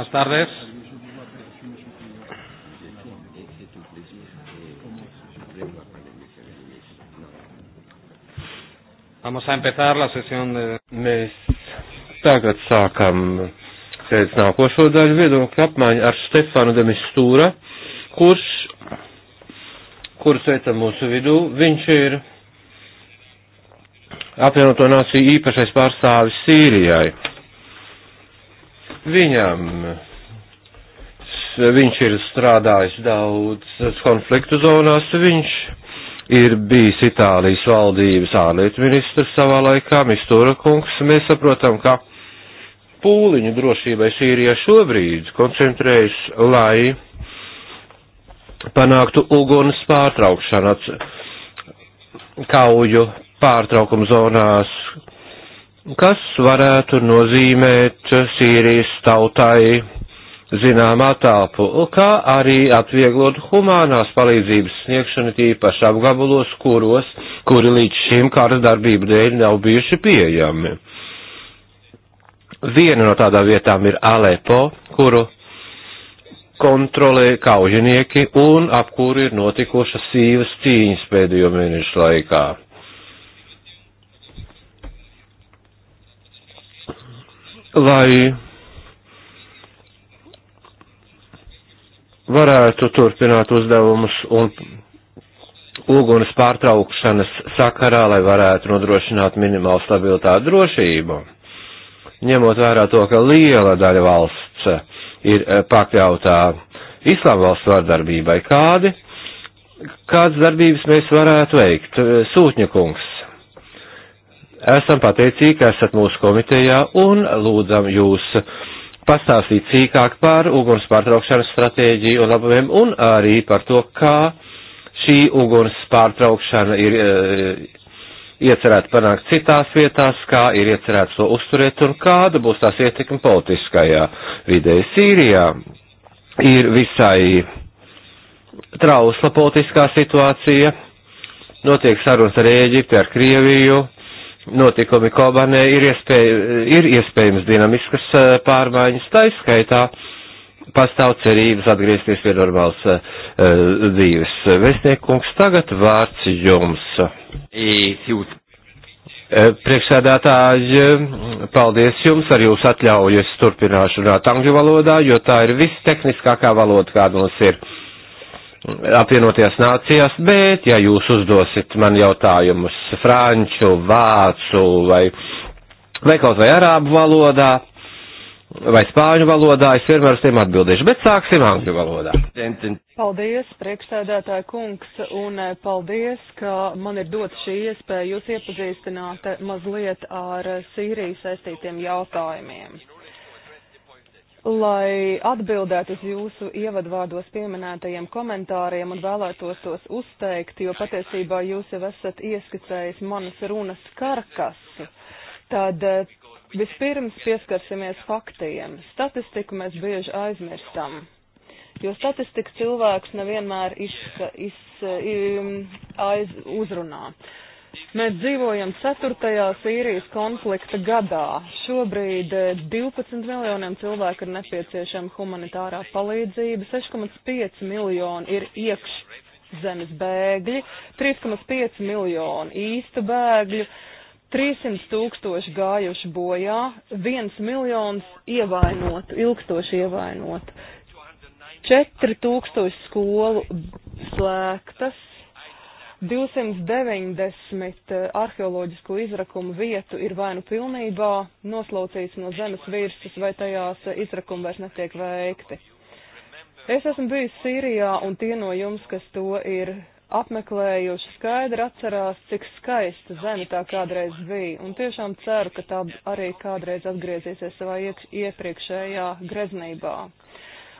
Buenas tardes. Vamos a empezar la sesión de... Mēs tagad sākam pēc nākošo daļu viedokļu apmaiņu ar Stefanu Demistūra, kurš, kurus veicam mūsu vidū. Viņš ir apvienoto nāciju īpašais pārstāvis Sīrijai. Viņam viņš ir strādājis daudz konfliktu zonās, viņš ir bijis Itālijas valdības ārlietu ministrs savā laikā, Mistura kungs, mēs saprotam, ka pūliņu drošībai Sīrijā šobrīd koncentrējas, lai panāktu uguns pārtraukšanu, kauju pārtraukumu zonās, kas varētu nozīmēt Sīrijas tautai zinām atāpu, kā arī atvieglot humānās palīdzības sniegšanu tīpaši apgabalos, kuros, kuri līdz šim kara darbību dēļ nav bijuši pieejami. Viena no tādām vietām ir Alepo, kuru kontrolē kaujinieki un ap kuru ir notikušas sīvas cīņas pēdējo mēnešu laikā. Lai varētu turpināt uzdevumus un uguns pārtraukšanas sakarā, lai varētu nodrošināt minimālu stabilitātu drošību. Ņemot vērā to, ka liela daļa valsts ir eh, pakļautā islāma valsts vardarbībai, kādi, kādas darbības mēs varētu veikt? Eh, Sūtņakungs, esam pateicīgi, ka esat mūsu komitejā un lūdzam jūs uh, pastāstīt cīkāk par uguns pārtraukšanas stratēģiju un labumiem un arī par to, kā šī uguns pārtraukšana ir e, iecerēta panākt citās vietās, kā ir iecerēts to uzturēt un kāda būs tās ietekme politiskajā vidē. Sīrijā ir visai trausla politiskā situācija, notiek sarunas ar Ēģipti, ar Krieviju, notikumi Kobanē ir, iespēj, ir iespējams dinamiskas eh, pārmaiņas, taiskaitā pastāv cerības atgriezties pie normālas uh, dzīves. Vēstniekungs, tagad vārds jums. E, priekšsēdētāji, paldies jums, ar jūsu atļauju es turpināšu runāt angļu valodā, jo tā ir vistehniskākā valoda, kāda mums ir. Uh, apvienotajās nācijās, bet ja jūs uzdosit man jautājumus franču, vācu vai, vai kaut vai arābu valodā vai spāņu valodā, es vienmēr uz tiem atbildēšu, bet sāksim angļu valodā. Paldies, priekšsēdētāja kungs, un eh, paldies, ka man ir dots šī iespēja jūs iepazīstināt eh, mazliet ar eh, Sīriju saistītiem jautājumiem lai atbildētu uz jūsu ievadvārdos pieminētajiem komentāriem un vēlētos tos uzteikt, jo patiesībā jūs jau esat ieskicējis manas runas karkasu. Tad eh, vispirms pieskarsimies faktiem. Statistiku mēs bieži aizmirstam, jo statistika cilvēks nevienmēr iz, iz, iz, aiz uzrunā. Uh, Mēs dzīvojam 4. Sīrijas konflikta gadā. Šobrīd 12 eh, miljoniem cilvēku ir nepieciešama humanitārā palīdzība, 6,5 miljoni ir iekšzemes bēgļi, 3,5 miljoni īstu bēgļu, 300 tūkstoši gājuši bojā, 1 miljons ievainotu, ilgstoši ievainotu, 4000 skolu slēgtas 290 eh, arheoloģisko izrakumu vietu ir vai nu pilnībā noslaucīts no zemes virsmas, vai tajās eh, izrakumi vairs netiek veikti. Es esmu bijis Sīrijā, un tie no jums, kas to ir apmeklējuši, skaidri atcerās, cik skaista zeme tā kādreiz bija, un tiešām ceru, ka tā arī kādreiz atgriezīsies savā iek iepriekšējā greznībā.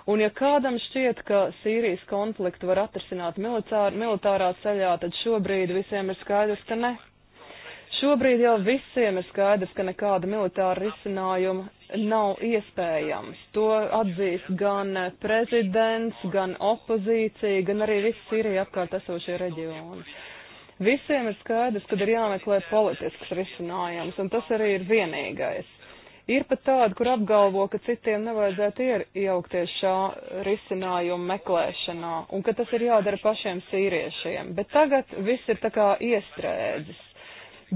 Un ja kādam šķiet, ka Sīrijas konfliktu var atrisināt militāri, militārā ceļā, tad šobrīd visiem ir skaidrs, ka ne. Šobrīd jau visiem ir skaidrs, ka nekāda militāra risinājuma nav iespējams. To atzīst gan prezidents, gan opozīcija, gan arī visi Sīrija apkārt esošie reģioni. Visiem ir skaidrs, ka ir jāmeklē politisks risinājums, un tas arī ir vienīgais. Ir pat tāda, kur apgalvo, ka citiem nevajadzētu iejaukties šā risinājuma meklēšanā un ka tas ir jādara pašiem sīriešiem. Bet tagad viss ir tā kā iestrēdzis.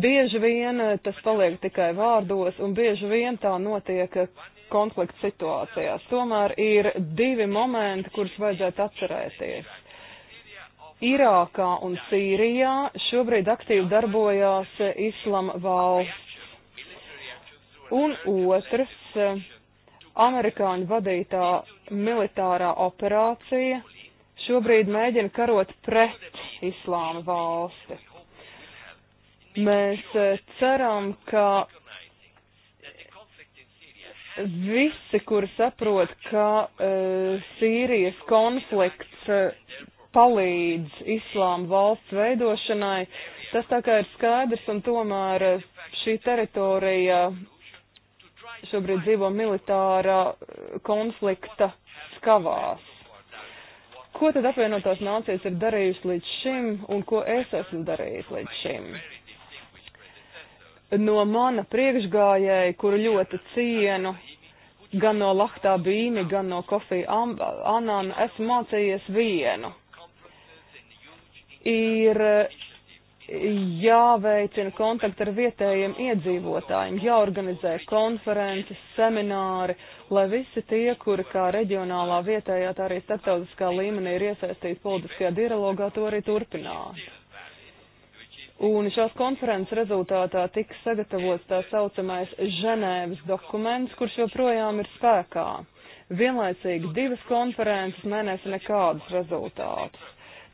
Bieži vien eh, tas paliek tikai vārdos un bieži vien tā notiek eh, konflikta situācijās. Tomēr ir divi momenti, kurus vajadzētu atcerēties. Irākā un Sīrijā šobrīd aktīvi darbojās Islama valsts Un otrs, eh, amerikāņu vadītā militārā operācija šobrīd mēģina karot pret islāma valsti. Mēs eh, ceram, ka visi, kuri saprot, ka uh, Sīrijas konflikts uh, palīdz islāma valsts veidošanai, tas tā kā ir skaidrs un tomēr šī teritorija šobrīd dzīvo militāra eh, konflikta skavās. Ko tad apvienotās nācijas ir darījusi līdz šim un ko es esmu darījis līdz šim? No mana priekšgājēja, kuru ļoti cienu, gan no Lahtā Bīni, gan no Kofija Anana, esmu mācījies vienu. Ir jāveicina kontakti ar vietējiem iedzīvotājiem, jāorganizē konferences, semināri, lai visi tie, kuri kā reģionālā vietējā, tā arī starptautiskā līmenī ir iesaistīti politiskajā dialogā, to arī turpinātu. Un šās konferences rezultātā tika sagatavots tā saucamais Ženēvas dokuments, kurš joprojām ir spēkā. Vienlaicīgi divas konferences mēnesi nekādus rezultātus.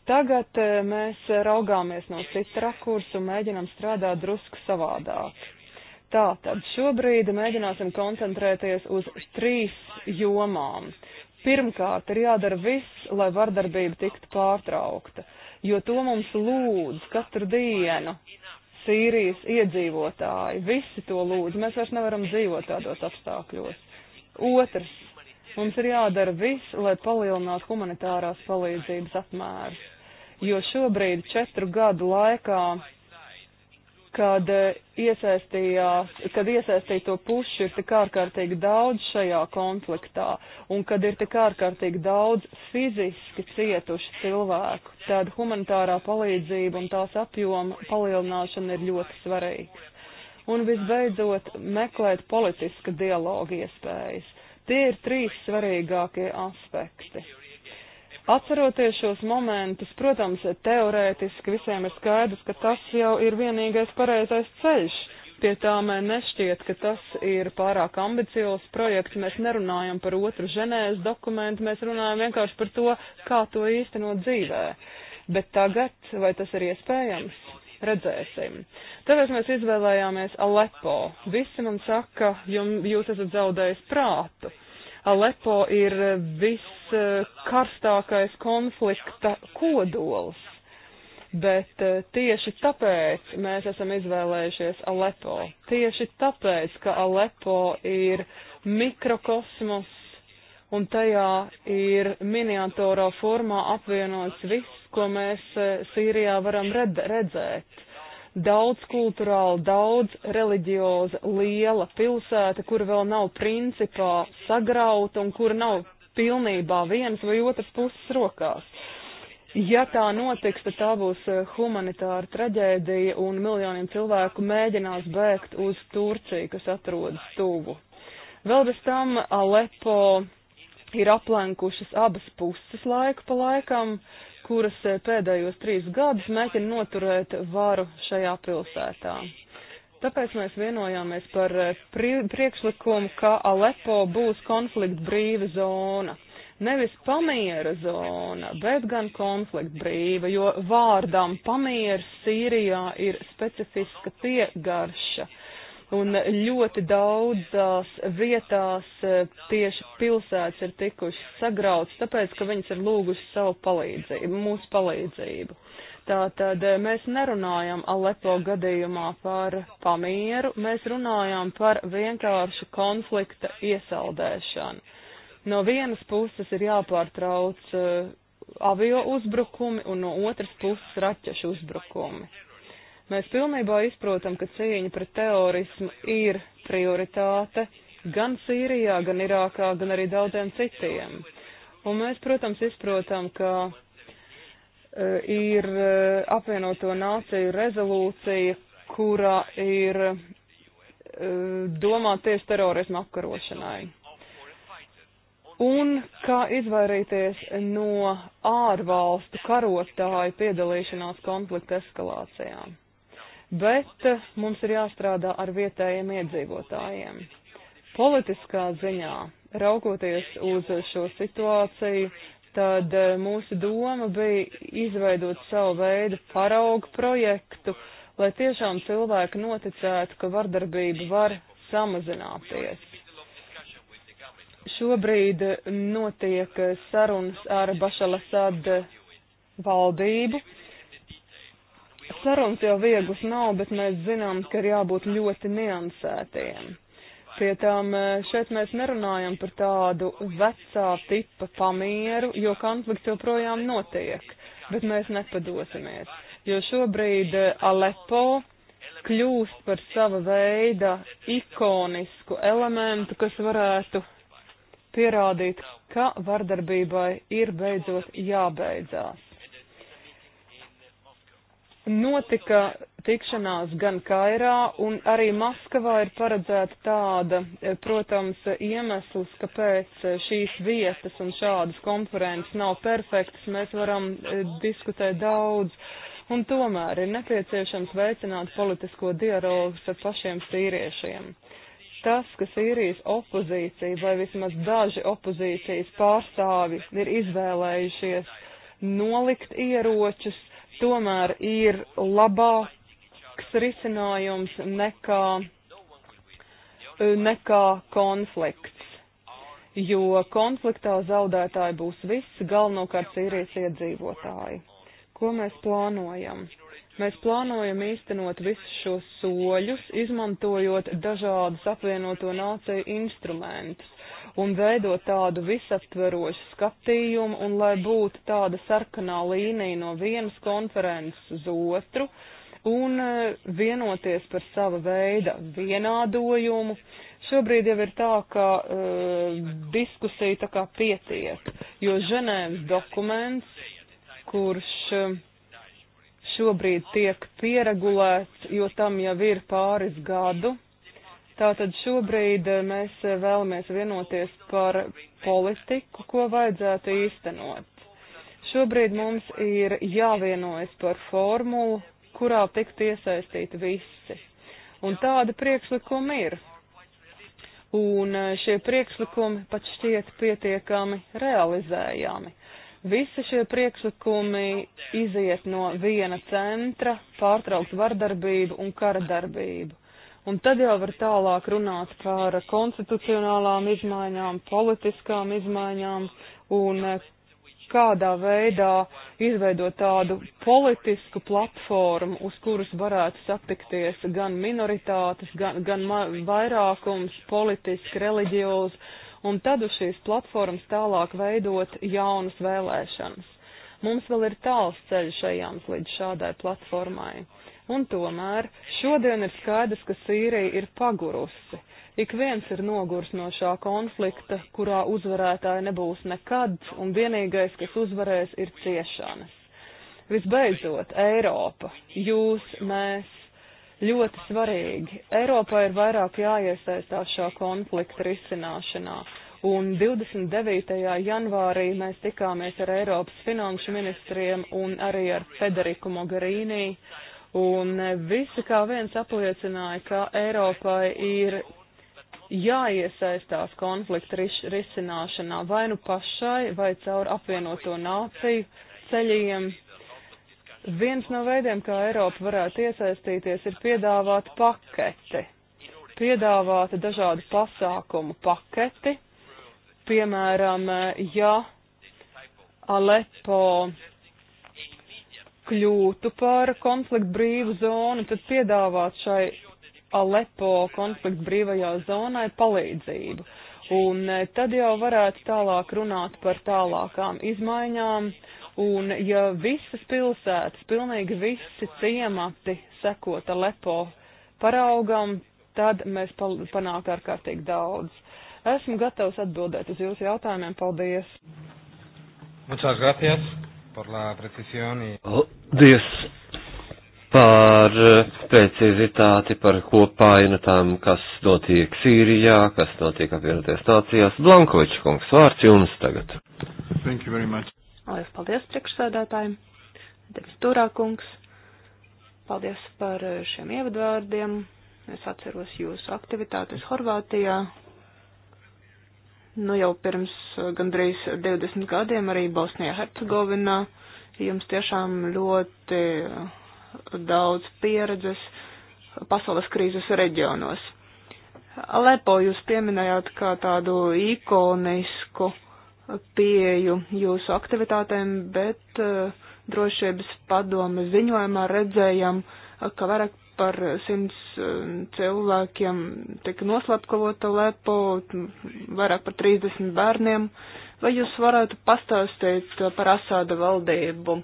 Tagad eh, mēs raugāmies no cita rakursa un mēģinām strādāt drusku savādāk. Tātad šobrīd mēģināsim koncentrēties uz trīs jomām. Pirmkārt, ir jādara viss, lai vardarbība tiktu pārtraukta, jo to mums lūdz katru dienu Sīrijas iedzīvotāji. Visi to lūdz, mēs vairs nevaram dzīvot tādos apstākļos. Otrs, mums ir jādara viss, lai palielinātu humanitārās palīdzības apmērus jo šobrīd četru gadu laikā, kad, eh, kad iesaistīto pušu ir tik ārkārtīgi daudz šajā konfliktā un kad ir tik ārkārtīgi daudz fiziski cietuši cilvēku, tad humanitārā palīdzība un tās apjoma palielināšana ir ļoti svarīgs. Un visbeidzot, meklēt politiska dialoga iespējas. Tie ir trīs svarīgākie aspekti. Atceroties šos momentus, protams, teorētiski visiem ir skaidrs, ka tas jau ir vienīgais pareizais ceļš. Pie tā man nešķiet, ka tas ir pārāk ambiciozs projekts. Mēs nerunājam par otru ženēs dokumentu, mēs runājam vienkārši par to, kā to īstenot dzīvē. Bet tagad, vai tas ir iespējams? Redzēsim. Tāpēc mēs izvēlējāmies Alepo. Visi man saka, jums, jūs esat zaudējis prātu. Alepo ir viskarstākais konflikta kodols, bet eh, tieši tāpēc mēs esam izvēlējušies Alepo. Tieši tāpēc, ka Alepo ir mikrokosmos un tajā ir miniatūrā formā apvienots viss, ko mēs eh, Sīrijā varam redzēt daudz kulturāli, daudz reliģioza, liela pilsēta, kura vēl nav principā sagrauta un kura nav pilnībā vienas vai otras puses rokās. Ja tā notiks, tad tā būs eh, humanitāra traģēdija un miljoniem cilvēku mēģinās bēgt uz Turciju, kas atrodas tuvu. Vēl bez tam Alepo ir aplenkušas abas puses laiku pa laikam. Uh, kuras eh, pēdējos trīs gadus mēģina noturēt varu šajā pilsētā. Tāpēc mēs vienojāmies par eh, priekšlikumu, ka Alepo būs konflikt brīva zona. Nevis pamiera zona, bet gan konflikt brīva, jo vārdām pamieris Sīrijā ir specifiska piegarša. Uh, un ļoti daudzās vietās eh, tieši pilsētas ir tikušas sagrauts, tāpēc, ka viņas ir lūguši savu palīdzību, mūsu palīdzību. Tātad eh, mēs nerunājam Alepo gadījumā par pamieru, mēs runājam par vienkāršu konflikta iesaldēšanu. No vienas puses ir jāpārtrauc eh, avio uzbrukumi un no otras puses raķešu uzbrukumi. Mēs pilnībā izprotam, ka cīņa pret terorismu ir prioritāte gan Sīrijā, gan Irākā, gan arī daudziem citiem. Un mēs, protams, izprotam, ka uh, ir uh, apvienoto nāciju rezolūcija, kurā ir uh, e, domāta tieši terorismu apkarošanai. Un kā izvairīties no ārvalstu karotāju piedalīšanās konflikta eskalācijām bet eh, mums ir jāstrādā ar vietējiem iedzīvotājiem. Politiskā ziņā, raugoties uz šo situāciju, tad eh, mūsu doma bija izveidot savu veidu paraugu projektu, lai tiešām cilvēki noticētu, ka vardarbība var samazināties. Šobrīd notiek eh, sarunas ar Bašalasad valdību, Sarunas jau vieglas nav, bet mēs zinām, ka ir jābūt ļoti niansētiem. Pie tām e, šeit mēs nerunājam par tādu vecā tipa pamieru, jo konflikts joprojām notiek, bet mēs nepadosimies, jo šobrīd e, Alepo kļūst par sava veida ikonisku elementu, kas varētu pierādīt, ka vardarbībai ir beidzot jābeidzās. Notika tikšanās gan Kairā, un arī Maskavā ir paredzēta tāda, e, protams, iemesls, kāpēc e, šīs vietas un šādas konferences nav perfektas, mēs varam e, diskutēt daudz, un tomēr ir nepieciešams veicināt politisko dialogu ar pašiem sīriešiem. Tas, ka Sīrijas opozīcija vai vismaz daži opozīcijas pārstāvi ir izvēlējušies nolikt ieročus tomēr ir labāks risinājums nekā, nekā konflikts, jo konfliktā zaudētāji būs visi, galvenokārt Sīrijas iedzīvotāji. Ko mēs plānojam? Mēs plānojam īstenot visus šos soļus, izmantojot dažādus apvienoto nāciju instrumentus un veidot tādu visaptverošu skatījumu, un lai būtu tāda sarkanā līnija no vienas konferences uz otru, un eh, vienoties par sava veida vienādojumu. Šobrīd jau ir tā, ka uh, diskusija tā kā pietiek, jo Ženēvas dokuments, kurš eh, šobrīd tiek pieregulēts, jo tam jau ir pāris gadu, Tātad šobrīd eh, mēs eh, vēlamies vienoties par politiku, ko vajadzētu īstenot. Šobrīd mums ir jāvienojas par formulu, kurā tiktu iesaistīti visi. Un tāda priekšlikuma ir. Un eh, šie priekšlikumi pat šķiet pietiekami realizējami. Visi šie priekšlikumi iziet no viena centra, pārtraukt vardarbību un kara darbību. Un tad jau var tālāk runāt par konstitucionālām izmaiņām, politiskām izmaiņām un eh, kādā veidā izveidot tādu politisku platformu, uz kuras varētu satikties gan minoritātes, gan, gan vairākums, politiski, reliģiozi, un tad uz šīs platformas tālāk veidot jaunas vēlēšanas. Mums vēl ir tāls ceļš ejams līdz šādai platformai. Un tomēr šodien ir skaidrs, ka Sīrija ir pagurusi. Ik viens ir nogurs no šā konflikta, kurā uzvarētāji nebūs nekad, un vienīgais, kas uzvarēs, ir ciešanas. Visbeidzot, Eiropa, jūs, mēs, ļoti svarīgi. Eiropā ir vairāk jāiesaistās šā konflikta risināšanā. Un 29. janvārī mēs tikāmies ar Eiropas finanšu ministriem un arī ar Federiku Mogherīniju Un visi kā viens apliecināja, ka Eiropai ir jāiesaistās konflikta ris risināšanā vai nu pašai, vai caur apvienoto nāciju ceļiem. Viens no veidiem, kā Eiropa varētu iesaistīties, ir piedāvāt paketi, piedāvāt dažādu pasākumu paketi, piemēram, ja Alepo kļūtu par konfliktu brīvu zonu, tad piedāvāt šai Alepo konfliktu brīvajā zonai palīdzību. Un e, tad jau varētu tālāk runāt par tālākām izmaiņām. Un ja visas pilsētas, pilnīgi visi ciemati sekot Alepo paraugam, tad mēs panāktu ārkārtīgi daudz. Esmu gatavs atbildēt uz jūsu jautājumiem. Paldies! Muchas gracias. Paldies par precizitāti, par kopainatām, kas notiek Sīrijā, kas notiek apvienoties nācijās. Blankovičs kungs, vārds jums tagad. Thank you very much. Lielas paldies priekšsēdētājiem. Devis Turā kungs, paldies par šiem ievadvārdiem. Es atceros jūsu aktivitātes Horvātijā Nu, jau pirms uh, gandrīz 20 gadiem arī Bosnijā Hercegovinā jums tiešām ļoti uh, daudz pieredzes pasaules krīzes reģionos. Alepo jūs pieminējāt kā tādu ikonisku pieju jūsu aktivitātēm, bet uh, drošības padome ziņojumā redzējām, ka vairāk par simts um, cilvēkiem tika noslapkavota lepo, vairāk par 30 bērniem. Vai jūs varētu pastāstīt uh, par Asāda valdību?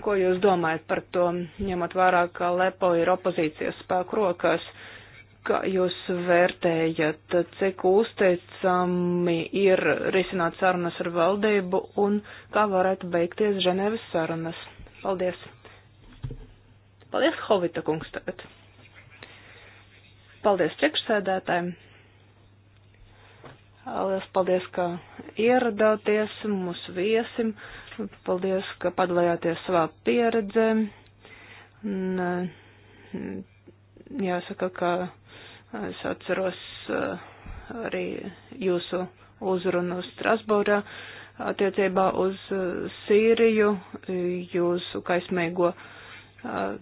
Ko jūs domājat par to, ņemot vērā, ka lepo ir opozīcijas spēku rokās? Kā jūs vērtējat, cik uzteicami ir risināt sarunas ar valdību un kā varētu beigties Ženevas sarunas? Paldies! Paldies, Hovita kungs, tagad. Paldies priekšsēdētājiem. Lielas paldies, ka ieradāties mūsu viesim. Paldies, ka padalījāties savā pieredzē. Un, eh, jāsaka, ka es atceros eh, arī jūsu uzrunu Strasbūrā attiecībā uz eh, Sīriju, jūsu kaismīgo uh, Uh,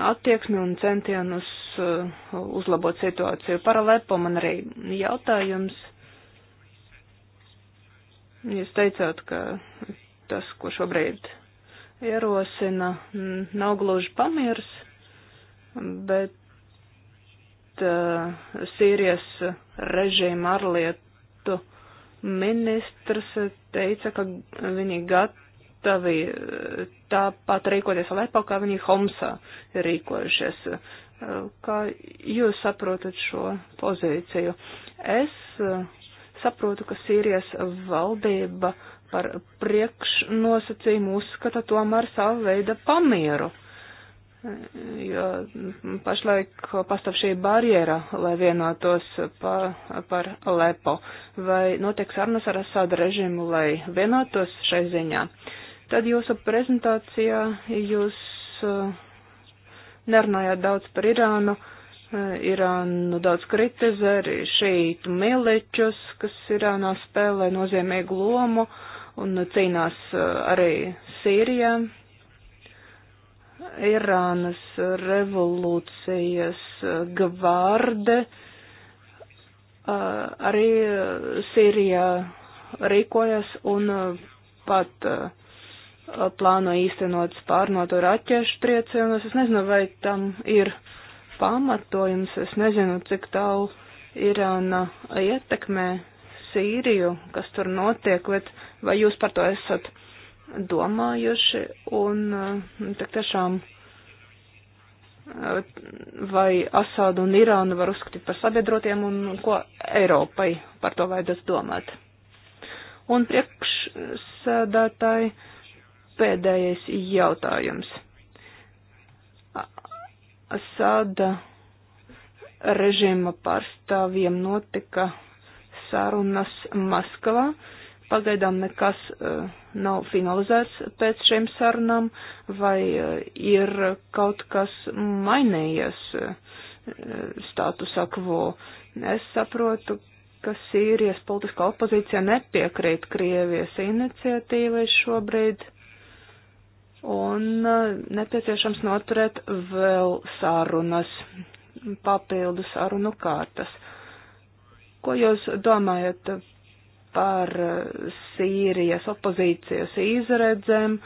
attieksmi un centienus uh, uzlabot situāciju. Paralēpo man arī jautājums. Jūs teicāt, ka tas, ko šobrīd ierosina, nav gluži pamiers, bet uh, Sīrijas režīma ārlietu ministrs teica, ka viņi gat gatavi eh, tāpat rīkoties Alepo, kā viņi Homsā ir rīkojušies. Eh, kā jūs saprotat šo pozīciju? Es eh, saprotu, ka Sīrijas valdība par priekšnosacījumu uzskata tomēr savu veidu pamieru, jo pašlaik pastāv šī barjera, lai vienotos pa, par Lepo, vai notiek sarunas ar Asāda režīmu, lai vienotos šai ziņā. Uh, Tad jūsu prezentācijā jūs eh, nerunājāt daudz par Irānu. Eh, Irānu daudz kritizē arī šītu miličus, kas Irānā spēlē nozīmīgu lomu un cīnās eh, arī Sīrijā. Irānas revolūcijas gvārde arī Sīrijā rīkojas un pat uh, Uh, plāno īstenot pārnotu raķešu triecienus. Es nezinu, vai tam ir pamatojums. Es nezinu, cik tālu Irāna ietekmē Sīriju, kas tur notiek, bet vai jūs par to esat domājuši un uh, tik tiešām uh, vai Asādu un Irānu var uzskatīt par sabiedrotiem un ko Eiropai par to vajadzētu domāt. Un priekšsēdētāji pēdējais jautājums. Asada režīma pārstāvjiem notika sarunas Maskavā. Pagaidām nekas uh, nav finalizēts pēc šiem sarunām, vai uh, ir kaut kas mainījies uh, statusā quo. Es saprotu, ka Sīrijas politiskā opozīcija nepiekrīt Krievijas iniciatīvai šobrīd. Uh, un uh, nepieciešams noturēt vēl sarunas, papildu sarunu kārtas. Ko jūs domājat par uh, Sīrijas opozīcijas izredzēm,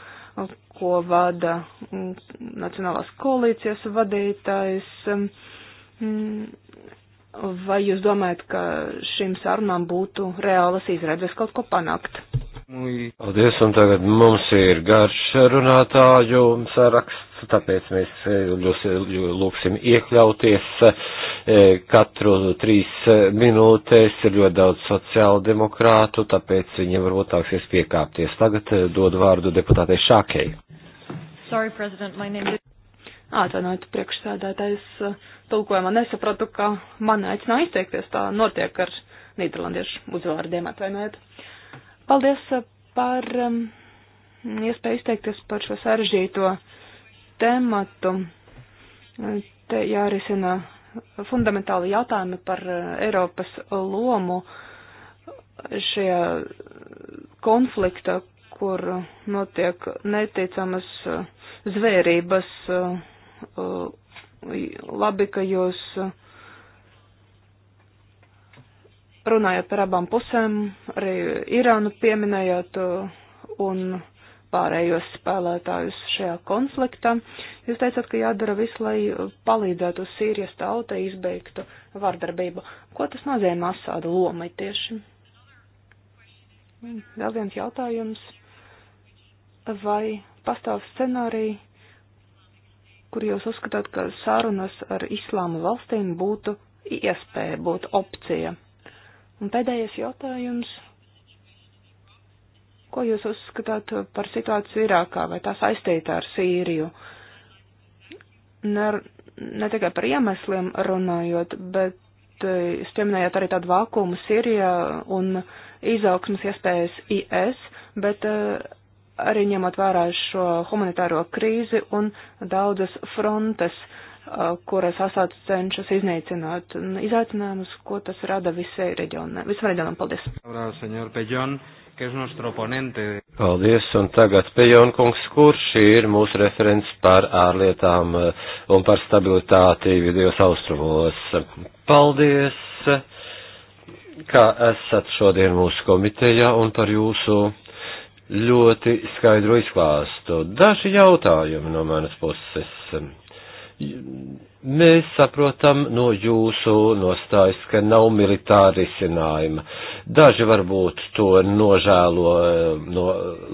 ko vada mm, Nacionālās koalīcijas vadītājs? Mm, vai jūs domājat, ka šīm sarunām būtu reālas izredzes kaut ko panākt? Paldies, un tagad mums ir garš runātāju saraksts, tāpēc mēs e, e, lūksim iekļauties e, katru trīs minūtēs. Ir ļoti daudz sociāldemokrātu, tāpēc viņiem varbūt tāksies piekāpties. Tagad dod vārdu deputātei Šākei. Sorry, President, my name is. Atvainojiet, priekšsēdētājs tulkojumā nesapratu, ka mani aicināja izteikties. Tā notiek ar nīderlandiešu uzvārdiem, atvainojiet. Paldies eh, par um, iespēju izteikties par šo sarežģīto tematu. Eh, te jārisina fundamentāli jautājumi par eh, Eiropas lomu šajā konflikta, kur notiek neticamas zvērības. Labi, ka jūs uh, runājot par abām pusēm, arī Irānu pieminējot uh, un pārējos spēlētājus šajā konfliktā. Jūs teicat, ka jādara viss, lai palīdzētu Sīrijas tautai izbeigtu vardarbību. Ko tas nozīmē Asāda lomai tieši? Vēl viens jautājums. Vai pastāv scenārija, kur jūs uzskatāt, ka sārunas ar islāma valstīm būtu iespēja, būtu opcija? Un pēdējais jautājums. Ko jūs uzskatāt par situāciju Irākā, vai tā saistīta ar Sīriju? Ne, ne tikai par iemesliem runājot, bet eh, jūs pieminējāt arī tādu vākumu Sīrijā un izaugsmas iespējas IS, bet eh, arī ņemot vērā šo humanitāro krīzi un daudzas frontes. Uh, kuras asāds cenšas iznīcināt un izaicinājumus, ko tas rada visai reģionai. Visam reģionam paldies. Paldies, un tagad Pejon kungs, kurš ir mūsu referents par ārlietām eh, un par stabilitāti vidējos austrumos. Paldies, ka esat šodien mūsu komitejā un par jūsu ļoti skaidru izklāstu. Daži jautājumi no manas puses Mēs saprotam no jūsu nostājas, ka nav militāra risinājuma. Daži varbūt to nožēlo eh, no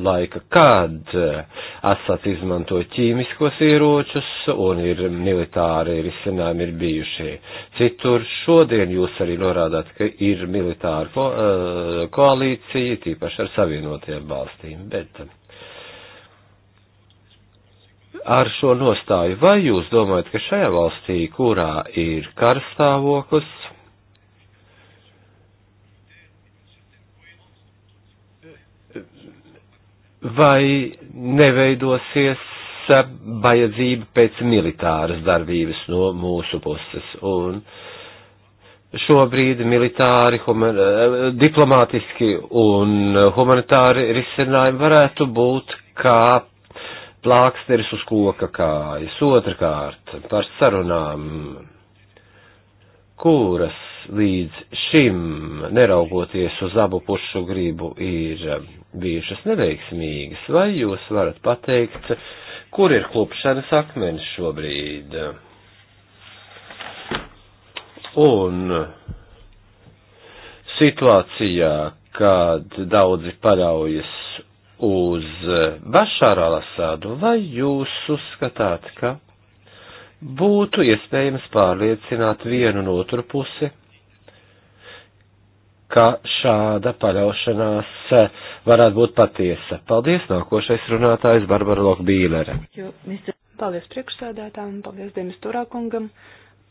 laika, kad eh, Asats izmantoja ķīmiskos ieročus un ir militāri risinājumi ir bijuši. Citur šodien jūs arī norādāt, ka ir militāra ko eh, koalīcija, tīpaši ar savienotajām valstīm, bet ar šo nostāju, vai jūs domājat, ka šajā valstī, kurā ir karstāvoklis, vai neveidosies vajadzība pēc militāras darbības no mūsu puses. Un šobrīd militāri, human, eh, diplomātiski un humanitāri risinājumi varētu būt kā plāksteris uz koka kājas. Otrakārt, par sarunām, kuras līdz šim, neraugoties uz abu pušu gribu, ir bijušas neveiksmīgas, vai jūs varat pateikt, kur ir klupšanas akmens šobrīd? Un situācijā, kad daudzi paļaujas uz e, Bašāru Alasādu, vai jūs uzskatāt, ka būtu iespējams pārliecināt vienu un otru pusi, ka šāda paļaušanās e, varētu būt patiesa. Paldies, nākošais runātājs Barbara Lokbīlere. Paldies priekšsēdētājiem, paldies Dienas Turākungam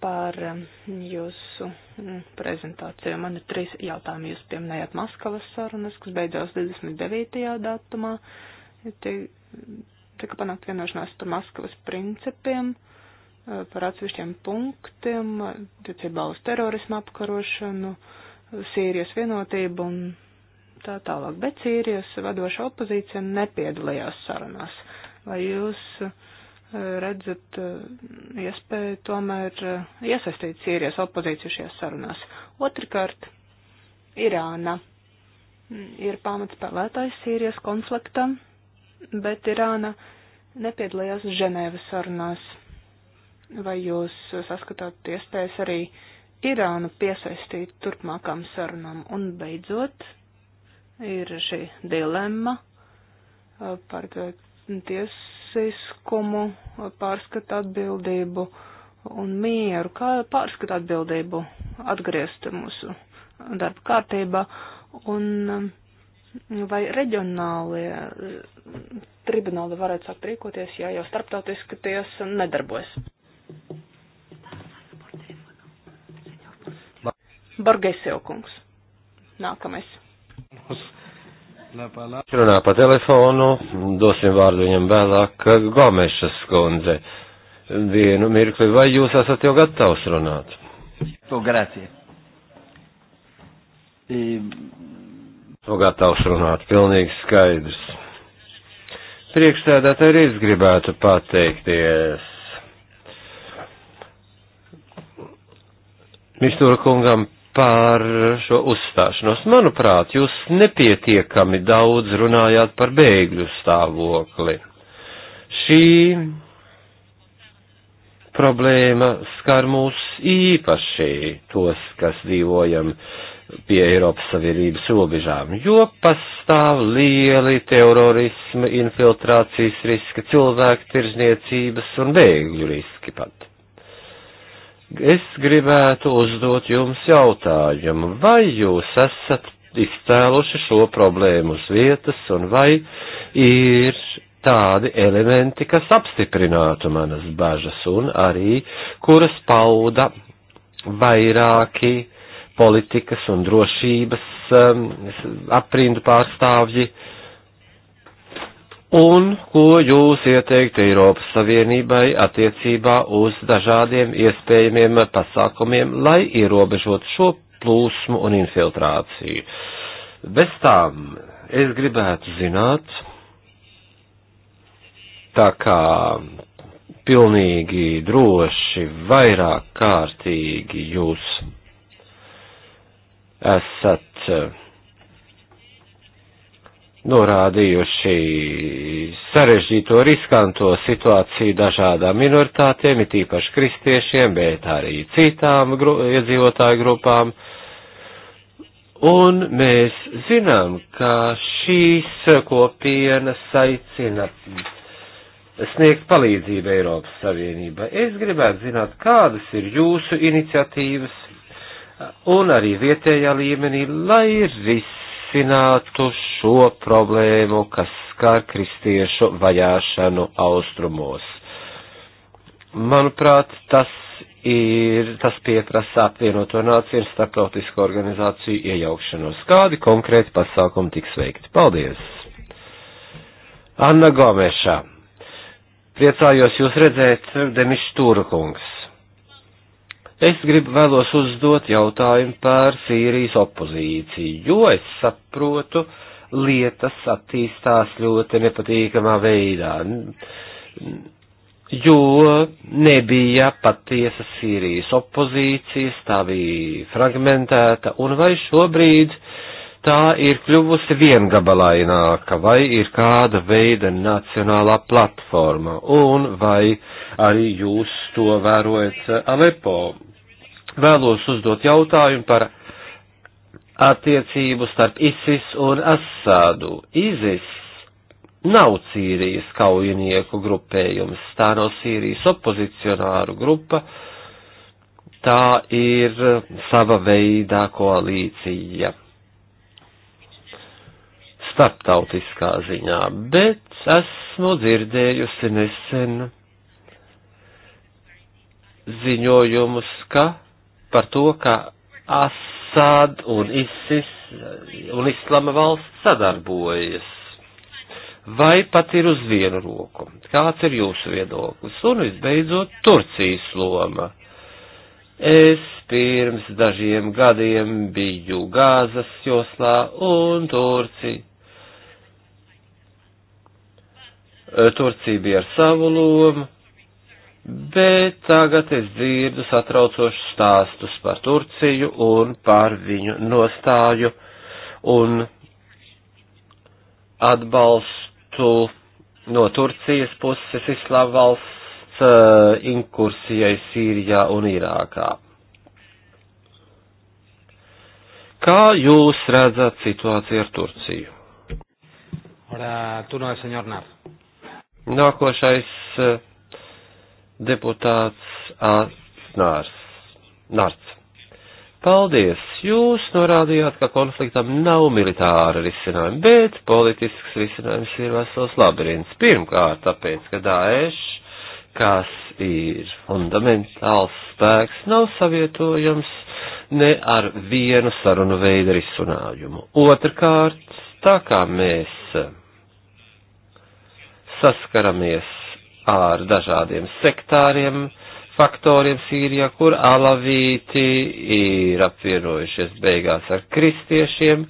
par um, jūsu mm, prezentāciju. Man ir trīs jautājumi. Jūs pieminējāt Maskavas sarunas, kas beidzās 29. datumā. Tika panākt vienošanās par Maskavas principiem, uh, par atsevišķiem punktiem, tiecībā uz terorismu apkarošanu, Sīrijas vienotību un tā tālāk. Bet Sīrijas vadoša opozīcija nepiedalījās sarunās. Vai jūs uh, redzat eh, iespēju tomēr eh, iesaistīt Sīrijas opozīciju šajās sarunās. Otrakārt, Irāna mm, ir pamatspēlētājs Sīrijas konfliktam, bet Irāna nepiedalījās Ženēvas sarunās. Vai jūs saskatāt iespējas arī Irānu piesaistīt turpmākām sarunām? Un beidzot, ir šī dilemma eh, par tiesu tiesiskumu, pārskata atbildību un mieru, kā pārskata atbildību atgriezt mūsu darba kārtībā un um, vai reģionālie uh, tribunāli varētu sākt rīkoties, ja jau starptautiska tiesa nedarbojas. Borgesio kungs. Nākamais. Runā pa telefonu, dosim vārdu viņam vēlāk, Gomešas skundze. Vienu mirkli, vai jūs esat jau gatavs runāt? To grazie. I... E, to gatavs runāt, pilnīgi skaidrs. Priekšstādātāji arī es gribētu pateikties. Mištura kungam par šo uzstāšanos. Manuprāt, jūs nepietiekami daudz runājāt par bēgļu stāvokli. Šī problēma skar mūs īpaši tos, kas dzīvojam pie Eiropas Savienības robežām, jo pastāv lieli terorisma, infiltrācijas riski, cilvēku tirzniecības un bēgļu riski pat. Es gribētu uzdot jums jautājumu, vai jūs esat izcēluši šo problēmu uz vietas un vai ir tādi elementi, kas apstiprinātu manas bažas un arī kuras pauda vairāki politikas un drošības um, aprindu pārstāvji uh, un ko jūs ieteikt Eiropas Savienībai attiecībā uz dažādiem iespējamiem pasākumiem, lai ierobežot šo plūsmu un infiltrāciju. Bez tām es gribētu zināt, tā kā pilnīgi droši vairāk kārtīgi jūs esat norādījuši sarežģīto riskanto situāciju dažādām minoritātēm, it īpaši kristiešiem, bet arī citām gru iedzīvotāju grupām. Un mēs zinām, ka šīs kopienas aicina sniegt palīdzību Eiropas Savienībai. Es gribētu zināt, kādas ir jūsu iniciatīvas un arī vietējā līmenī, lai risinājums atrisinātu šo problēmu, kas skar kristiešu vajāšanu austrumos. Manuprāt, tas ir, tas pieprasa apvienoto nāciju un starptautisko organizāciju iejaukšanos. Kādi konkrēti pasākumi tiks veikti? Paldies! Anna Gomeša. Priecājos jūs redzēt, Demis Stūrakungs. Es gribu vēlos uzdot jautājumu par Sīrijas opozīciju, jo es saprotu, lietas attīstās ļoti nepatīkamā veidā, jo nebija patiesa Sīrijas opozīcijas, tā bija fragmentēta, un vai šobrīd tā ir kļuvusi viengabalaināka, vai ir kāda veida nacionālā platforma, un vai arī jūs to vērojat Alepo vēlos uzdot jautājumu par attiecību starp ISIS un Asādu. ISIS nav Sīrijas kaujinieku grupējums, tā nav Sīrijas opozicionāru grupa, tā ir sava veidā koalīcija starptautiskā ziņā, bet esmu dzirdējusi nesen ziņojumus, ka par to, ka Asad un ISIS un Islama valsts sadarbojas. Vai pat ir uz vienu roku? Kāds ir jūsu viedoklis? Un visbeidzot, Turcijas loma. Es pirms dažiem gadiem biju Gāzas joslā un Turcija. Turcija bija ar savu lomu, bet tagad es dzirdu satraucošus stāstus par Turciju un par viņu nostāju un atbalstu no Turcijas puses islāma valsts uh, inkursijai Sīrijā un Irākā. Kā jūs redzat situāciju ar Turciju? Ora, tu no, nu, Nākošais uh, deputāts Asnārs. Nārts. Paldies! Jūs norādījāt, ka konfliktam nav militāra risinājuma, bet politisks risinājums ir vesels labirints. Pirmkārt, tāpēc, ka Daesh, kas ir fundamentāls spēks, nav savietojams ne ar vienu sarunu veidu risinājumu. Otrkārt, tā kā mēs saskaramies ar dažādiem sektāriem, faktoriem Sīrijā, kur alavīti ir apvienojušies beigās ar kristiešiem,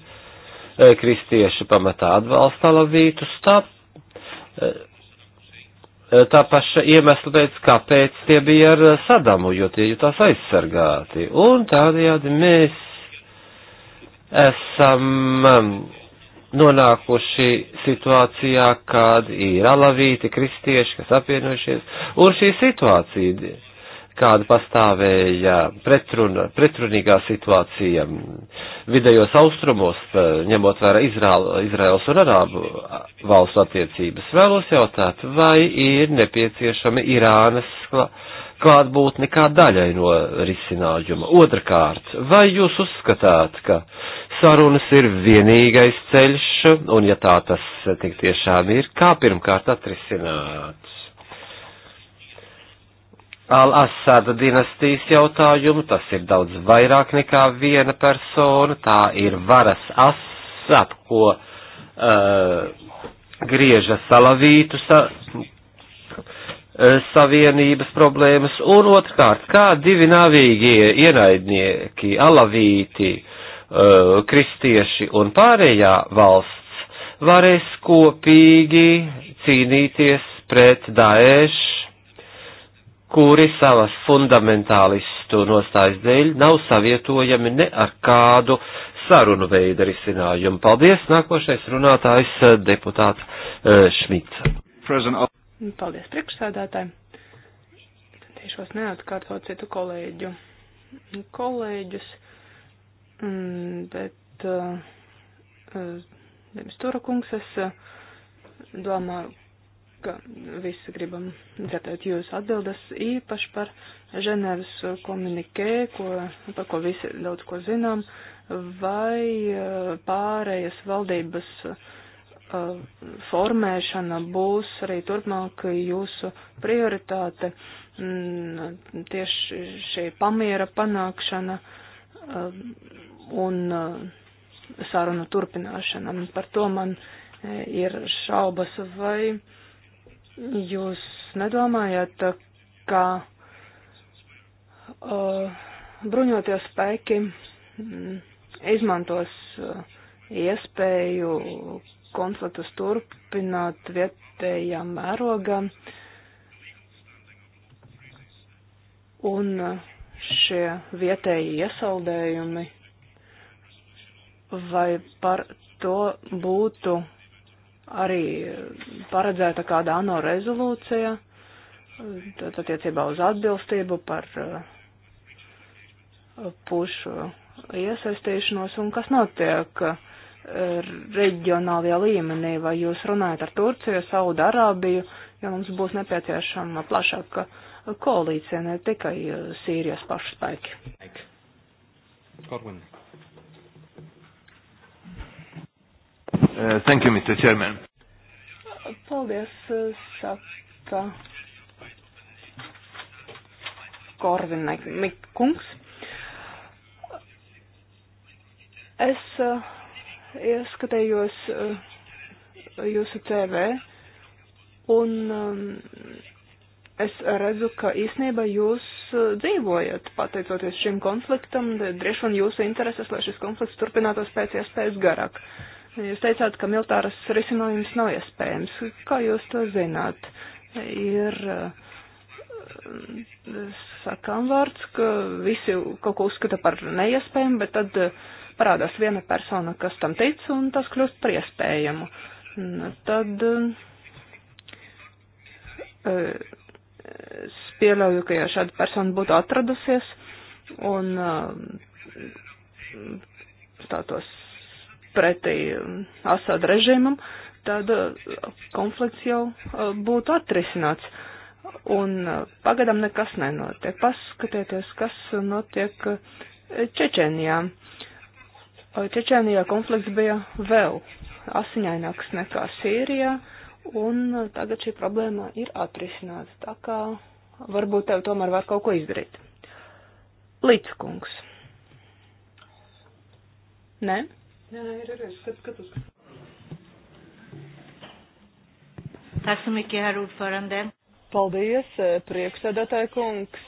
e, kristieši pamatā atbalsta alavītus, tā, e, e, tā paša iemesla pēc, kāpēc tie bija ar sadamu, jo tie jutās aizsargāti. Un tādējādi mēs esam nonākuši situācijā, kad ir alavīti, kristieši, kas apvienojušies, un šī situācija, kāda pastāvēja pretruna, pretrunīgā situācija vidējos austrumos, ņemot vērā Izraels un Arābu valstu attiecības, vēlos jautāt, vai ir nepieciešami Irānas klātbūtne kā daļai no risinājuma. Otrakārt, vai jūs uzskatāt, ka sarunas ir vienīgais ceļš, un ja tā tas tik tiešām ir, kā pirmkārt atrisināt Al-Asada dinastijas jautājumu, tas ir daudz vairāk nekā viena persona, tā ir varas ass, ap ko uh, eh, grieža salavītu sa, eh, savienības problēmas, un otrkārt, kā divi navīgie ienaidnieki, alavīti, uh, kristieši un pārējā valsts varēs kopīgi cīnīties pret Daešu, kuri savas fundamentālistu nostājas dēļ nav savietojami ne ar kādu sarunu veidu risinājumu. Paldies, nākošais runātājs uh, deputāts uh, Šmits. Paldies priekšsēdētājiem centīšos neatkārtot citu kolēģu kolēģus. Mm, bet pirms eh, eh, tura kungs es eh, domāju, ka visi gribam dzirdēt jūsu atbildes īpaši par Ženēvas komunikē, ko, par ko visi daudz ko zinām, vai pārējas valdības formēšana būs arī turpmāk jūsu prioritāte, mm, tieši šī pamiera panākšana un uh, sarunu turpināšana. Par to man uh, ir šaubas, vai jūs nedomājat, ka uh, bruņotie spēki mm, izmantos uh, iespēju konfliktus turpināt vietējā mērogā. Un šie vietēji iesaldējumi vai par to būtu arī paredzēta kāda ANO rezolūcija, tad attiecībā uz atbilstību par uh, pušu iesaistīšanos un kas notiek uh, reģionālajā līmenī, vai jūs runājat ar Turciju, Saudarābiju, jo mums būs nepieciešama plašāka koalīcija, ne tikai uh, Sīrijas pašu spēki. Korvin. Uh, thank you, Mr. Chairman. Paldies, uh, saka Korvina kungs. Es uh, ieskatējos jūsu TV un um, es redzu, ka īsnībā jūs dzīvojat pateicoties šim konfliktam, droši vien jūsu intereses, lai šis konflikts turpinātos pēc iespējas garāk. Uh, Jūs teicāt, ka militāras risinājums nav iespējams. Kā jūs to zināt? Ir eh, sakām vārds, ka visi kaut ko uzskata par neiespējamu, bet tad eh, parādās viena persona, kas tam tic, un tas kļūst par iespējamu. Nu, tad eh, es pieļauju, ka ja šāda persona būtu atradusies un stātos pretī um, Asad režīmam, tad uh, konflikts jau uh, būtu atrisināts. Un uh, pagadam nekas nenotiek. Paskatieties, kas notiek Čečenijā. Čečenijā konflikts bija vēl asiņaināks nekā Sīrijā, un tagad šī problēma ir atrisināta. Tā kā varbūt tev tomēr var kaut ko izdarīt. Līdzkungs. Ne? Jā, ir, ir, es skatos. Tack så mycket, herr ordförande. Paldies, eh, priekšsēdētāja kungs.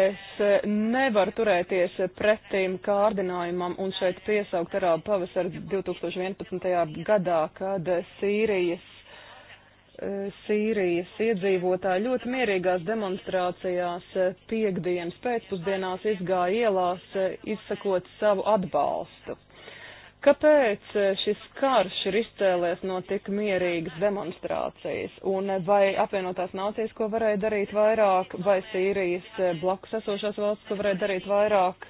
Es eh, nevaru turēties pretīm kārdinājumam un šeit piesaukt Arābu pavasaru 2011. gadā, kad Sīrijas, eh, Sīrijas iedzīvotāji ļoti mierīgās demonstrācijās piekdienas pēcpusdienās izgāja ielās, izsakot savu atbalstu. Kāpēc e, šis karš ir izcēlēs no tik mierīgas demonstrācijas? Un e, vai apvienotās nācijas, ko varēja darīt vairāk, vai Sīrijas e, blakus esošās valsts, ko varēja darīt vairāk?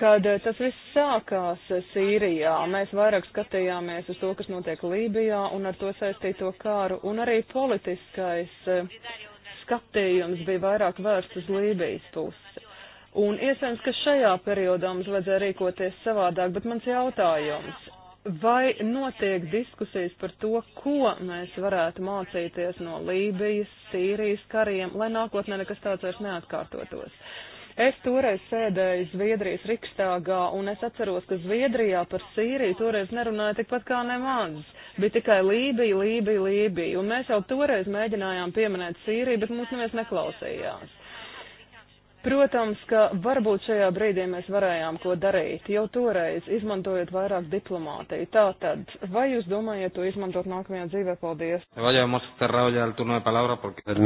Kad tas viss sākās Sīrijā, mēs vairāk skatījāmies uz to, kas notiek Lībijā un ar to saistīto kāru, un arī politiskais skatījums bija vairāk vērsts uz Lībijas pusi. Un iespējams, ka šajā periodā mums vajadzēja rīkoties savādāk, bet mans jautājums, vai notiek diskusijas par to, ko mēs varētu mācīties no Lībijas, Sīrijas kariem, lai nākotnē nekas tāds vairs neatkārtotos? Es toreiz sēdēju Zviedrijas Rikstāgā, un es atceros, ka Zviedrijā par Sīriju toreiz nerunāja tikpat kā nemaz. Bija tikai Lībija, Lībija, Lībija, un mēs jau toreiz mēģinājām pieminēt Sīriju, bet mūs neviens neklausījās. Protams, ka varbūt šajā brīdī mēs varējām ko darīt, jau toreiz izmantojot vairāk diplomātiju. Tātad, vai jūs domājat to izmantot nākamajā dzīvē? Paldies!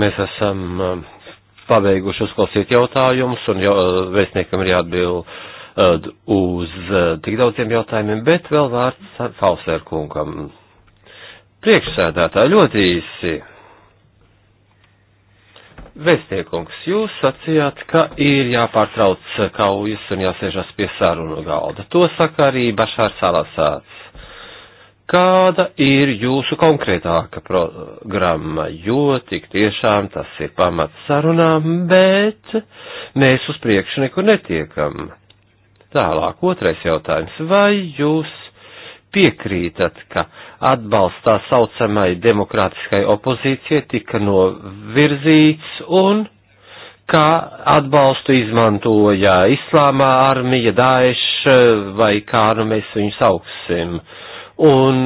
Mēs esam um, pabeiguši uzklausīt jautājumus, un jau, uh, vēstniekam ir jāatbild uh, uz uh, tik daudziem jautājumiem, bet vēl vārds Fausēr kungam. Priekšsēdētāji ļoti īsi. Vēstiekungs, jūs sacījāt, ka ir jāpārtrauc kaujas un jāsēžas pie sarunu galda. To saka arī Bašārs Alasāts. Kāda ir jūsu konkrētāka programma, jo tik tiešām tas ir pamats sarunām, bet mēs uz priekšu nekur netiekam. Tālāk, otrais jautājums. Vai jūs piekrītat, ka atbalsts tā saucamai demokrātiskai opozīcijai tika novirzīts un kā atbalstu izmantoja Islāmā armija, Daesh vai kā nu mēs viņu sauksim. Un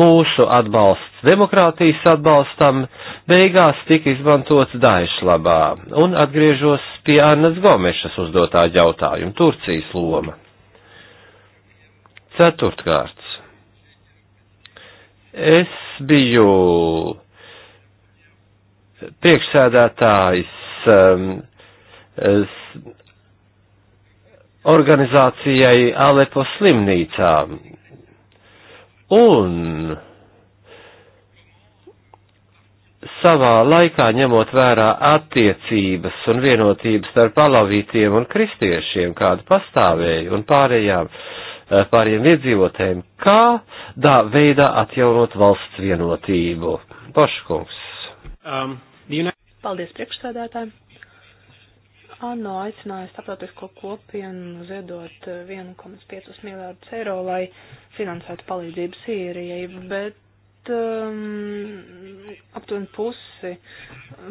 mūsu atbalsts demokrātijas atbalstam beigās tika izmantots Daesh labā. Un atgriežos pie Annas Gomešas uzdotā jautājuma - Turcijas loma. Ceturtkārt, es biju priekšsēdētājs um, organizācijai Alepo slimnīcā. Un savā laikā ņemot vērā attiecības un vienotības starp alavītiem un kristiešiem, kāda pastāvēja un pārējām uh, Eh, pāriem iedzīvotēm, kādā veidā atjaunot valsts vienotību. Paškungs. Um, United... Paldies priekšstādātājiem. ANO aicināja starptautisko kopienu ziedot 1,5 eh, miljārdus eiro, lai finansētu palīdzību Sīrijai, bet um, aptuveni pusi,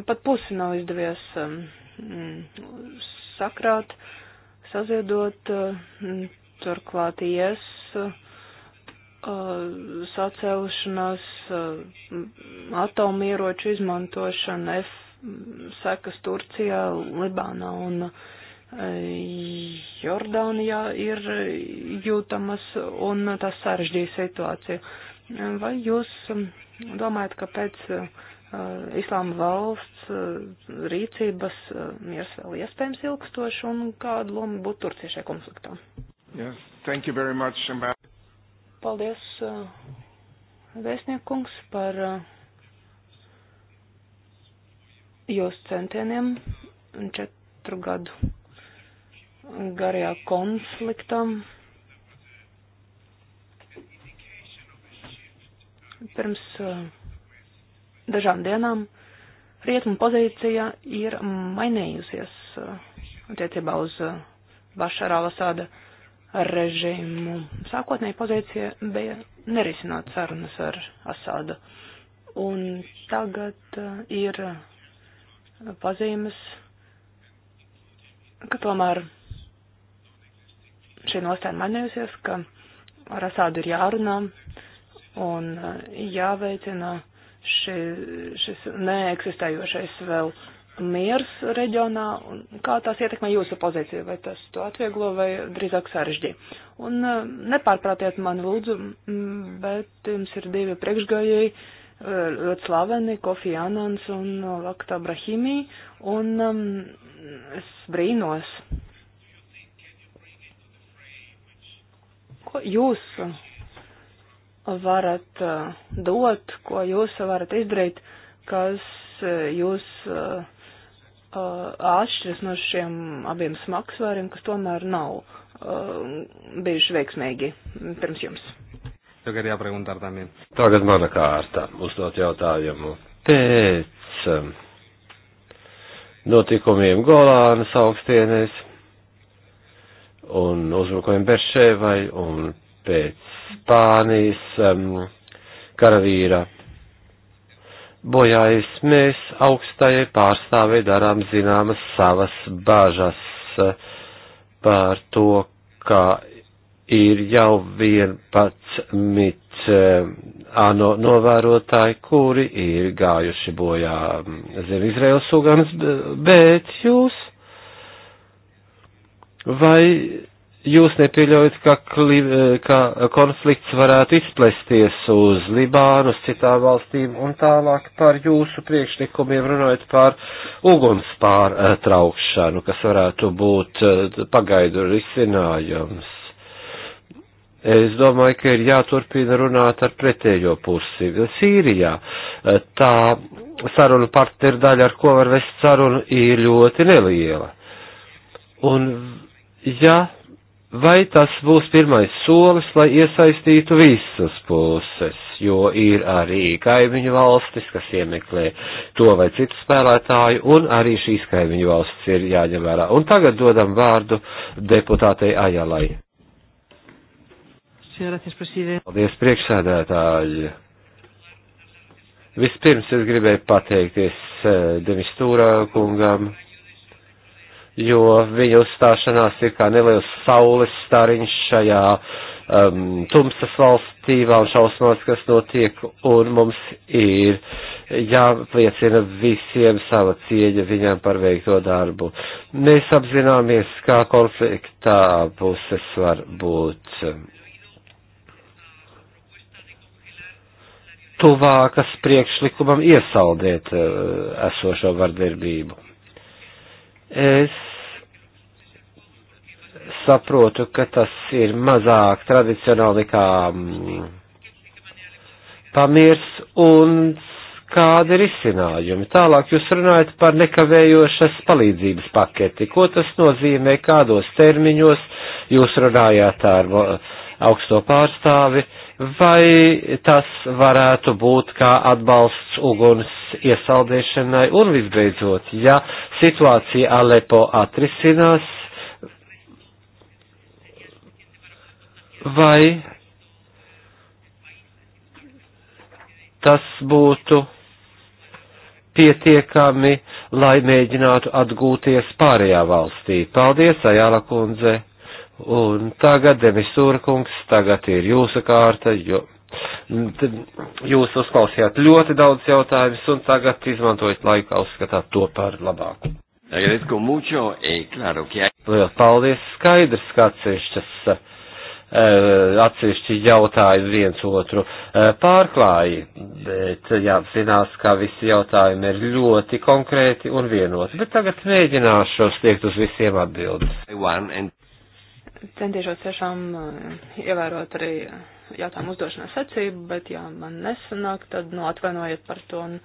pat pusi nav izdevies um, sakrāt, saziedot, um, Turklāt, IS uh, sacelšanās, uh, atomieroču izmantošana, F sekas Turcijā, Libānā un uh, Jordānijā ir jūtamas un tas sarežģīja situāciju. Vai jūs um, domājat, ka pēc uh, islāma valsts uh, rīcības uh, miers vēl iespējams ilgstoši un kādu lomu būtu Turcija šajā konfliktā? Yes, thank you very much, Ambassador. Paldies, uh, vēstniekungs, par uh, jūs centieniem četru gadu garajā konfliktā. Pirms uh, dažām dienām rietumu pozīcija ir mainījusies attiecībā uz Bašarā Lasāda režīmu. Sākotnēji pozīcija bija nerisināt sarunas ar Asādu. Un tagad uh, ir pazīmes, ka tomēr šī nostāja mainījusies, ka ar Asādu ir jārunā un uh, jāveicina šis, šis neeksistējošais vēl miers reģionā, un kā tās ietekmē jūsu pozīciju, vai tas to atvieglo vai drīzāk sarežģī. Un e, nepārprātiet mani lūdzu, bet jums ir divi priekšgājēji, e, ļoti slaveni, Kofi Anans un Lakta Brahimī, un um, es brīnos. Ko jūs varat e, dot, ko jūs varat izdarīt, kas jūs uh, Uh, atšķiras no šiem abiem smagsvēriem, kas tomēr nav uh, bijuši veiksmīgi pirms jums. Tagad mana kārta uzdot jautājumu. Pēc um, notikumiem Golānas augstienēs un uzbrukumiem Beršēvai un pēc Spānijas um, karavīra bojājas, mēs augstajai pārstāvei darām zināmas savas bāžas eh, par to, ka ir jau 11 eh, ANO novērotāji, kuri ir gājuši bojā mm, zem Izraels uganas, bet jūs vai jūs nepieļaujat, ka, kli, ka konflikts varētu izplesties uz Libānu, uz citām valstīm un tālāk par jūsu priekšlikumiem runājot par uguns pārtraukšanu, kas varētu būt eh, pagaidu risinājums. Es domāju, ka ir jāturpina runāt ar pretējo pusi. Sīrijā eh, tā sarunu partneru daļa, ar ko var vest sarunu, ir ļoti neliela. Un, ja Vai tas būs pirmais solis, lai iesaistītu visas puses, jo ir arī kaimiņu valstis, kas iemeklē to vai citu spēlētāju, un arī šīs kaimiņu valstis ir jāņem vērā. Un tagad dodam vārdu deputātei Ajalai. Paldies, priekšsēdētāji. Vispirms es gribēju pateikties eh, Demistūrā kungam jo viņa uzstāšanās ir kā neliels saules stariņš šajā um, tumsas valstībā un šausmās, kas notiek, un mums ir jāpliecina visiem sava cieņa viņam par veikto darbu. Mēs apzināmies, kā konfliktā puses var būt. tuvākas priekšlikumam iesaldēt uh, esošo vardarbību. Es saprotu, ka tas ir mazāk tradicionāli nekā mm, pamirs un kādi ir izcinājumi. Tālāk jūs runājat par nekavējošas palīdzības paketi. Ko tas nozīmē, kādos termiņos jūs runājāt ar augsto pārstāvi, vai tas varētu būt kā atbalsts uguns iesaldēšanai? Un visbeidzot, ja situācija Alepo atrisinās, vai tas būtu pietiekami, lai mēģinātu atgūties pārējā valstī. Paldies, Ajāla kundze, un tagad, Demisūra kungs, tagad ir jūsu kārta, jo jūs uzklausījāt ļoti daudz jautājumus, un tagad izmantojat laiku, uzskatāt to par labāku. E Lielas paldies, skaidrs, kāds ir šis Eh, atsevišķi jautājumi viens otru eh, pārklāji, bet jāapzinās, ka visi jautājumi ir ļoti konkrēti un vienoti. Bet tagad mēģināšu sniegt uz visiem atbildes. Centīšos tiešām eh, ievērot arī jautājumu uzdošanas secību, bet ja man nesanāk, tad nu, atvainojiet par to, un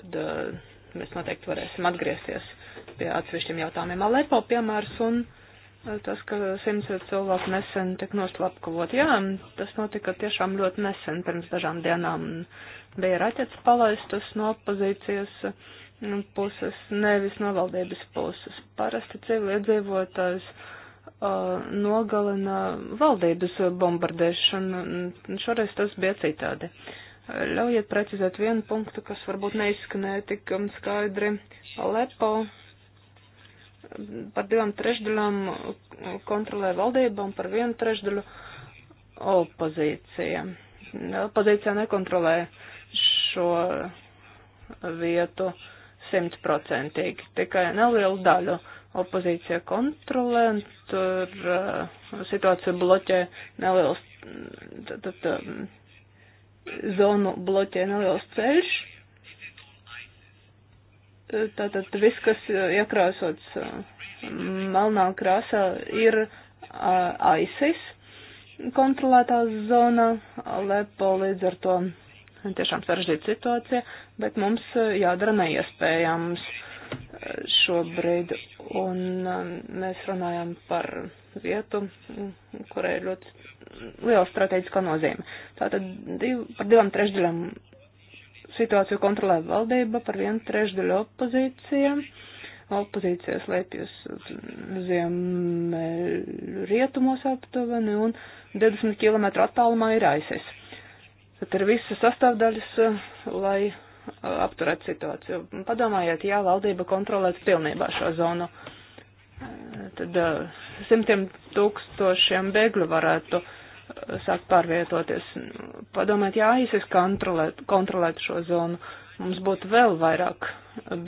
tad uh, mēs noteikti varēsim atgriezties pie atsevišķiem jautājumiem. Alepo piemērs un. Tas, ka simts cilvēku nesen tik noslapkavot, jā, tas notika tiešām ļoti nesen, pirms dažām dienām bija raķets palaistas no opozīcijas puses, nevis no valdības puses. Parasti civiliedzīvotājs uh, nogalina valdības bombardēšanu, un šoreiz tas bija citādi. Ļaujiet precizēt vienu punktu, kas varbūt neizskanēja tik skaidri. Alepo par divām trešdaļām kontrolē valdība un par vienu trešdaļu opozīcija. Opozīcija nekontrolē šo vietu simtprocentīgi, tikai nelielu daļu opozīcija kontrolē, un tur uh, situācija bloķē neliels, tad, tad, um, zonu bloķē neliels ceļš, Tātad viss, kas iekrāsots melnā krāsā, ir ISIS kontrolētā zona, Alepo līdz ar to tiešām sarežģīta situācija, bet mums jādara neiespējams šobrīd, un mēs runājam par vietu, kurai ir ļoti liela strateģiskā nozīme. Tātad div, par divām trešdaļām situāciju kontrolē valdība par vienu trešdaļu opozīcija. Opozīcija slēpjas mm, ziemē rietumos aptuveni un 20 km attālumā ir aizsis. Tad ir visas sastāvdaļas, eh, lai eh, apturētu situāciju. Padomājiet, ja valdība kontrolētu pilnībā šo zonu, eh, tad simtiem tūkstošiem bēgļu varētu uh, sāk pārvietoties. Padomājiet, ja ISIS kontrolētu kontrolēt šo zonu, mums būtu vēl vairāk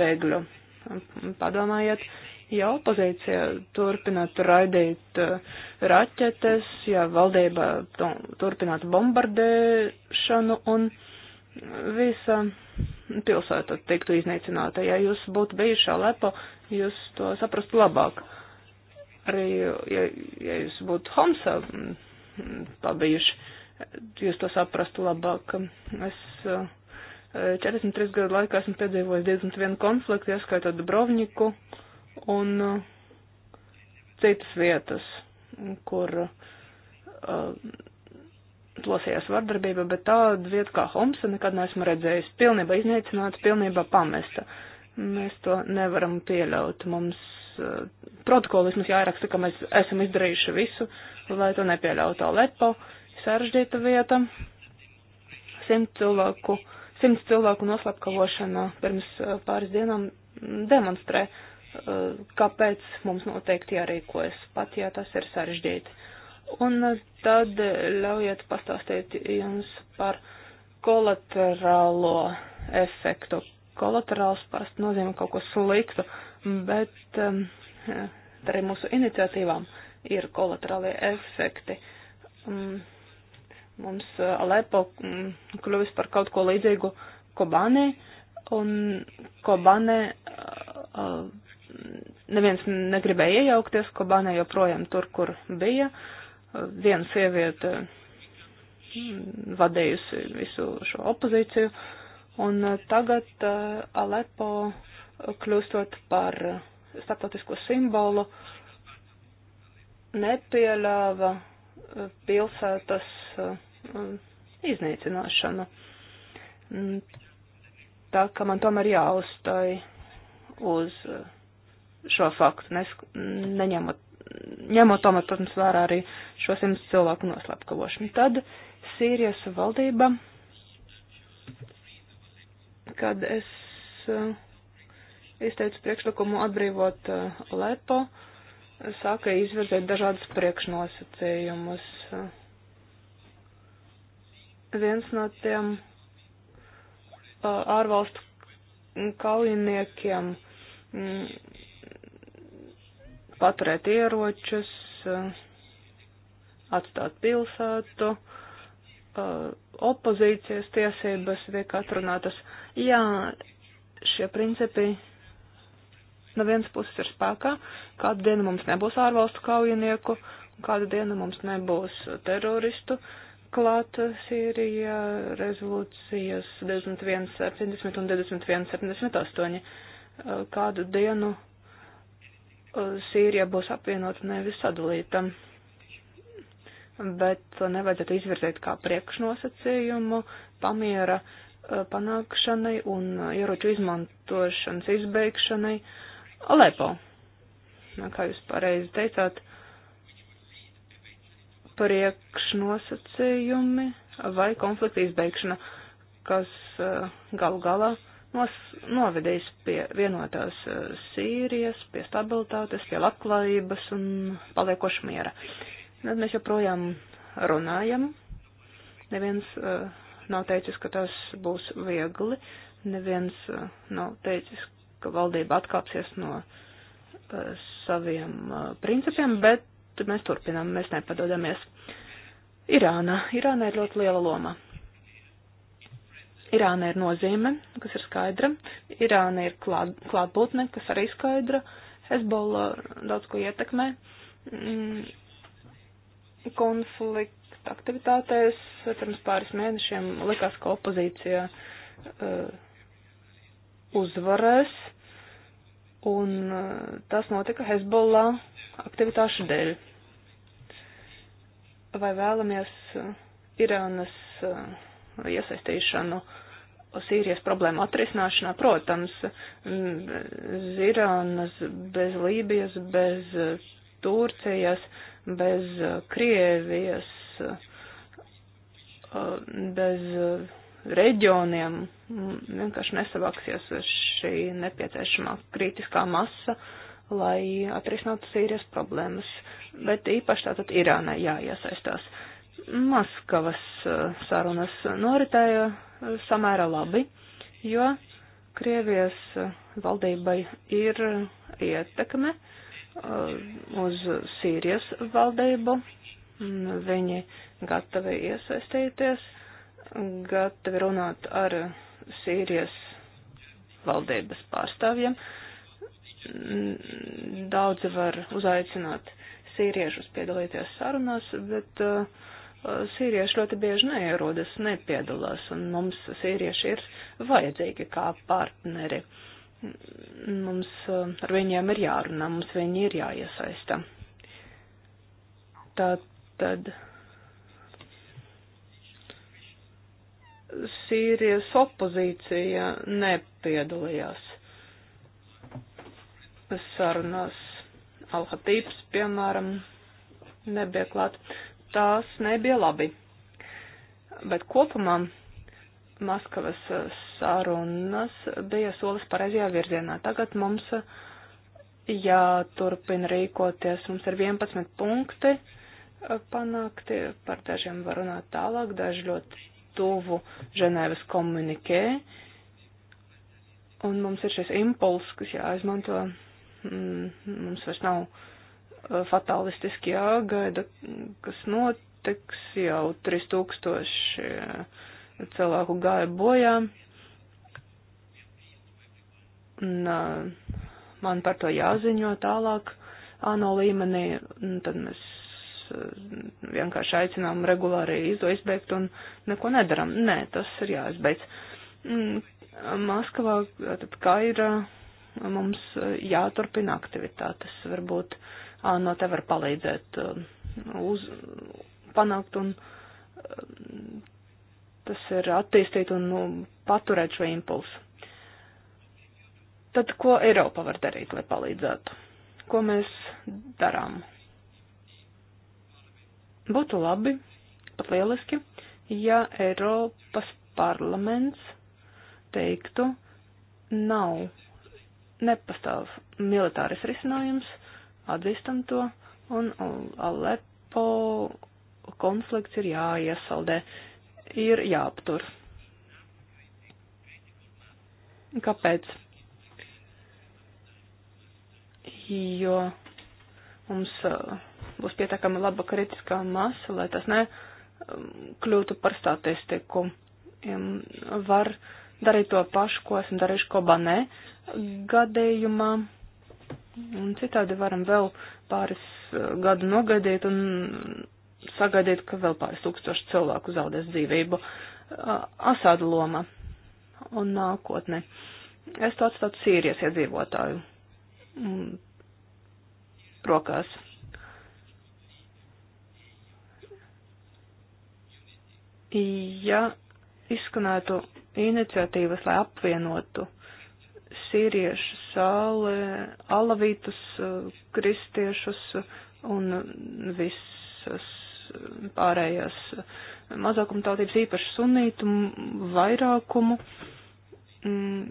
bēgļu. Padomājiet, ja opozīcija turpinātu raidīt uh, raķetes, ja valdība turpinātu bombardēšanu un visa pilsēta tiktu iznīcināta. Ja jūs būtu bijuši Alepo, jūs to saprastu labāk. Arī, ja, ja jūs būtu Homsa, pabijuši. Jūs to saprastu labāk. Es 43 eh, gadu laikā esmu piedzīvojis 21 konfliktu, ieskaitot Dubrovniku un eh, citas vietas, kur plosījās eh, vardarbība, bet tādu vietu kā Homsa nekad neesmu redzējis. Pilnībā iznīcināta, pilnībā pamesta. Mēs to nevaram pieļaut. Mums protokolisms jāieraksta, ka mēs esam izdarījuši visu, lai to nepieļautu Alepo, sarežģīta vieta, simt cilvēku, simts cilvēku noslapkavošana pirms eh, pāris dienām demonstrē, eh, kāpēc mums noteikti jārīkojas, pat ja tas ir sarežģīti. Un eh, tad ļaujiet pastāstīt jums par kolaterālo efektu. Kolaterāls parasti nozīmē kaut ko sliktu, bet um, arī mūsu iniciatīvām ir kolaterālie efekti. Mm, mums eh, Alepo mm, kļuvis par kaut ko līdzīgu Kobanē, un Kobanē eh, eh, neviens negribēja iejaukties, Kobanē joprojām tur, kur bija. Viena sieviete mm, vadījusi visu šo opozīciju, un tagad Alepo kļūstot par starptautisko simbolu, uh, nepieļāva eh, pilsētas eh, iznīcināšanu. Mm, tā ka man tomēr jāuzstāj uz eh, šo faktu, nes, neņemot, ņemot tomēr, protams, vērā arī šo simts cilvēku noslapkavošanu. Tad Sīrijas valdība, kad es izteicu priekšlikumu atbrīvot Lepo, uh, sāka izvirzīt dažādus priekšnosacījumus. Viens no tiem ārvalstu kaujiniekiem mm, paturēt ieročus, atstāt pilsētu, opozīcijas tiesības tiek atrunātas. Jā, šie principi no vienas puses ir spēkā, kādu dienu mums nebūs ārvalstu kaujinieku, kādu dienu mums nebūs teroristu klāt Sīrijā rezolūcijas 21, 70 un 21, 78. Eh, kādu dienu eh, Sīrija būs apvienota nevis sadalīta, bet to nevajadzētu izvirzīt kā priekšnosacījumu pamiera eh, panākšanai un ieroču izmantošanas izbeigšanai. Uh, Alepo, nu, kā jūs pareizi teicāt, priekšnosacījumi vai konflikta izbeigšana, kas eh, galu galā nos, novedīs pie vienotās eh, Sīrijas, pie stabilitātes, pie labklājības un paliekoša miera. Tad mēs joprojām runājam. Neviens uh, nav teicis, ka tas būs viegli. Neviens uh, nav teicis, ka valdība atkāpsies no eh, saviem eh, principiem, bet mēs turpinām, mēs nepadodamies. Irāna. Irāna ir ļoti liela loma. Irāna ir nozīme, kas ir skaidra. Irāna ir klāt, klātbūtne, kas arī skaidra. Hezbollah daudz ko ietekmē. Mm, Konflikta aktivitātēs pirms pāris mēnešiem likās, ka opozīcija uh, uzvarēs, un eh, tas notika Hezbollah aktivitāšu dēļ. Vai vēlamies eh, Irānas eh, iesaistīšanu Sīrijas problēmu atrisināšanā? Protams, mm, bez Irānas, bez Lībijas, bez Turcijas, bez Krievijas, bez reģioniem mm, vienkārši nesavāksies šī nepieciešamā kritiskā masa, lai atrisinātu Sīrijas problēmas, bet īpaši tātad Irānai jāiesaistās. Maskavas eh, sarunas noritēja eh, samērā labi, jo Krievijas eh, valdībai ir ietekme uz Sīrijas valdību, viņi gatavi iesaistīties gatavi runāt ar Sīrijas valdības pārstāvjiem. Daudzi var uzaicināt sīriešus piedalīties sarunās, bet uh, sīrieši ļoti bieži neierodas, nepiedalās, un mums sīrieši ir vajadzīgi kā partneri. Mums uh, ar viņiem ir jārunā, mums viņi ir jāiesaista. Tātad. Tā Sīrijas opozīcija nepiedalījās sarunās. Alhatīps, piemēram, nebija klāt. Tās nebija labi. Bet kopumā Maskavas sarunas bija solis pareizajā virzienā. Tagad mums jāturpina rīkoties. Mums ir 11 punkti panākti, par dažiem var runāt tālāk, daži ļoti tuvu Ženēvas komunikē. Un mums ir šis impuls, kas jāizmanto. Mm, mums vairs nav uh, fatalistiski jāgaida, kas notiks. Jau 3000 uh, cilvēku gāja bojā. Un uh, man par to jāziņo tālāk ANO līmenī. Un tad mēs Eh, vienkārši aicinām regulāri izo izbeigt un neko nedaram. Nē, tas ir jāizbeidz. Mm, Maskavā, tad kā ir, eh, mums eh, jāturpina aktivitātes. Varbūt no te var palīdzēt uz, panākt un tas ir attīstīt un nu, paturēt šo impulsu. Tad ko Eiropa var darīt, lai palīdzētu? Ko mēs darām? Būtu labi, pat lieliski, ja Eiropas parlaments teiktu, nav, nepastāv militāris risinājums, atzīstam to, un Alepo konflikts ir jāiesaldē, ir jāaptur. Kāpēc? Jo mums uh, būs pietiekami laba kritiskā masa, lai tas ne um, kļūtu par statistiku. Var darīt to pašu, ko esam darījuši Kobanē gadījumā. Un citādi varam vēl pāris uh, gadu nogaidīt un sagaidīt, ka vēl pāris tūkstoši cilvēku zaudēs dzīvību. Uh, Asāda loma un nākotne. Es to atstātu Sīrijas iedzīvotāju mm, rokās. ja izskanētu iniciatīvas, lai apvienotu sīriešu sāli, alavītus, kristiešus un visas pārējās mazākumtautības īpaši sunītu vairākumu. Mm,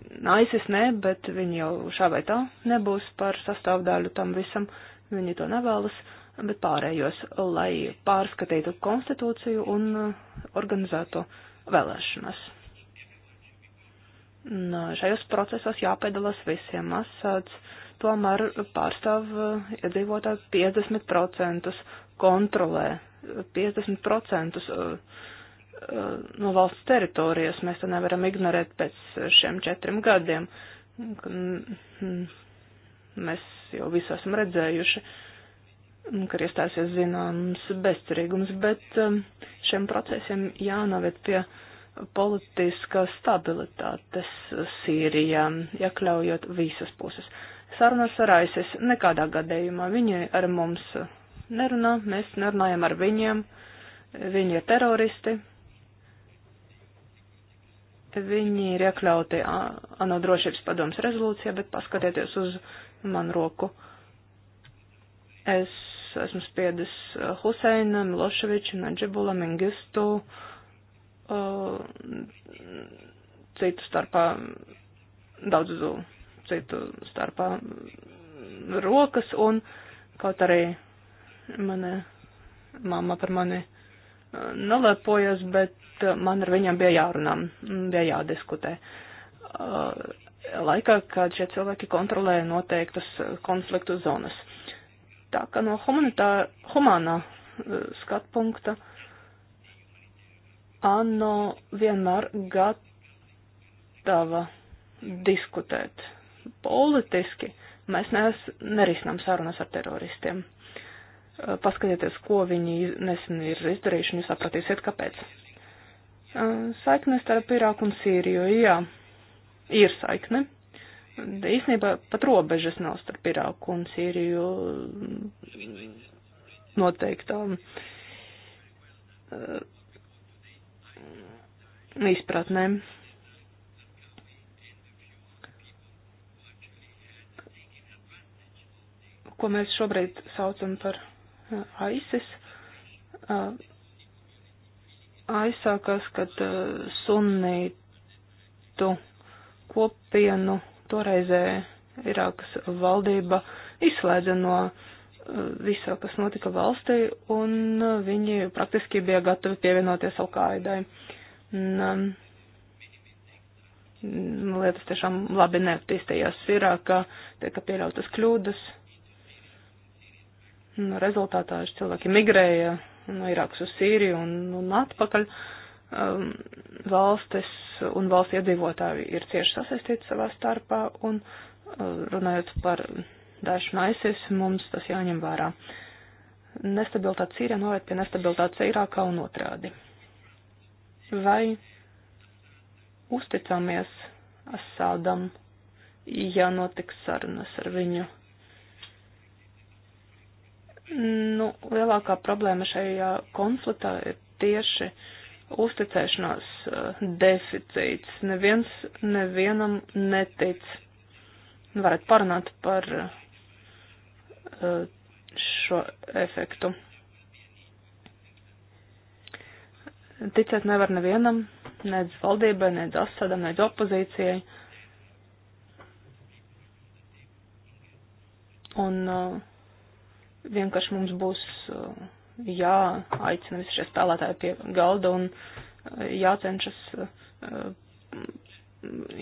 ISIS nē, bet viņi jau šā vai tā nebūs par sastāvdaļu tam visam, viņi to nevēlas. Uh, bet pārējos, lai pārskatītu konstitūciju un uh, organizētu vēlēšanas. Uh, šajos procesos jāpiedalās visiem. Asāds tomēr pārstāv uh, iedzīvotāju 50% kontrolē. 50% no valsts teritorijas mēs to nevaram ignorēt pēc šiem četriem gadiem. Mm, mm, mēs jau visu esam redzējuši. Uh, Nu, ka ir iestāsies zināms bezcerīgums, bet um, šiem procesiem jānoved pie politiskās stabilitātes Sīrijā, iekļaujot visas puses. Sarunas ar ASIS nekādā gadījumā viņi ar mums nerunā, mēs nerunājam ar viņiem, viņi ir teroristi, viņi ir iekļauti ANO drošības padomas rezolūcijā, bet paskatieties uz manu roku. Es esmu spiedis uh, Huseinam, Miloševičam, Nadžibulam, Ingistu, uh, citu starpā, daudzu citu starpā rokas, un kaut arī mana mamma par mani uh, nelepojas, bet man ar viņam bija jārunā, mm, bija jādiskutē. Laikā, kad šie cilvēki kontrolēja noteiktas konfliktu zonas. Tā kā no humānā eh, skatu punkta ANO vienmēr gatava diskutēt. Politiski mēs nes, nerisinām sarunas ar teroristiem. Eh, paskatieties, ko viņi nesen ir izdarījuši, un jūs sapratīsiet, kāpēc. Eh, saikne starp Irāku un Sīriju, jā, ir saikne īstenībā pat robežas nav starp Irāku un Sīriju noteiktām uh, izpratnēm. Ko mēs šobrīd saucam par uh, ISIS. Uh, aizsākās, kad uh, sunnītu kopienu uh, toreizē Irākas valdība izslēdza no eh, visā, kas notika valstī, un eh, viņi praktiski bija gatavi pievienoties Alkaidai. Um, nu, lietas tiešām labi neattīstījās Irākā, tika pieļautas kļūdas. Nu, rezultātā cilvēki migrēja no Irākas uz Sīriju un, un atpakaļ. Uh, um, valstis un valsts iedzīvotāji ir cieši sasaistīti savā starpā, un uh, runājot par Daesh un ISIS, mums tas jāņem vērā. Nestabilitāte Sīrijā noved pie nestabilitātes Irākā un otrādi. Vai uzticamies Asādam, ja notiks sarunas ar viņu? Nu, lielākā problēma šajā konfliktā ir tieši uh, uzticēšanās eh, deficīts. Neviens nevienam netic. Varētu parunāt par eh, šo efektu. Ticēt nevar nevienam, nedz valdībai, nedz asadam, nedz opozīcijai. Un uh, vienkārši mums būs uh, jāaicina visi šie spēlētāji pie galda un e, jācenšas e,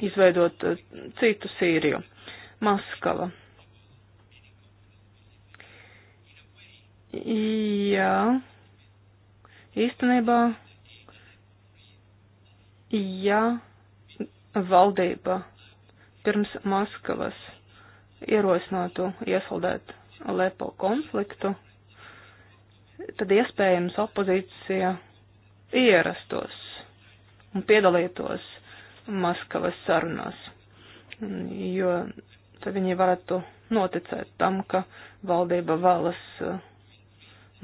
izveidot e, citu Sīriju. Maskava. Jā, īstenībā, ja valdība pirms Maskavas ierosinātu iesaldēt Lepo konfliktu, tad iespējams opozīcija ierastos un piedalītos Maskavas sarunās, jo tad viņi varētu noticēt tam, ka valdība vēlas uh,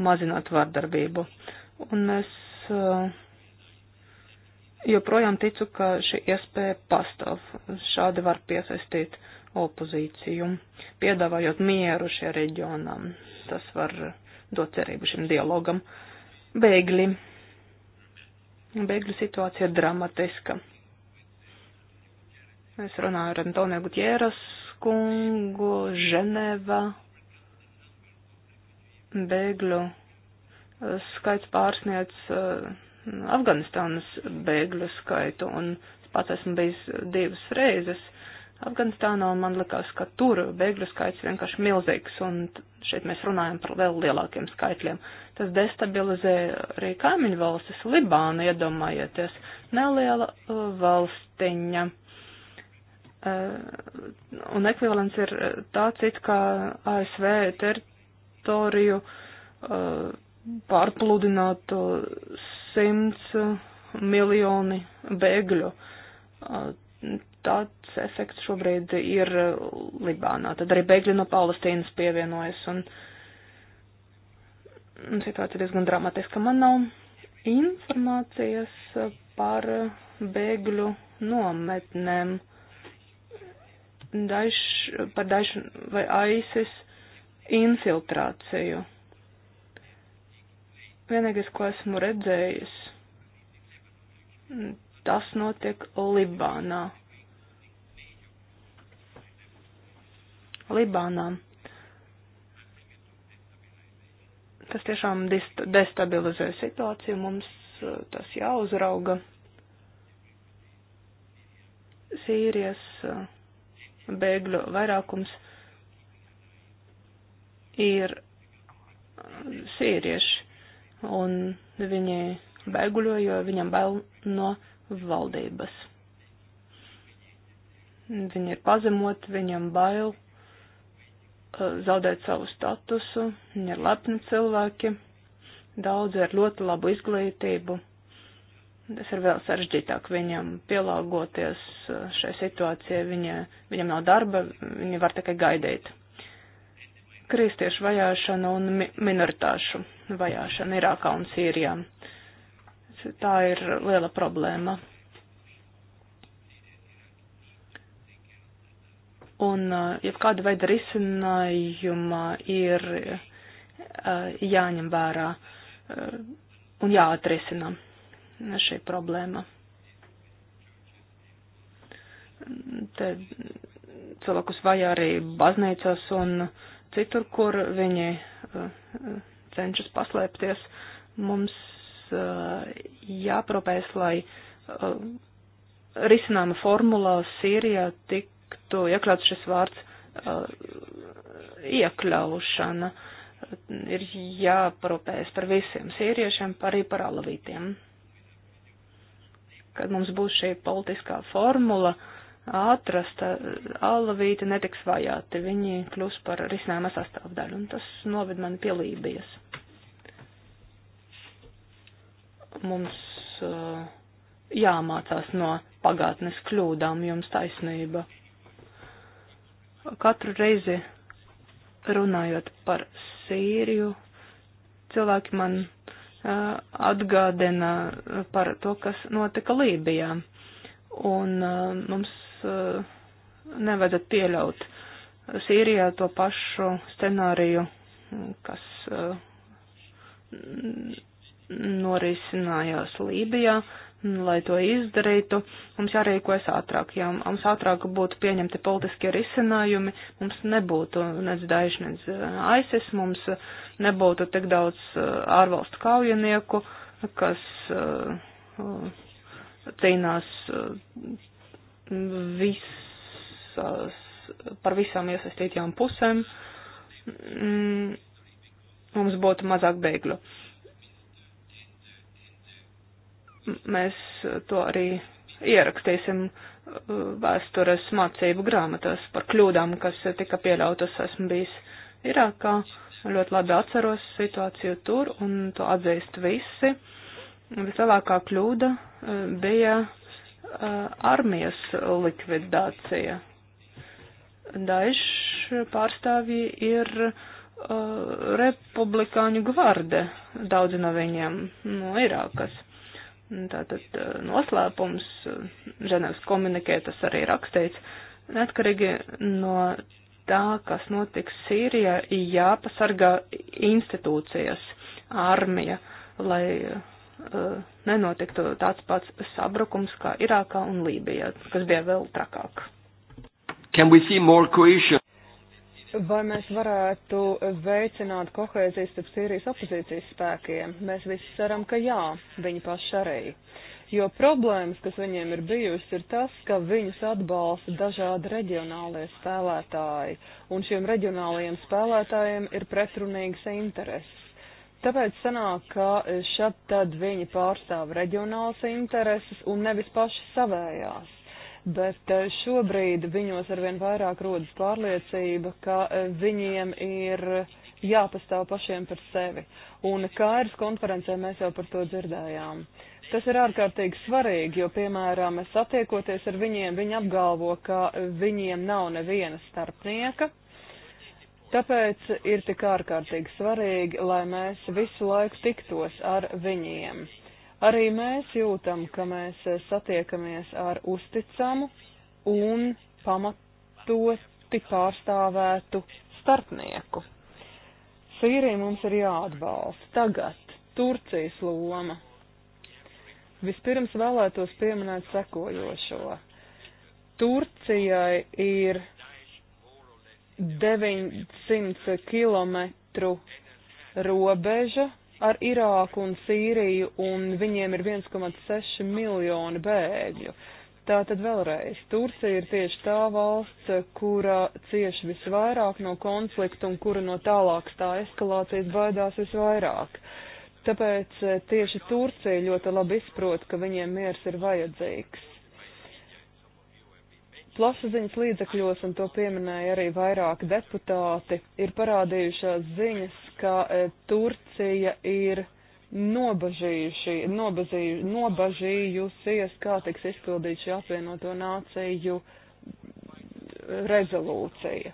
mazināt vārdarbību. Un es uh, joprojām ticu, ka šī iespēja pastāv. Šādi var piesaistīt opozīciju, piedāvājot mieru šajā reģionā. Tas var dot cerību šim dialogam. Bēgļi. Bēgļu situācija ir dramatiska. Es runāju ar Antoniju Gutieras kungu, Ženeva. Bēgļu eh, skaits pārsniec eh, Afganistānas bēgļu skaitu, un pats esmu bijis divas reizes Afganistānā, un man likās, ka tur bēgļu skaits vienkārši milzīgs, un šeit mēs runājam par vēl lielākiem skaitļiem. Tas destabilizē arī kaimiņu valstis, Libāna, iedomājieties, neliela uh, valstiņa. Uh, un ekvivalents ir uh, tāds, it kā ASV teritoriju pārpludinātu simts miljoni bēgļu tāds efekts šobrīd ir uh, Libānā. Tad arī bēgļi no Palestīnas pievienojas un, un situācija diezgan dramatiska. Man nav informācijas uh, par uh, bēgļu nometnēm. Daiš, par Daišu vai ISIS infiltrāciju. Vienīgais, ko esmu redzējis, tas notiek Libānā Libānā. Tas tiešām destabilizē situāciju, mums eh, tas jāuzrauga. Sīrijas eh, bēgļu vairākums ir eh, sīrieši, un viņi bēguļo, jo viņam bail no valdības. Viņi ir pazemot, viņam bail Eh, zaudēt savu statusu, viņi ir lepni cilvēki, daudzi ar ļoti labu izglītību. Tas ir vēl sarežģītāk viņam pielāgoties eh, šai situācijai, viņa, viņam nav darba, viņi var tikai gaidīt. Kristiešu vajāšana un mi minoritāšu vajāšana Irākā un Sīrijā. Tā ir liela problēma. Un eh, jebkāda veida risinājuma ir eh, jāņem vērā eh, un jāatrisina šī problēma. Te cilvēkus vajā arī baznīcās un citur, kur viņi cenšas paslēpties. Mums jāpropēs, lai risinājuma formulā Sīrijā tik tiktu iekļauts šis vārds uh, iekļaušana. Ir jāparūpējas par visiem sīriešiem, arī par alavītiem. Kad mums būs šī politiskā formula atrasta, alavīti netiks vajāti, viņi kļūs par risinājuma sastāvdaļu, un tas noved mani pie Lībijas. Mums uh, jāmācās no pagātnes kļūdām, jums taisnība katru reizi runājot par Sīriju, cilvēki man uh, atgādina par to, kas notika Lībijā. Un uh, mums uh, nevajadzētu pieļaut Sīrijā to pašu scenāriju, kas uh, norisinājās Lībijā lai to izdarītu, mums jārīkojas ātrāk. Ja mums ātrāk būtu pieņemti politiskie risinājumi, mums nebūtu nec Daesh, nec uh, ISIS, mums nebūtu tik daudz uh, ārvalstu kaujinieku, kas uh, cīnās visās, par visām iesaistītajām pusēm. Mm, mums būtu mazāk bēgļu. Uh, mēs to arī ierakstīsim uh, vēstures mācību grāmatās par kļūdām, kas tika pieļautas. Esmu bijis Irākā, ļoti labi atceros situāciju tur un to atzīst visi. Vislielākā kļūda uh, bija uh, armijas likvidācija. Daļš pārstāvji ir republikāņu gvarde, daudzi no viņiem no Irākas Tātad noslēpums, Ženevas komunikē tas arī rakstīts. Neatkarīgi no tā, kas notiks Sīrijā, jāpasargā institūcijas, armija, lai uh, nenotiktu tāds pats sabrukums kā Irākā un Lībijā, kas bija vēl trakāk. Can we see more cohesion? Vai mēs varētu veicināt kohēzijas starp Sīrijas opozīcijas spēkiem? Mēs visi ceram, ka jā, viņi paši arī. Jo problēmas, kas viņiem ir bijusi, ir tas, ka viņus atbalsta dažādi reģionālie spēlētāji, un šiem reģionālajiem spēlētājiem ir pretrunīgas intereses. Tāpēc sanāk, ka šad tad viņi pārstāv reģionālas intereses un nevis paši savējās bet eh, šobrīd viņos arvien vairāk rodas pārliecība, ka eh, viņiem ir jāpastāv pašiem par sevi. Un Kairas konferencē mēs jau par to dzirdējām. Tas ir ārkārtīgi svarīgi, jo, piemēram, satiekoties ar viņiem, viņi apgalvo, ka viņiem nav neviena starpnieka. Tāpēc ir tik ārkārtīgi svarīgi, lai mēs visu laiku tiktos ar viņiem. Arī mēs jūtam, ka mēs eh, satiekamies ar uzticamu un pamatoti pārstāvētu starpnieku. Sīrija mums ir jāatbalsta. Tagad Turcijas loma. Vispirms vēlētos pieminēt sekojošo. Turcijai ir 900 km robeža ar Irāku un Sīriju, un viņiem ir 1,6 miljoni bēgļu. Tā tad vēlreiz, Turcija ir tieši tā valsts, kura cieši visvairāk no konflikta un kura no tālākas tā eskalācijas baidās visvairāk. Tāpēc eh, tieši Turcija ļoti labi izprot, ka viņiem miers ir vajadzīgs. Plašsaziņas līdzekļos, un to pieminēja arī vairāki deputāti, ir parādījušās ziņas, ka e, Turcija ir nobažījuši, nobažīju, nobažījusies, kā tiks izpildīt šī apvienoto nāciju rezolūcija.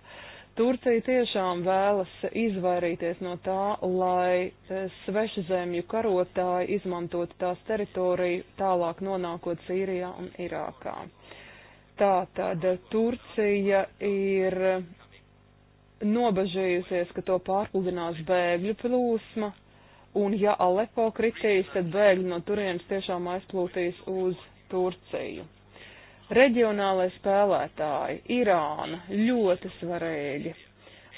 Turcija tiešām vēlas izvairīties no tā, lai e, svešzemju karotāji izmantotu tās teritoriju tālāk nonākot Sīrijā un Irākā. Tātad Turcija ir nobežījusies, ka to pārpludinās bēgļu plūsma, un ja Alepo kritīs, tad bēgļi no turienes tiešām aizplūtīs uz Turciju. Reģionālai spēlētāji - Irāna ļoti svarīgi.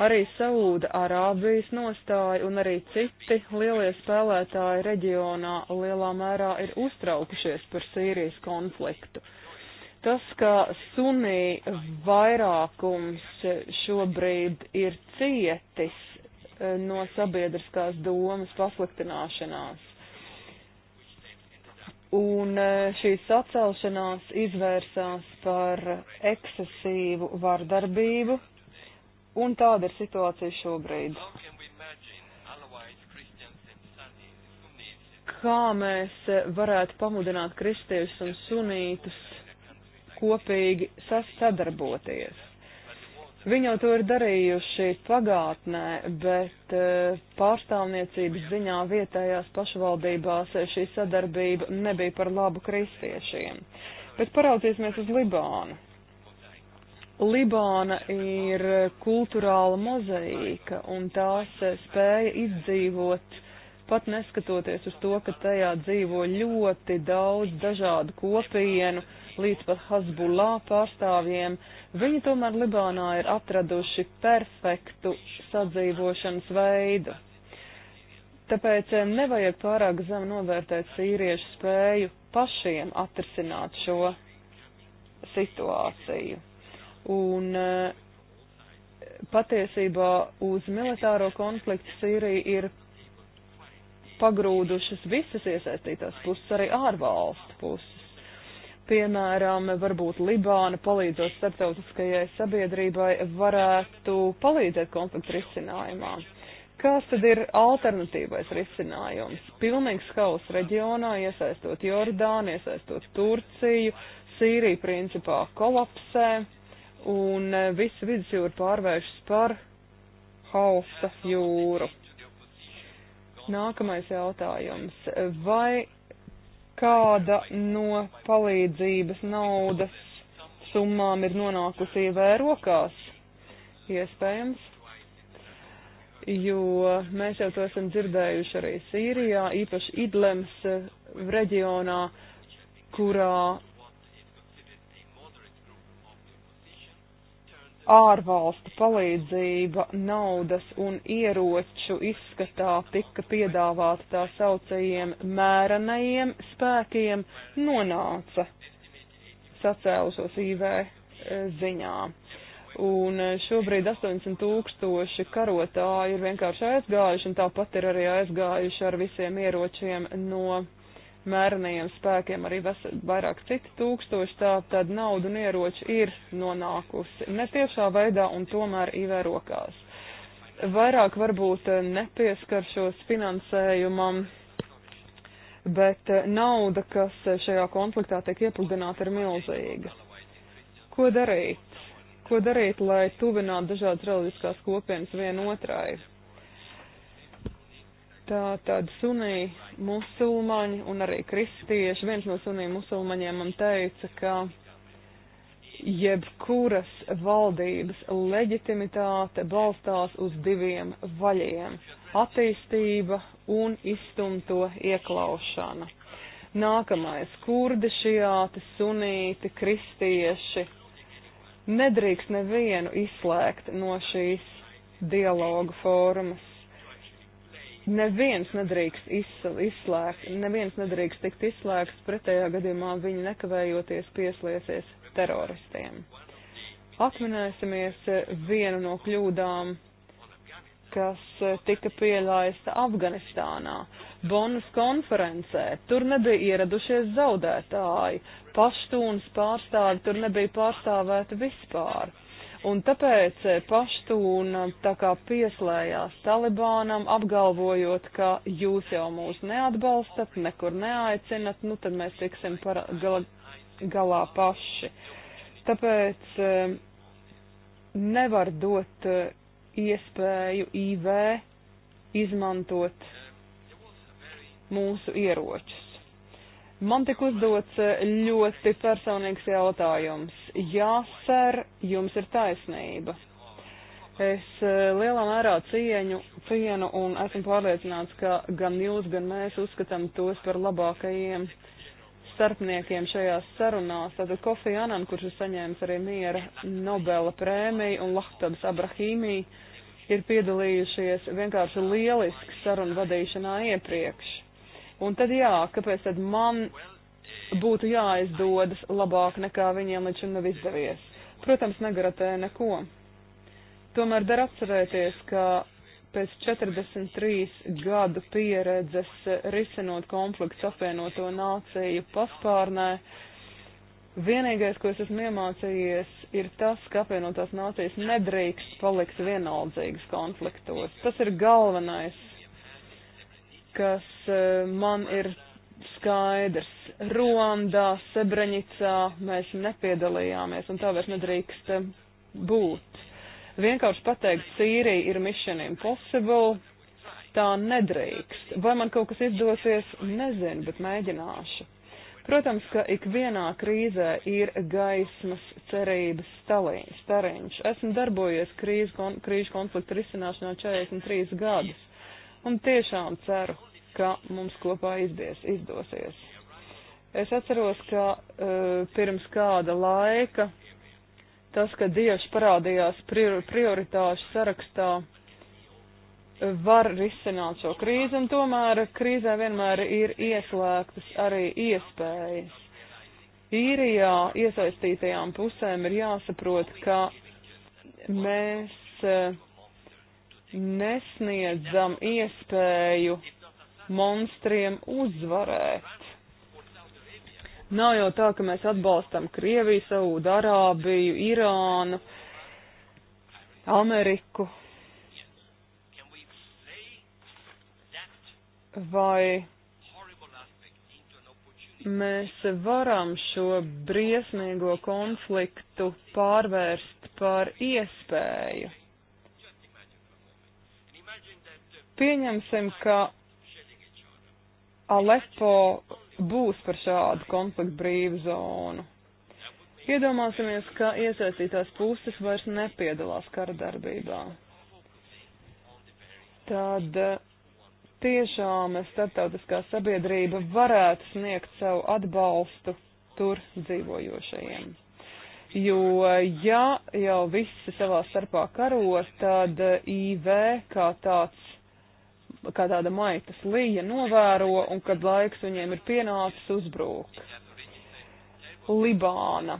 Arī Saūda Arābijas nostāja un arī citi lielie spēlētāji reģionā lielā mērā ir uztraukušies par Sīrijas konfliktu Tas, ka sunī vairākums šobrīd ir cietis e, no sabiedriskās domas pasliktināšanās. Un e, šī sacelšanās izvērsās par ekscesīvu vardarbību, un tāda ir situācija šobrīd. Kā mēs varētu pamudināt kristiešus un sunītus kopīgi sadarboties. Viņi jau to ir darījuši pagātnē, bet eh, pārstāvniecības ziņā vietējās pašvaldībās šī sadarbība nebija par labu kristiešiem. Bet paraudzīsimies uz Libānu. Libāna ir kultūrāla mozaīka un tās spēja izdzīvot, pat neskatoties uz to, ka tajā dzīvo ļoti daudz dažādu kopienu, līdz pat Hezbollah pārstāvjiem, viņi tomēr Libānā ir atraduši perfektu sadzīvošanas veidu. Tāpēc eh, nevajag pārāk zem novērtēt sīriešu spēju pašiem atrisināt šo situāciju. Un eh, patiesībā uz militāro konfliktu Sīrija ir pagrūdušas visas iesaistītās puses, arī ārvalstu puses piemēram, varbūt Libāna palīdzot starptautiskajai sabiedrībai varētu palīdzēt konfliktu risinājumā. Kāds tad ir alternatīvais risinājums? Pilnīgs haus reģionā, iesaistot Jordānu, iesaistot Turciju, Sīrija principā kolapsē un visu vidusjūru pārvēršas par hausa jūru. Nākamais jautājums. Vai kāda no palīdzības naudas summām ir nonākusi ievē rokās? Iespējams, jo mēs jau to esam dzirdējuši arī Sīrijā, īpaši Idlems reģionā, kurā ārvalstu palīdzība naudas un ieroču izskatā tika piedāvāta tā saucējiem mērenajiem spēkiem, nonāca sacēlušos IV e, ziņā. Un e, šobrīd 800 tūkstoši karotāji ir vienkārši aizgājuši, un tāpat ir arī aizgājuši ar visiem ieročiem no mērenajiem spēkiem arī ves, vairāk citu tūkstoši, tā tad nauda un ieroči ir nonākusi netiešā veidā un tomēr IV rokās. Vairāk varbūt eh, nepieskaršos finansējumam, bet eh, nauda, kas eh, šajā konfliktā tiek iepludināta, ir milzīga. Ko darīt? Ko darīt, lai tuvinātu dažādas reliģiskās kopienas vienotrai? Tā tad sunī musulmaņi un arī kristieši, viens no sunī musulmaņiem man teica, ka jebkuras valdības leģitimitāte balstās uz diviem vaļiem - attīstība un izstumto ieklaušana. Nākamais - kurdi, šiāti, sunīti, kristieši. Nedrīkst nevienu izslēgt no šīs dialogu formas neviens nedrīkst izslēgt, neviens nedrīkst tikt izslēgts, pretējā gadījumā viņi nekavējoties pieslēsies teroristiem. Atminēsimies eh, vienu no kļūdām, kas eh, tika pieļaista Afganistānā, Bonas konferencē. Tur nebija ieradušies zaudētāji, paštūnas pārstāvi tur nebija pārstāvēti vispār. Un tāpēc eh, paštūna eh, tā kā pieslējās Talibānam, apgalvojot, ka jūs jau mūs neatbalstat, nekur neaicinat, nu tad mēs tiksim par gal, galā paši. Tāpēc eh, nevar dot iespēju IV izmantot mūsu ieročus. Man tik uzdots eh, ļoti personīgs jautājums. Jā, ser, jums ir taisnība. Es eh, lielā mērā cieņu, cienu un esmu pārliecināts, ka gan jūs, gan mēs uzskatām tos par labākajiem starpniekiem šajās sarunās. Tātad Kofi Anan, kurš ir saņēmis arī miera Nobela prēmiju un Lahtabs Abrahīmī, ir piedalījušies vienkārši lieliski sarunu vadīšanā iepriekš Un tad jā, kāpēc tad man būtu jāizdodas labāk nekā viņiem līdz šim nav izdevies? Protams, negarantē neko. Tomēr der atcerēties, ka pēc 43 gadu pieredzes risinot konflikts apvienoto nāciju paspārnē, vienīgais, ko es esmu iemācījies, ir tas, ka apvienotās nācijas nedrīkst palikt vienaldzīgas konfliktos. Tas ir galvenais kas e, man ir skaidrs. Ruandā, Sebreņicā mēs nepiedalījāmies, un tā vairs nedrīkst e, būt. Vienkārši pateikt, Sīrija ir mission impossible, tā nedrīkst. Vai man kaut kas izdosies, nezinu, bet mēģināšu. Protams, ka ikvienā krīzē ir gaismas cerības stariņš. Esmu darbojies krīžu kon, konfliktu risināšanā 43 gadus un tiešām ceru, ka mums kopā izdies, izdosies. Es atceros, ka uh, pirms kāda laika tas, ka dievs parādījās prior prioritāšu sarakstā, var risināt šo krīzi, un tomēr krīzē vienmēr ir ieslēgtas arī iespējas. Īrijā iesaistītajām pusēm ir jāsaprot, ka mēs uh, nesniedzam iespēju monstriem uzvarēt. Nav jau tā, ka mēs atbalstam Krieviju, Saudārābiju, Irānu, Ameriku. Vai mēs varam šo briesmīgo konfliktu pārvērst par iespēju? pieņemsim, ka Alepo būs par šādu konfliktu brīvu zonu. Iedomāsimies, ka iesaistītās puses vairs nepiedalās kara darbībā. Tad eh, tiešām starptautiskā sabiedrība varētu sniegt savu atbalstu tur dzīvojošajiem. Jo, ja jau visi savā starpā karos, tad IV kā tāds kā tāda maitas līja novēro un kad laiks viņiem ir pienācis uzbrūk. Libāna.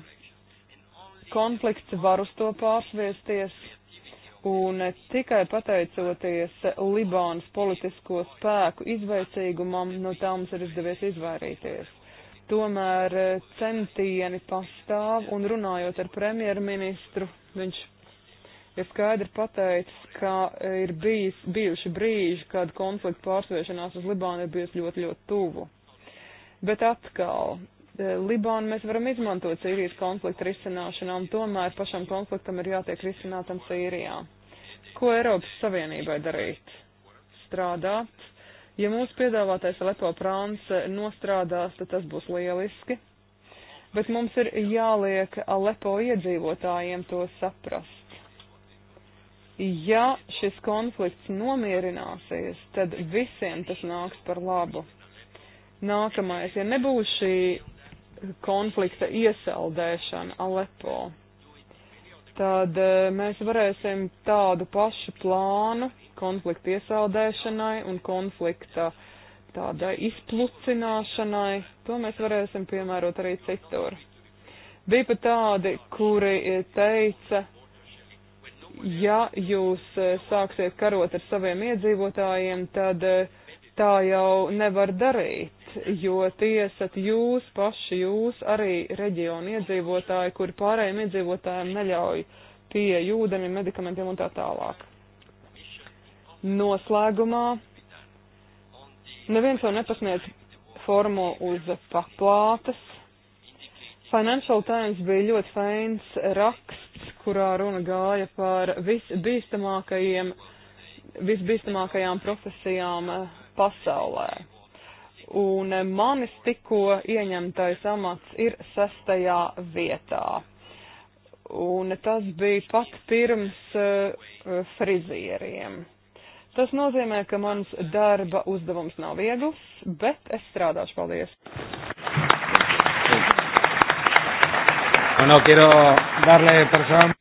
Konflikts var uz to pārsviesties un tikai pateicoties Libānas politisko spēku izveicīgumam no tā mums ir izdevies izvairīties tomēr centieni pastāv un runājot ar premjerministru, viņš ir skaidri pateicis, ka ir bijis, bijuši brīži, kad konflikta pārsviešanās uz Libānu ir bijusi ļoti, ļoti tuvu. Bet atkal, e, Libānu mēs varam izmantot Sīrijas konflikta risināšanā, un tomēr pašam konfliktam ir jātiek risinātam Sīrijā. Ko Eiropas Savienībai darīt? Strādāt. Ja mūsu piedāvātais Lepo prāns e, nostrādās, tad tas būs lieliski, bet mums ir jāliek Alepo iedzīvotājiem to saprast. Ja šis konflikts nomierināsies, tad visiem tas nāks par labu. Nākamais, ja nebūs šī konflikta iesaldēšana Alepo, tad e, mēs varēsim tādu pašu plānu konflikta iesaldēšanai un konflikta tādai izplucināšanai, to mēs varēsim piemērot arī citur. Bija pat tādi, kuri teica, ja jūs e, sāksiet karot ar saviem iedzīvotājiem, tad e, tā jau nevar darīt, jo tie esat jūs paši, jūs arī reģionu iedzīvotāji, kur pārējiem iedzīvotājiem neļauj pie jūdeņiem, medikamentiem un tā tālāk. Noslēgumā neviens jau nepasniedz formu uz paplātes. Financial Times bija ļoti feins raksts kurā runa gāja par visbīstamākajiem, visbīstamākajām profesijām eh, pasaulē. Un eh, manis tikko ieņemtais amats ir sestajā vietā. Un tas bija pat pirms uh, frizieriem. Tas nozīmē, ka mans darba uzdevums nav viegls, bet es strādāšu. Paldies! Bueno, quiero darle personu.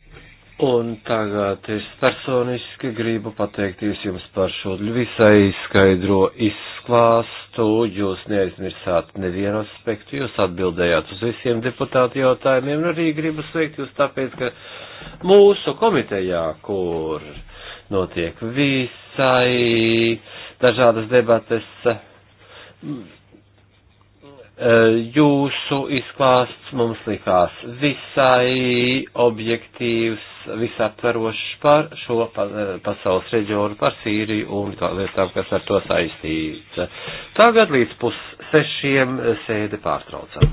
Un tagad es personiski gribu pateikties jums par šo visai skaidro izklāstu. Jūs neaizmirsāt nevienu aspektu, jūs atbildējāt uz visiem deputātu jautājumiem, un arī gribu sveikt jūs tāpēc, ka mūsu komitejā, kur notiek visai dažādas debates, Eh, jūsu izklāsts mums likās visai objektīvs, visaptverošs par šo eh, pasaules reģionu, par Sīriju un lietām, kas ar to saistīts. Tagad līdz pus sešiem eh, sēdi pārtraucam.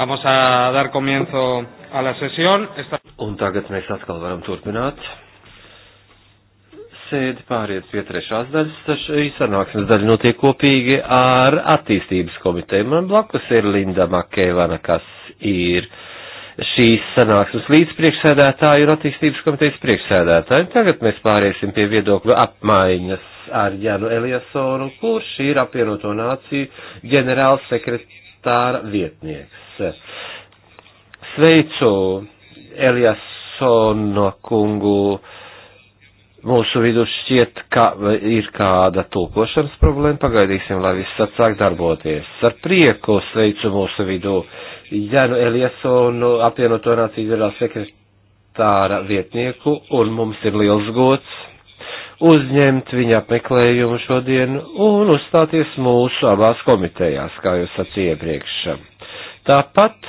Vamos a dar comienzo a la sesión. Esta... Un tagad mēs atkal varam turpināt. Sēdi pāriet pie trešās daļas, taču sanāksmes daļa notiek kopīgi ar attīstības komiteju. Man blakus ir Linda Makēvana, kas ir šīs sanāksmes līdzpriekšsēdētāju un attīstības komitejas priekšsēdētāju. Tagad mēs pāriesim pie viedokļu apmaiņas ar Janu Eliasonu, kurš ir apvienoto nāciju ģenerāls sekretāra vietnieks. Sveicu Eliasonu kungu. Mūsu vidū šķiet, ka ir kāda tulkošanas problēma. Pagaidīsim, lai viss atsāk darboties. Ar prieku sveicu mūsu vidū Janu Eliasonu, apvienoto nāciju ģenerāla sekretāra vietnieku, un mums ir liels gods uzņemt viņa apmeklējumu šodien un uzstāties mūsu abās komitejās, kā jūs sacījāt iepriekš. Tāpat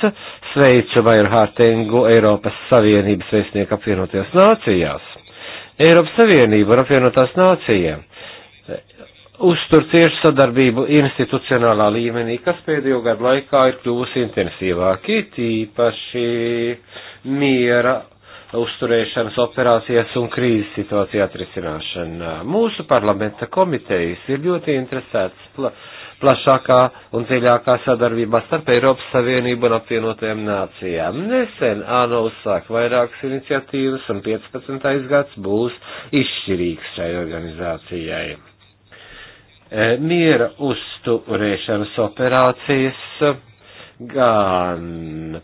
sveicu Vairhārtingu Eiropas Savienības vēstnieku apvienotajās nācijās. Eiropas Savienība un apvienotās nācijām uztur ciešu sadarbību institucionālā līmenī, kas pēdējo gadu laikā ir kļuvusi intensīvāk, it īpaši miera uzturēšanas operācijas un krīzes situācija atrisināšanā. Mūsu parlamenta komitejas ir ļoti interesētas plašākā un dziļākā sadarbībā starp Eiropas Savienību un apvienotajām nācijām. Nesen ANO uzsāk vairākas iniciatīvas un 15. gads būs izšķirīgs šai organizācijai. E, miera uzturēšanas operācijas gan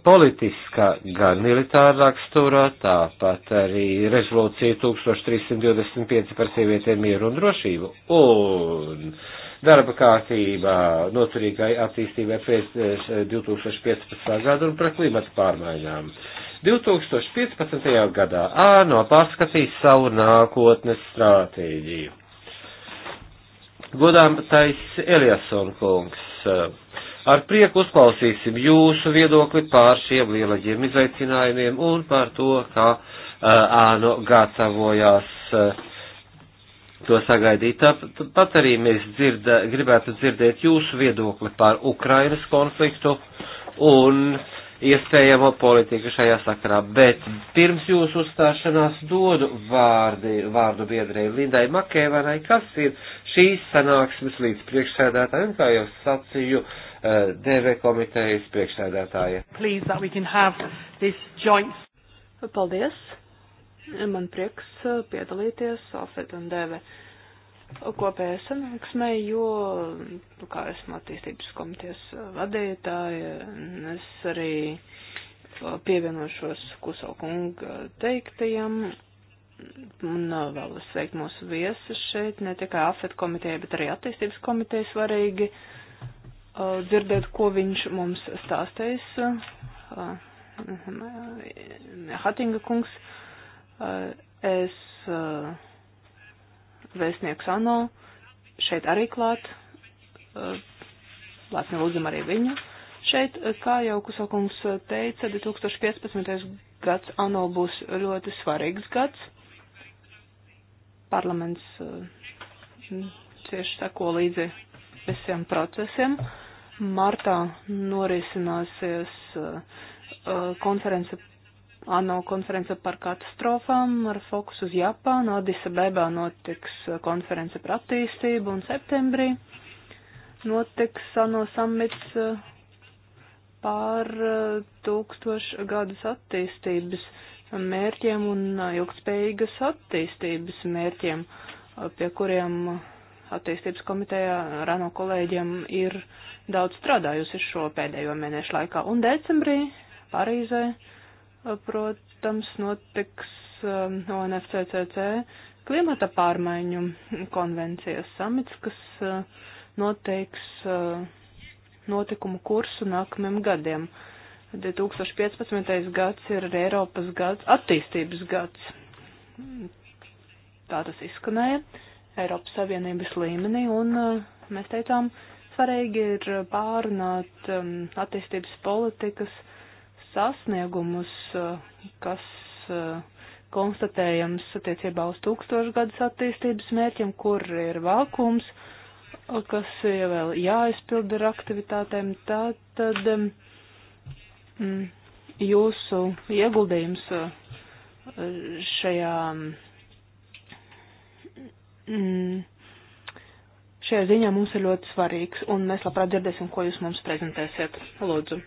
politiskā, gan militārā raksturā, tāpat arī rezolūcija 1325 par sievietēm mieru un drošību. Un darba kārtībā noturīgai attīstībai pēc 2015. Eh, gada un par klimatu pārmaiņām. 2015. gadā ANO pārskatīs savu nākotnes stratēģiju. Godām tais Eliasson kungs, eh, ar prieku uzklausīsim jūsu viedokli pār šiem lielajiem izaicinājumiem un par to, kā ANO eh, gatavojās uh, to sagaidīt. Tāpat arī mēs dzirda, gribētu dzirdēt jūsu viedokli par Ukrainas konfliktu un iespējamo politiku šajā sakarā. Bet pirms jūsu uzstāšanās dodu vārdi, vārdu biedrei Lindai Makēvanai, kas ir šīs sanāksmes līdz priekšsēdētājiem, kā jau sacīju, uh, eh, DV komitejas priekšsēdētāja. Please, Paldies! Man prieks uh, piedalīties Alfred un Deve kopējā sanāksmē, jo, nu, kā esmu attīstības komitejas uh, vadītāja, es arī uh, pievienošos Kuso kunga teiktajam un vēlos sveikt mūsu viesus šeit, ne tikai AFET komiteja, bet arī attīstības komiteja svarīgi uh, dzirdēt, ko viņš mums stāstīs. Uh, Hatinga kungs Es eh, vēstnieks Ano šeit arī klāt. Eh, Lāsni lūdzam arī viņu. Šeit, eh, kā jau Kusokungs teica, 2015. gads ANO būs ļoti svarīgs gads. Parlaments cieši seko līdzi visiem procesiem. Martā norisināsies konference ANO konference par katastrofām ar fokusu uz Japānu. Adisa Bebā notiks uh, konference par attīstību un septembrī notiks ANO samits uh, pār uh, tūkstošu gadus attīstības mērķiem un ilgspējīgas attīstības mērķiem, pie kuriem attīstības komitejā ar ANO kolēģiem ir daudz strādājusi šo pēdējo mēnešu laikā. Un decembrī Parīzē protams, notiks UNFCCC um, klimata pārmaiņu konvencijas samits, kas uh, noteiks uh, notikumu kursu nākamajiem gadiem. 2015. gads ir arī Eiropas gads, attīstības gads. Tā tas izskanēja Eiropas Savienības līmenī, un uh, mēs teicām, svarīgi ir pārunāt um, attīstības politikas sasniegumus, eh, kas eh, konstatējams attiecībā uz tūkstošgadus attīstības mērķiem, kur ir vakums, eh, kas ir vēl jāizpilda ar aktivitātēm, tad, tad mm, jūsu ieguldījums šajā, mm, šajā ziņā mums ir ļoti svarīgs, un mēs labprāt dzirdēsim, ko jūs mums prezentēsiet. Lūdzu.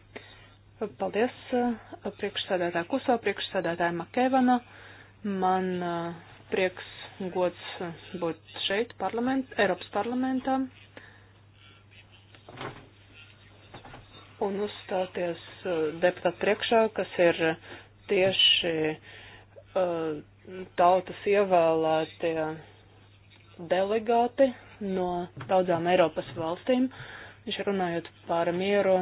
Paldies uh, priekšsēdētāja Kuso, priekšsēdētāja Makēvana. Man uh, prieks un gods uh, būt šeit, parlament, Eiropas parlamentā, un uzstāties deputātu priekšā, kas ir tieši tautas ievēlētie delegāti no daudzām Eiropas valstīm. Viņš runājot par mieru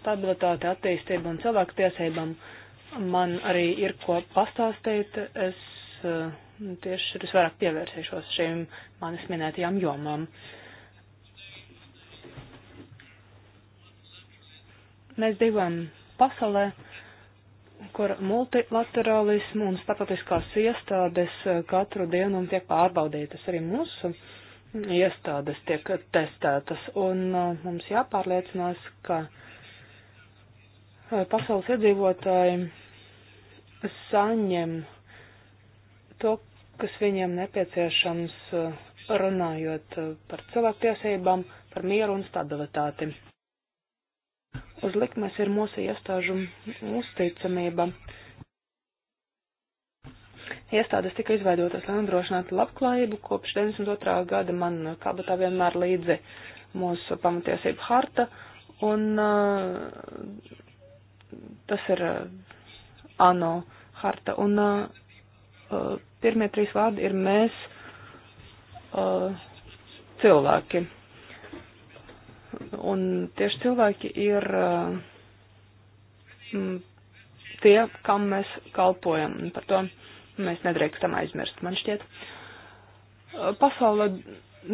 stabilitāti, attīstību un cilvēku tiesībām. Man arī ir ko pastāstīt. Es eh, tieši ir visvairāk pievērsīšos šīm manis minētajām jomām. Mēs dzīvojam pasaulē, kur multilaterālismu un starptautiskās iestādes eh, katru dienu tiek pārbaudītas. Arī mūsu iestādes tiek testētas, un eh, mums jāpārliecinās, ka uh, pasaules iedzīvotāji saņem to, kas viņiem nepieciešams, eh, runājot eh, par cilvēktiesībām, par mieru un stabilitāti. Uz likmes ir mūsu iestāžu uzticamība. Iestādes tika izveidotas, lai nodrošinātu labklājību. Kopš 92. gada man kabatā vienmēr līdzi mūsu pamatiesību harta, un uh, Tas ir eh, ANO harta. Un uh, pirmie trīs vārdi ir mēs uh, cilvēki. Un tieši cilvēki ir uh, tie, kam mēs kalpojam. Un par to mēs nedrīkstam aizmirst, man šķiet. Pasaule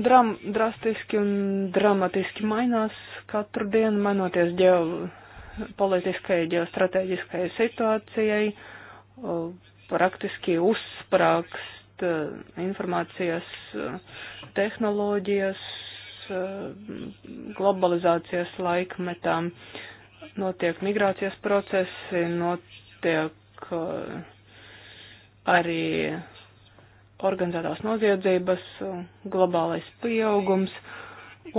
dram, drastiski un dramatiski mainās katru dienu, mainoties ģeo politiskai ģeostrateģiskai situācijai, praktiski uzsprākst e, informācijas e, tehnoloģijas e, globalizācijas laikmetā. Notiek migrācijas procesi, notiek arī organizētās noziedzības, globālais pieaugums,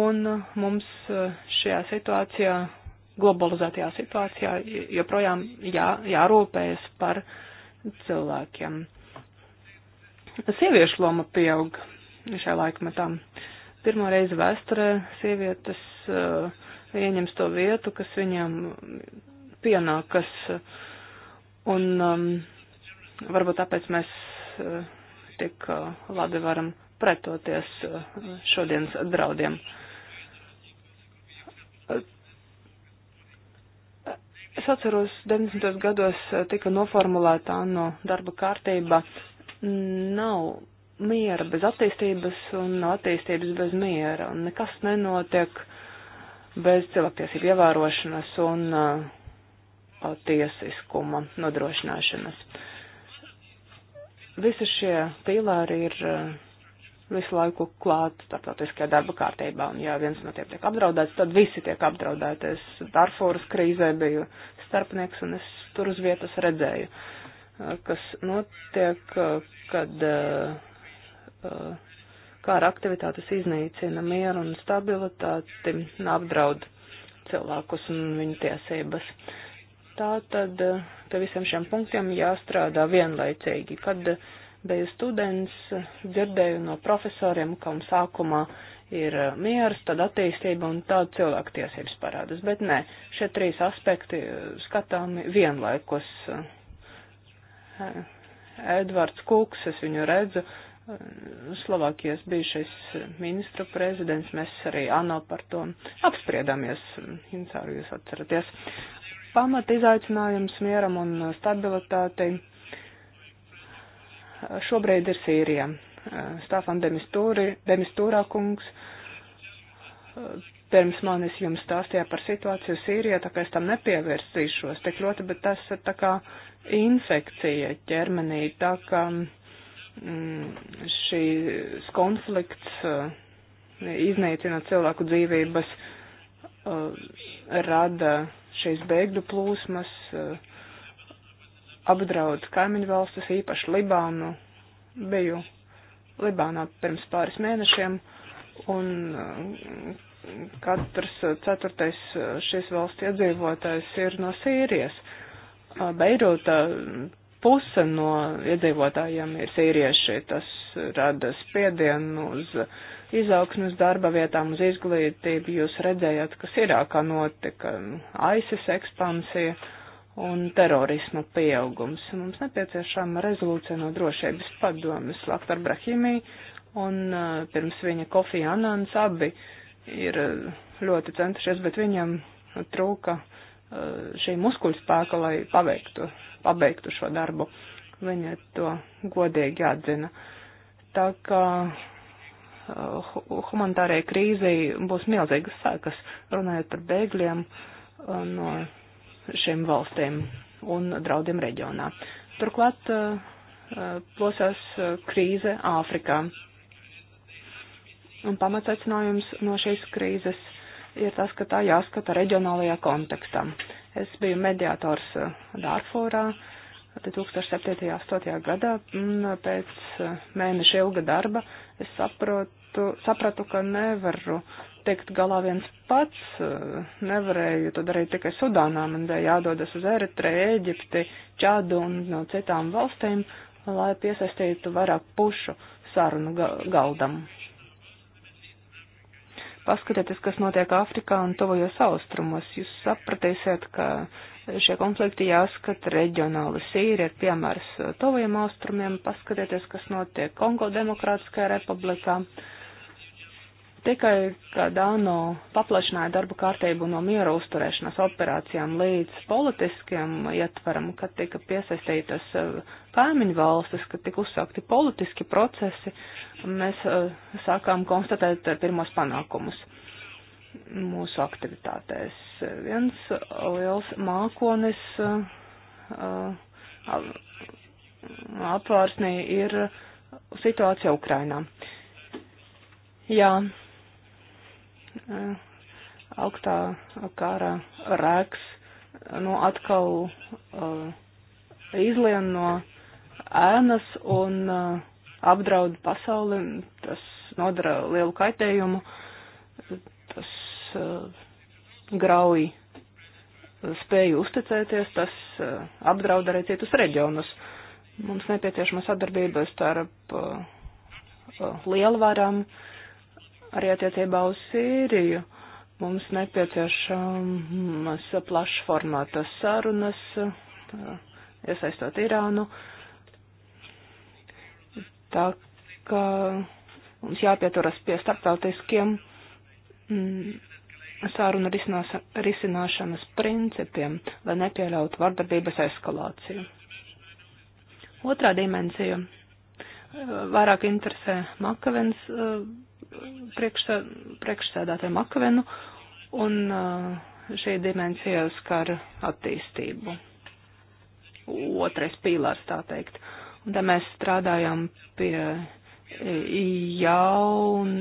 un mums šajā situācijā globalizētajā situācijā joprojām jā, jārūpējas par cilvēkiem. Sieviešu loma pieaug šajā laikmetā. Pirmo reizi vēsturē sievietes uh, ieņems to vietu, kas viņām pienākas. Un um, varbūt tāpēc mēs uh, tik uh, labi varam pretoties uh, šodienas draudiem. Uh, Es atceros, 90. gados eh, tika noformulēta ANO darba kārtība. Nav miera bez attīstības un nav attīstības bez miera. Un nekas nenotiek bez cilvēktiesību ievērošanas un uh, tiesiskuma nodrošināšanas. Visi šie pīlāri ir. Uh, visu laiku klāt starptautiskajā darba kārtībā. Un ja viens no tiem tiek apdraudēts, tad visi tiek apdraudēti. Es Darfūras krīzē biju starpnieks un es tur uz vietas redzēju, kas notiek, kad kāra aktivitātes iznīcina mieru un stabilitāti, apdraud cilvēkus un viņu tiesības. Tā tad te visiem šiem punktiem jāstrādā vienlaicīgi, kad uh, biju students, dzirdēju no profesoriem, ka un sākumā ir eh, miers, tad attīstība un tad cilvēktiesības parādas. Bet nē, šie trīs aspekti eh, skatāmi vienlaikus. Eh, Edvards Kūks, es viņu redzu, Slovākijas bijušais ministru prezidents, mēs arī ANO par to apspriedāmies, Hincāru jūs atceraties. Pamat izaicinājums mieram un stabilitātei šobrīd ir Sīrija. Eh, Stāfan Demistūrā kungs eh, pirms manis jums stāstīja par situāciju Sīrijā, tā kā es tam nepievērsīšos tik ļoti, bet tas ir tā kā infekcija ķermenī, tā kā mm, šīs konflikts uh, iznīcina cilvēku dzīvības, uh, rada šīs bēgļu plūsmas. Uh, apdraud kaimiņu valstis, īpaši Libānu. Biju Libānā pirms pāris mēnešiem, un uh, katrs ceturtais šīs valsts iedzīvotājs ir no Sīrijas. Uh, Beirūta puse no iedzīvotājiem ir sīrieši. Tas rada spiedienu uz izaugsmu, uz darba vietām, uz izglītību. Jūs redzējāt, kas Irākā notika, ISIS ekspansija. Uh, un terorisma pieaugums. Mums nepieciešama rezolūcija no drošības padomes Laktar Brahimī un eh, pirms viņa Kofi Anans abi ir eh, ļoti centušies, bet viņam trūka eh, šī muskuļspēka, lai paveiktu, pabeigtu šo darbu. Viņa to godīgi atzina. Tā kā humanitārai krīzei būs milzīgas sākas, runājot par bēgļiem no šiem valstīm un draudiem reģionā. Turklāt eh, plosās eh, krīze Āfrikā. Un pamatsacinājums no šīs krīzes ir tas, ka tā jāskata reģionālajā kontekstā. Es biju mediātors eh, Dārfūrā 2007. un 2008. gadā, un pēc mēneša ilga darba es saprotu, sapratu, sapratu, ka nevaru tikt galā viens pats. Nevarēju to darīt tikai Sudānā. Man bija jādodas uz Eritreju, Eģipti, Čādu un no citām valstīm, lai piesaistītu vairāk pušu sarunu ga galdam. Paskatieties, kas notiek Āfrikā un tuvajos austrumos. Jūs sapratīsiet, ka šie konflikti jāskata reģionāli. Sīrija ir piemērs tuvajiem austrumiem. Paskatieties, kas notiek Kongo Demokrātiskajā republikā. Uh, Tikai, kad ANO paplašināja darbu kārtību no miera uzturēšanas operācijām līdz politiskiem ietvaram, kad tika piesaistītas uh, kaimiņu valstis, kad tika uzsākti politiski procesi, mēs uh, sākām konstatēt uh, pirmos panākumus mūsu aktivitātēs. Viens liels mākonis apvārsnī ir situācija Ukrainā. Jā, Eh, augstā kara rēks nu, atkal eh, izlien no ēnas un eh, apdraud pasauli. Tas nodara lielu kaitējumu. Tas grauj spēju uzticēties, tas apdraud arī citus reģionus. Mums nepieciešama sadarbība starp lielvarām, uh, arī attiecībā uz Sīriju. Mums nepieciešamas plašformāta sarunas, iesaistot Irānu. Tā ka mums jāpieturas pie starptautiskiem mm, sāruna risinās, risināšanas principiem, lai nepieļautu vardarbības eskalāciju. Otrā dimensija vairāk interesē Makavens priekšsā, priekšsēdātājiem Akavenu, un uh, šī dimensija skar attīstību. Otrais pīlārs, tā teikt. Un te mēs strādājam pie e, jaun,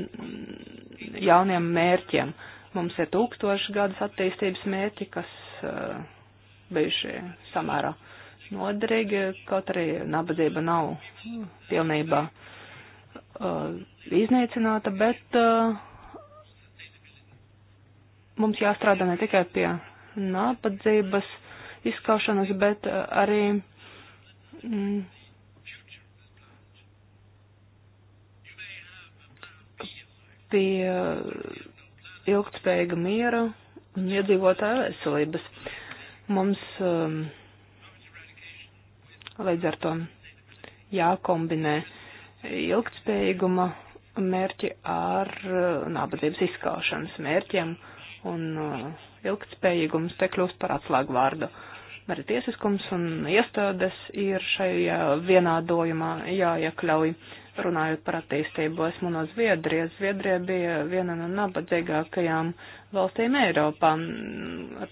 jauniem mērķiem. Mums ir tūkstoši gadus attīstības mērķi, kas uh, bijuši samērā noderīgi, kaut arī nabadzība nav pilnībā uh, iznīcināta, bet uh, mums jāstrādā ne tikai pie nabadzības izskaušanas, bet uh, arī mm, pie ilgtspējīga miera un iedzīvotāja veselības. Mums um, līdz ar to jākombinē ilgtspējīguma mērķi ar eh, nabadzības izskaušanas mērķiem, un eh, ilgtspējīgums te kļūst par atslēgu vārdu. Arī tiesiskums un iestādes ir šajā vienādojumā jāiekļauj. Ja runājot par attīstību, esmu no Zviedrijas. Zviedrija bija viena no nabadzīgākajām valstīm Eiropā,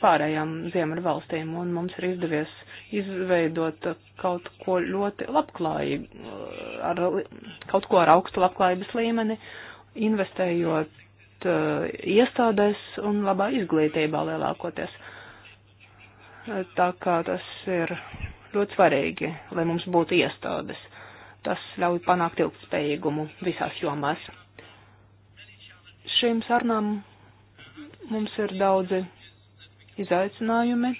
pārējām ziemeļu valstīm, un mums ir izdevies izveidot kaut ko ļoti labklājīgu, ar, kaut ko ar augstu labklājības līmeni, investējot uh, iestādēs un labā izglītībā lielākoties. Tā kā tas ir ļoti svarīgi, lai mums būtu iestādes. Tas ļauj panākt ilgspējīgumu visās jomās. Šīm sarunām mums ir daudzi izaicinājumi.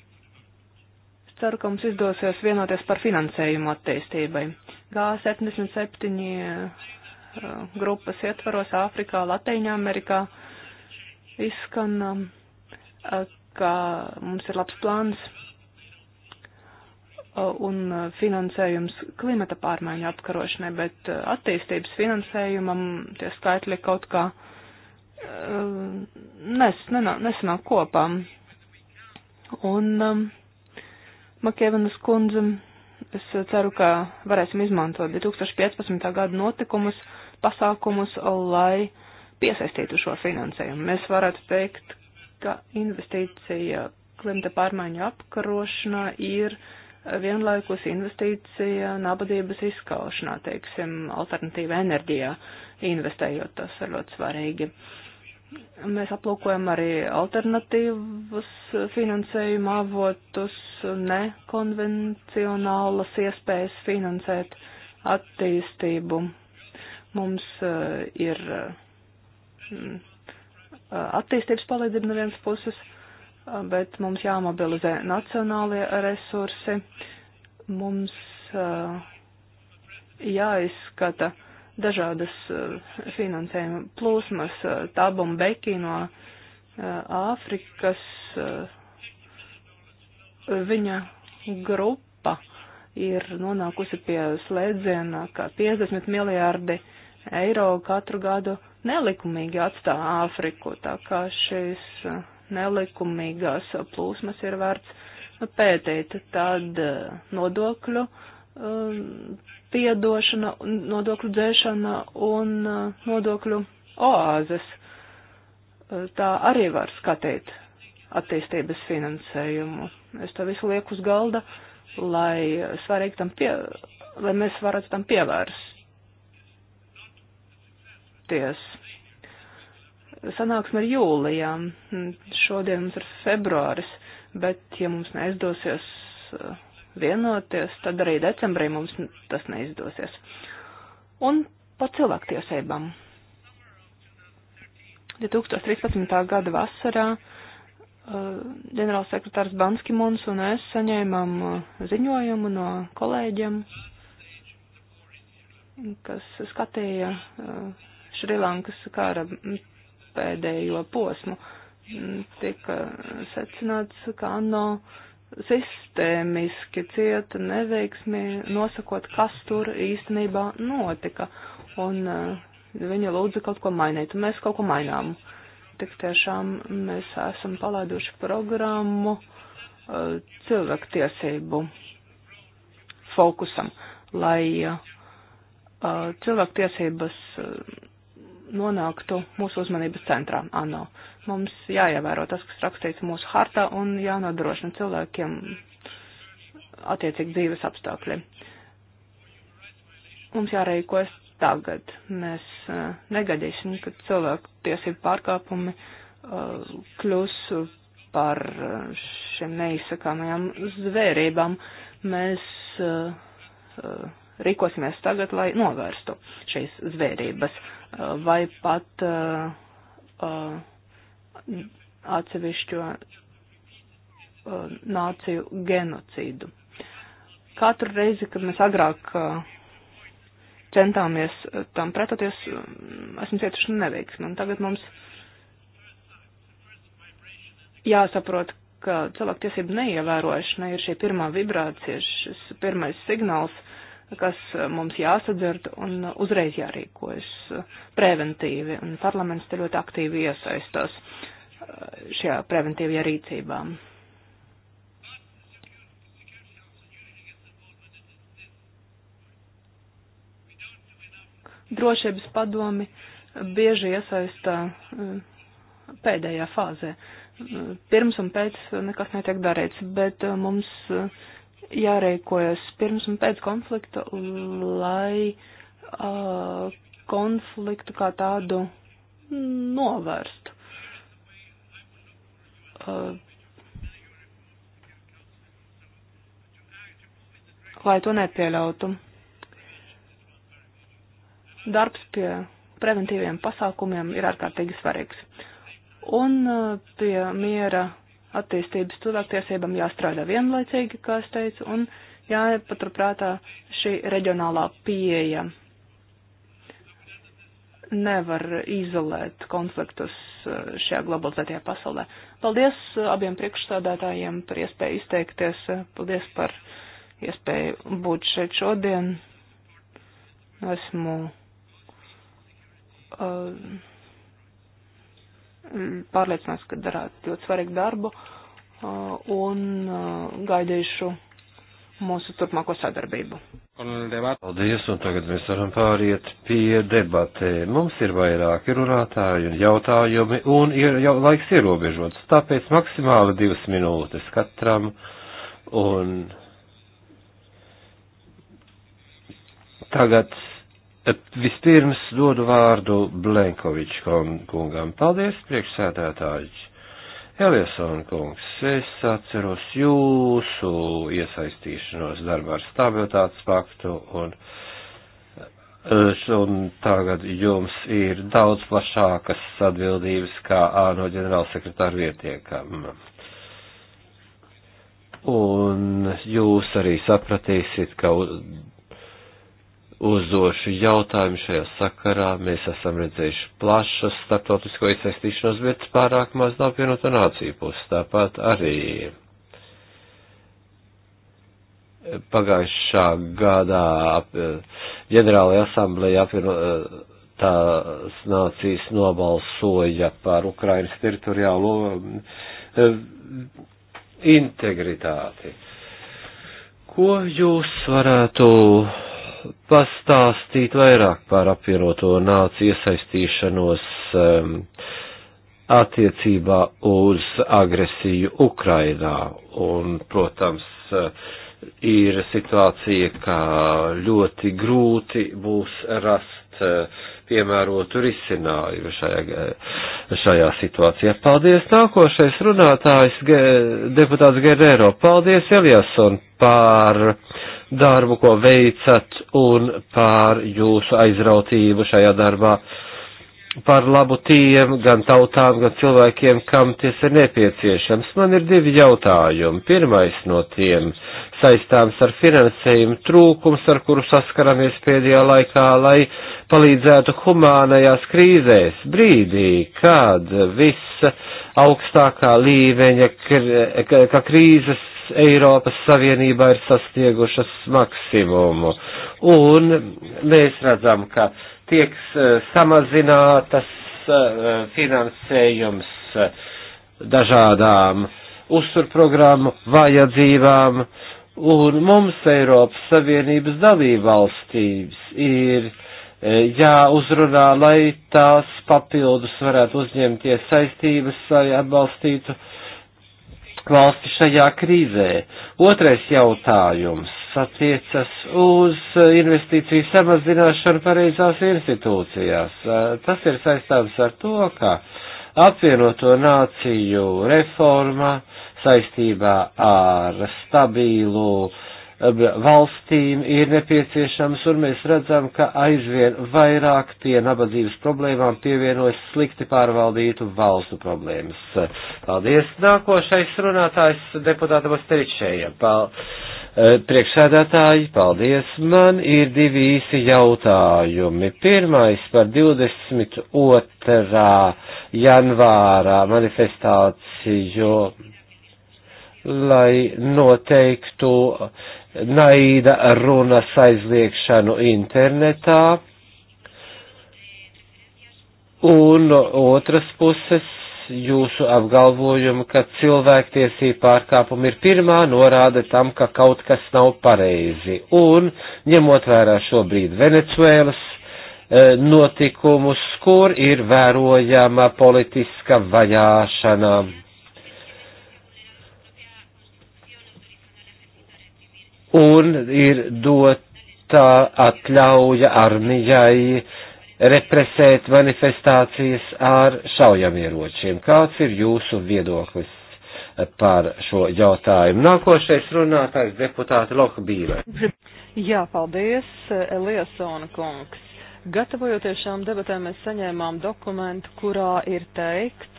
Es ceru, ka mums izdosies vienoties par finansējumu attīstībai. G77 eh, grupas ietvaros Āfrikā, Latīņā Amerikā izskan, eh, ka mums ir labs plāns Uh, un uh, finansējums klimata pārmaiņu apkarošanai, bet uh, attīstības finansējumam tie skaitļi kaut kā nes, nesanāk kopā. Un um, Makievenas kundze, es ceru, ka varēsim izmantot 2015. gada notikumus, pasākumus, lai piesaistītu šo finansējumu. Mēs varētu teikt, ka investīcija klimata pārmaiņu apkarošanā ir uh, vienlaikus investīcija nabadības izskaušanā, teiksim, alternatīva enerģijā investējot, tas ir ļoti svarīgi. Mēs aplūkojam arī alternatīvus finansējuma avotus, nekonvencionālas iespējas finansēt attīstību. Mums eh, ir mm, eh, attīstības palīdzība no vienas puses bet mums jāmobilizē nacionālie resursi, mums uh, jāizskata dažādas uh, finansējuma plūsmas, uh, tabum beki no Āfrikas, viņa grupa ir nonākusi pie slēdziena, ka 50 miljārdi eiro katru gadu nelikumīgi atstā Āfriku, tā kā šis uh, nelikumīgās plūsmas ir vērts pētīt. Tad eh, nodokļu eh, piedošana, nodokļu dzēšana un eh, nodokļu oāzes. Tā arī var skatīt attīstības finansējumu. Es to visu lieku uz galda, lai, svarīgi tam pie, lai mēs varētu tam pievērst. Ties sanāksme ir jūlijā, mm, šodien mums ir februāris, bet ja mums neizdosies eh, vienoties, tad arī decembrī mums tas neizdosies. Un par cilvēktiesībām. 2013. gada vasarā eh, ģenerālsekretārs Banskimons un es saņēmām eh, ziņojumu no kolēģiem, kas skatīja Šrilankas kara pēdējo posmu. Mm, Tika secināts, ka ANO sistēmiski cieta neveiksmi nosakot, kas tur īstenībā notika. Un eh, viņa lūdza kaut ko mainīt, un mēs kaut ko mainām. Tik tiešām mēs esam palaiduši programmu eh, cilvēktiesību fokusam, lai eh, cilvēktiesības nonāktu mūsu uzmanības centrā ANO. Mums jāievēro tas, kas rakstīts mūsu hartā un jānodrošina cilvēkiem attiecīgi dzīves apstākļi. Mums jārīkojas tagad. Mēs uh, negadīsim, ka cilvēku tiesību pārkāpumi uh, kļūs par uh, šiem neizsakāmajām zvērībām. Mēs rīkosimies tagad, lai novērstu šīs zvērības vai pat uh, uh, atsevišķo uh, nāciju genocīdu. Katru reizi, kad mēs agrāk centāmies tam pretoties, um, esmu cietuši neveiksmi. Un tagad mums jāsaprot, ka cilvēktiesību neievērošana ir šī pirmā vibrācija, šis pirmais signāls, kas eh, mums jāsadzird un uzreiz jārīkojas eh, preventīvi, un parlaments te ļoti aktīvi iesaistās eh, šajā preventīvajā rīcībā. Drošības padomi bieži iesaista pēdējā fāzē. Pirms un pēc nekas netiek darīts, bet mums uh, jārēkojas pirms un pēc konflikta, lai uh, konfliktu kā tādu novērstu. Uh, lai to nepieļautu. Darbs pie preventīviem pasākumiem ir ārkārtīgi svarīgs. Un uh, pie miera attīstības cilvēktiesībām jāstrādā vienlaicīgi, kā es teicu, un jāpaturprātā šī reģionālā pieeja. Nevar izolēt konfliktus uh, šajā globalizētajā pasaulē. Paldies uh, abiem priekšsādātājiem par iespēju izteikties. Uh, paldies par iespēju būt šeit šodien. Esmu. Uh, Mm, pārliecinās, ka darāt ļoti svarīgu darbu uh, un uh, gaidīšu mūsu turpmāko sadarbību. Paldies, un tagad mēs varam pāriet pie debatēm. Mums ir vairāki runātāji un jautājumi, un ir jau laiks ierobežots, tāpēc maksimāli divas minūtes katram, un tagad Vispirms dodu vārdu Blenkovičs kungam. Paldies, priekšsēdētājs. Eliasona kungs, es atceros jūsu iesaistīšanos darbā ar stabilitātes paktu un, eh, un tagad jums ir daudz plašākas atbildības kā ANO ģenerālsekretāra vietiekam. Un jūs arī sapratīsiet, ka uzdošu jautājumu šajā sakarā. Mēs esam redzējuši plašas starptautisko iesaistīšanos, bet pārāk maz nav pienotā nācija puses. Tāpat arī pagājušā gadā ģenerālajā asamblējā apvienotās nācijas nobalsoja par Ukrainas teritoriālo eh, integritāti. Ko jūs varētu pastāstīt vairāk par apvienoto nāciju iesaistīšanos um, attiecībā uz agresiju Ukrainā. Un, protams, ir situācija, ka ļoti grūti būs rast eh, piemērotu risinājumu šajā, šajā situācijā. Paldies, nākošais runātājs, deputāts Gerero. Paldies, Eliasson, par uh, darbu, ko veicat un par jūsu aizrautību šajā darbā. Par labu tiem, gan tautām, gan cilvēkiem, kam tas ir nepieciešams. Man ir divi jautājumi. Pirmais no tiem saistāms ar finansējumu trūkums, ar kuru saskaramies pēdējā laikā, lai palīdzētu humānajās krīzēs, brīdī, kad viss augstākā līmeņa, ka krīzes Eiropas Savienībā ir sastiegušas maksimumu. Un mēs redzam, ka tiek eh, samazinātas eh, finansējums eh, dažādām uzturprogrammu vajadzībām, un mums Eiropas Savienības dalībvalstības ir jāuzrunā, lai tās papildus varētu uzņemties saistības, lai atbalstītu valsti šajā krīzē. Otrais jautājums attiecas uz investīciju samazināšanu pareizās institūcijās. Eh, tas ir saistāms ar to, ka apvienoto nāciju reforma saistībā ar stabilu uh, valstīm ir nepieciešams, un mēs redzam, ka aizvien vairāk pie nabadzības problēmām pievienojas slikti pārvaldītu valstu problēmas. Paldies. Nākošais runātājs deputāta Masteričēja. Pal eh, Priekšsēdētāji, paldies. Man ir divi īsi jautājumi. Pirmais par 22. janvārā manifestāciju lai noteiktu naida runas aizliekšanu internetā, un otras puses jūsu apgalvojumu, ka cilvēktiesība pārkāpumi ir pirmā norāde tam, ka kaut kas nav pareizi. Un, ņemot vērā šobrīd Venecuēlas e, notikumus, kur ir vērojama politiska vajāšana un ir dota atļauja armijai represēt manifestācijas ar šaujamieročiem. Kāds ir jūsu viedoklis par šo jautājumu? Nākošais runātājs deputāti Lokbīle. Jā, paldies, Eliasona kungs. Gatavojoties šām debatēm, mēs saņēmām dokumentu, kurā ir teikts,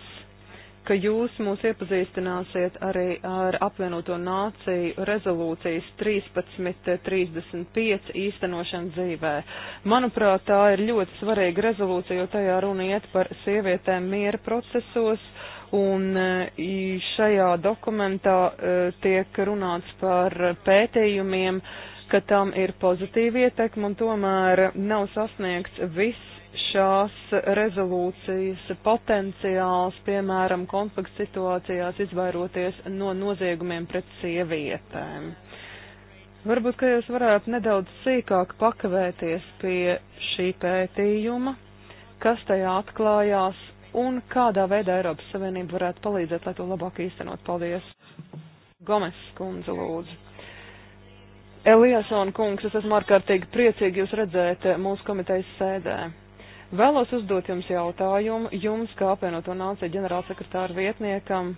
ka jūs mūs iepazīstināsiet arī ar apvienoto nāciju rezolūcijas 1335 īstenošanu dzīvē. Manuprāt, tā ir ļoti svarīga rezolūcija, jo tajā runa iet par sievietēm miera procesos, un e, šajā dokumentā e, tiek runāts par pētījumiem, ka tam ir pozitīva ietekme, un tomēr nav sasniegts viss šās rezolūcijas potenciāls, piemēram, konflikts situācijās izvairoties no noziegumiem pret sievietēm. Varbūt, ka jūs varētu nedaudz sīkāk pakavēties pie šī pētījuma, kas tajā atklājās un kādā veidā Eiropas Savienība varētu palīdzēt, lai to labāk īstenot. Paldies! Gomes skundze lūdzu. Eliasona kungs, es esmu ārkārtīgi priecīgi jūs redzēt mūsu komitejas sēdē. Vēlos uzdot jums jautājumu, jums kā apvienoto nāciju ģenerālsekretāra vietniekam.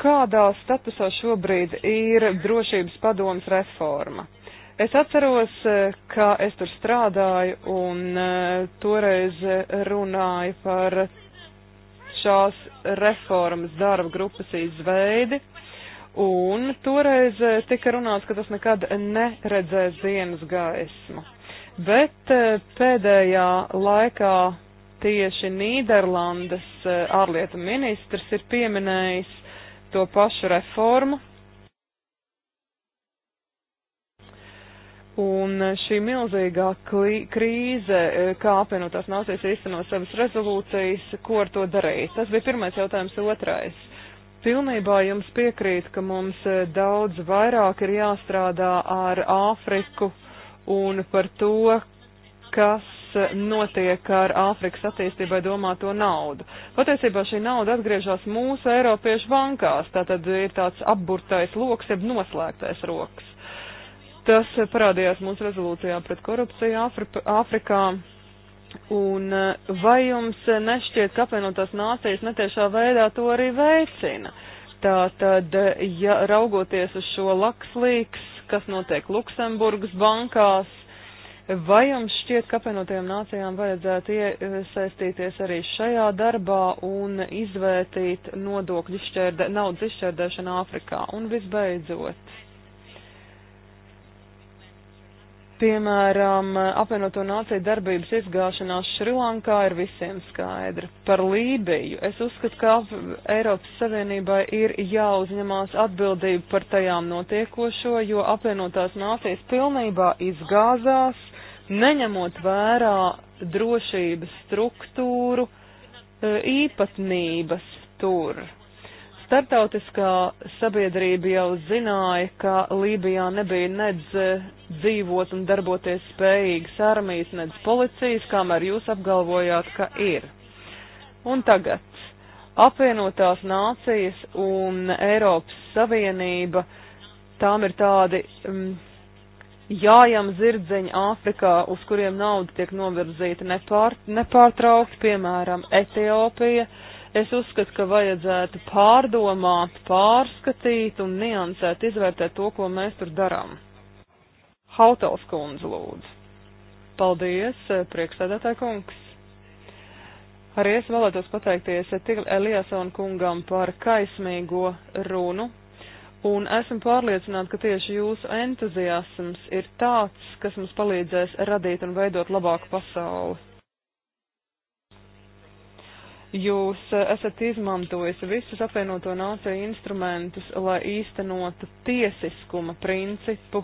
Kādā statusā šobrīd ir drošības padomas reforma? Es atceros, ka es tur strādāju un eh, toreiz runāju par šās reformas darba grupas izveidi un toreiz eh, tika runāts, ka tas nekad neredzēs dienas gaismu. Bet eh, pēdējā laikā tieši Nīderlandes eh, ārlietu ministrs ir pieminējis to pašu reformu. Un šī milzīgā krīze, kā apvienotās nācijas īstenot savas rezolūcijas, ko ar to darīt? Tas bija pirmais jautājums. Otrais Pilnībā jums piekrīt, ka mums eh, daudz vairāk ir jāstrādā ar Āfriku un par to, kas eh, notiek ar Āfrikas attīstībai domāto naudu. Patiesībā šī nauda atgriežas mūsu Eiropiešu bankās, tātad ir tāds apburtais loks, jeb noslēgtais roks. Tas eh, parādījās mūsu rezolūcijā pret korupciju Āfri Āfrikā. Afri Un e, vai jums e, nešķiet, ka apvienotās nācijas netiešā veidā to arī veicina? Tā tad, e, ja raugoties uz šo lakslīks, kas notiek Luksemburgas bankās, vai jums šķiet, ka apvienotajām nācijām vajadzētu iesaistīties arī šajā darbā un izvērtīt nodokļu izšķērde, naudas izšķērdēšanu Āfrikā? Un visbeidzot, Piemēram, apvienoto nāciju darbības izgāšanās Šrilankā ir visiem skaidra. Par Lībiju es uzskatu, ka Eiropas Savienībai ir jāuzņemās atbildība par tajām notiekošo, jo apvienotās nācijas pilnībā izgāzās, neņemot vērā drošības struktūru e, īpatnības tur. Startautiskā sabiedrība jau zināja, ka Lībijā nebija nedz eh, dzīvot un darboties spējīgas armijas, nedz policijas, kamēr jūs apgalvojāt, ka ir. Un tagad apvienotās nācijas un Eiropas Savienība, tām ir tādi mm, jājam zirdziņi Āfrikā, uz kuriem nauda tiek novirzīta nepār, nepārtraukti, piemēram, Etiopija. Uh, Es uzskatu, ka vajadzētu pārdomāt, pārskatīt un niansēt, izvērtēt to, ko mēs tur darām. Hautals kundze lūdzu. Paldies, eh, priekšsēdētāj kungs. Arī es vēlētos pateikties Eliasona kungam par kaismīgo runu, un esmu pārliecināta, ka tieši jūsu entuziasms ir tāds, kas mums palīdzēs radīt un veidot labāku pasauli. Jūs eh, esat izmantojis visus apvienoto nāciju instrumentus, lai īstenotu tiesiskuma principu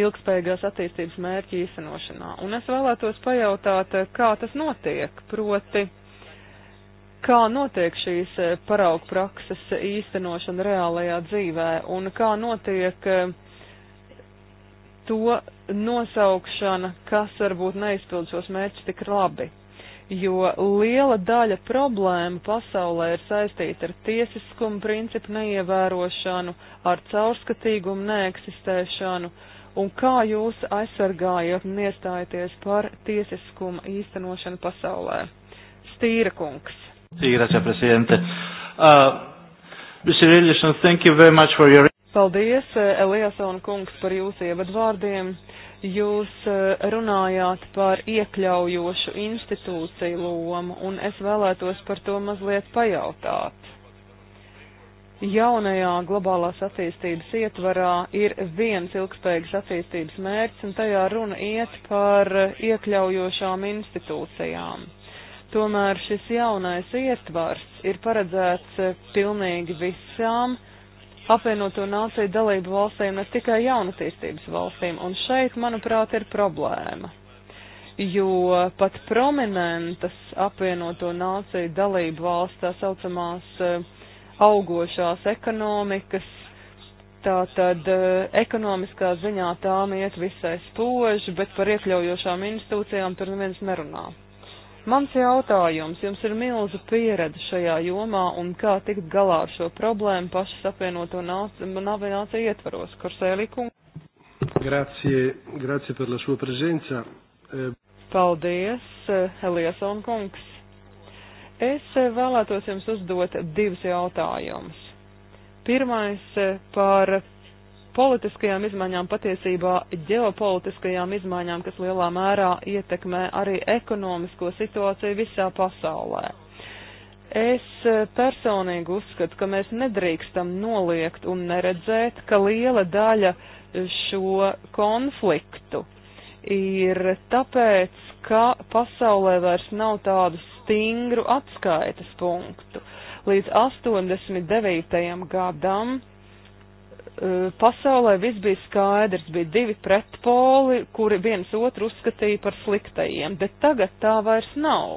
ilgspējīgās attīstības mērķi īstenošanā. Un es vēlētos pajautāt, eh, kā tas notiek, proti, kā notiek šīs eh, paraugu prakses īstenošana reālajā dzīvē un kā notiek to nosaukšana, kas varbūt neizpild šos mērķus tik labi jo liela daļa problēma pasaulē ir saistīta ar tiesiskumu principu neievērošanu, ar caurskatīgumu neeksistēšanu, un kā jūs aizsargājat un iestājaties par tiesiskumu īstenošanu pasaulē? Stīra kungs. Sīgrača prezidente. Uh, Mr. Illišan, thank you very much for your... Paldies, eh, Eliasa un kungs, par jūsu ievadvārdiem. Uh, Jūs eh, runājāt par iekļaujošu institūciju lomu, un es vēlētos par to mazliet pajautāt. Jaunajā globālās attīstības ietvarā ir viens ilgspējīgs attīstības mērķis, un tajā runa iet par iekļaujošām institūcijām. Tomēr šis jaunais ietvars ir paredzēts pilnīgi visām uh, apvienoto nāciju dalību valstīm, ne tikai jaunatīstības valstīm. Un šeit, manuprāt, ir problēma. Jo pat prominentas apvienoto nāciju dalību valsts, tā saucamās eh, augošās ekonomikas, tātad eh, ekonomiskā ziņā tām iet visai spoži, bet par iekļaujošām institūcijām tur neviens nerunā. Mans jautājums, jums ir milzu pieredze šajā jomā un kā tikt galā ar šo problēmu pašas apvienoto navigāciju ietvaros? Korsēlīkung. Grazie, grazie par la šo prezenca. Eh, Paldies, eh, Eliason kungs. Es eh, vēlētos jums uzdot divus jautājumus. Pirmais par politiskajām izmaiņām, patiesībā ģeopolitiskajām izmaiņām, kas lielā mērā ietekmē arī ekonomisko situāciju visā pasaulē. Es eh, personīgi uzskatu, ka mēs nedrīkstam noliegt un neredzēt, ka liela daļa eh, šo konfliktu ir tāpēc, ka pasaulē vairs nav tādu stingru atskaites punktu. Līdz 89. gadam Eh, pasaulē viss bija skaidrs, bija divi pretpoli, kuri viens otru uzskatīja par sliktajiem, bet tagad tā vairs nav.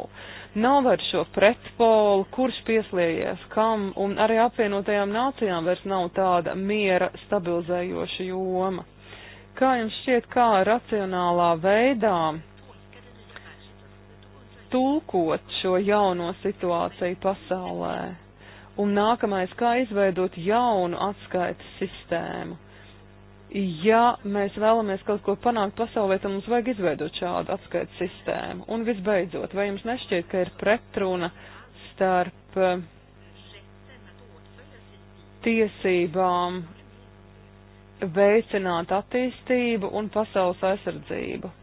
Nav vairs šo pretpolu, kurš pieslējies kam, un arī apvienotajām nācijām vairs nav tāda miera stabilizējoša joma. Kā jums šķiet, kā racionālā veidā tulkot šo jauno situāciju pasaulē? un nākamais, kā izveidot jaunu atskaites sistēmu. Ja mēs vēlamies kaut ko panākt pasaulē, tad mums vajag izveidot šādu atskaites sistēmu. Un visbeidzot, vai jums nešķiet, ka ir pretruna starp eh, tiesībām veicināt attīstību un pasaules aizsardzību?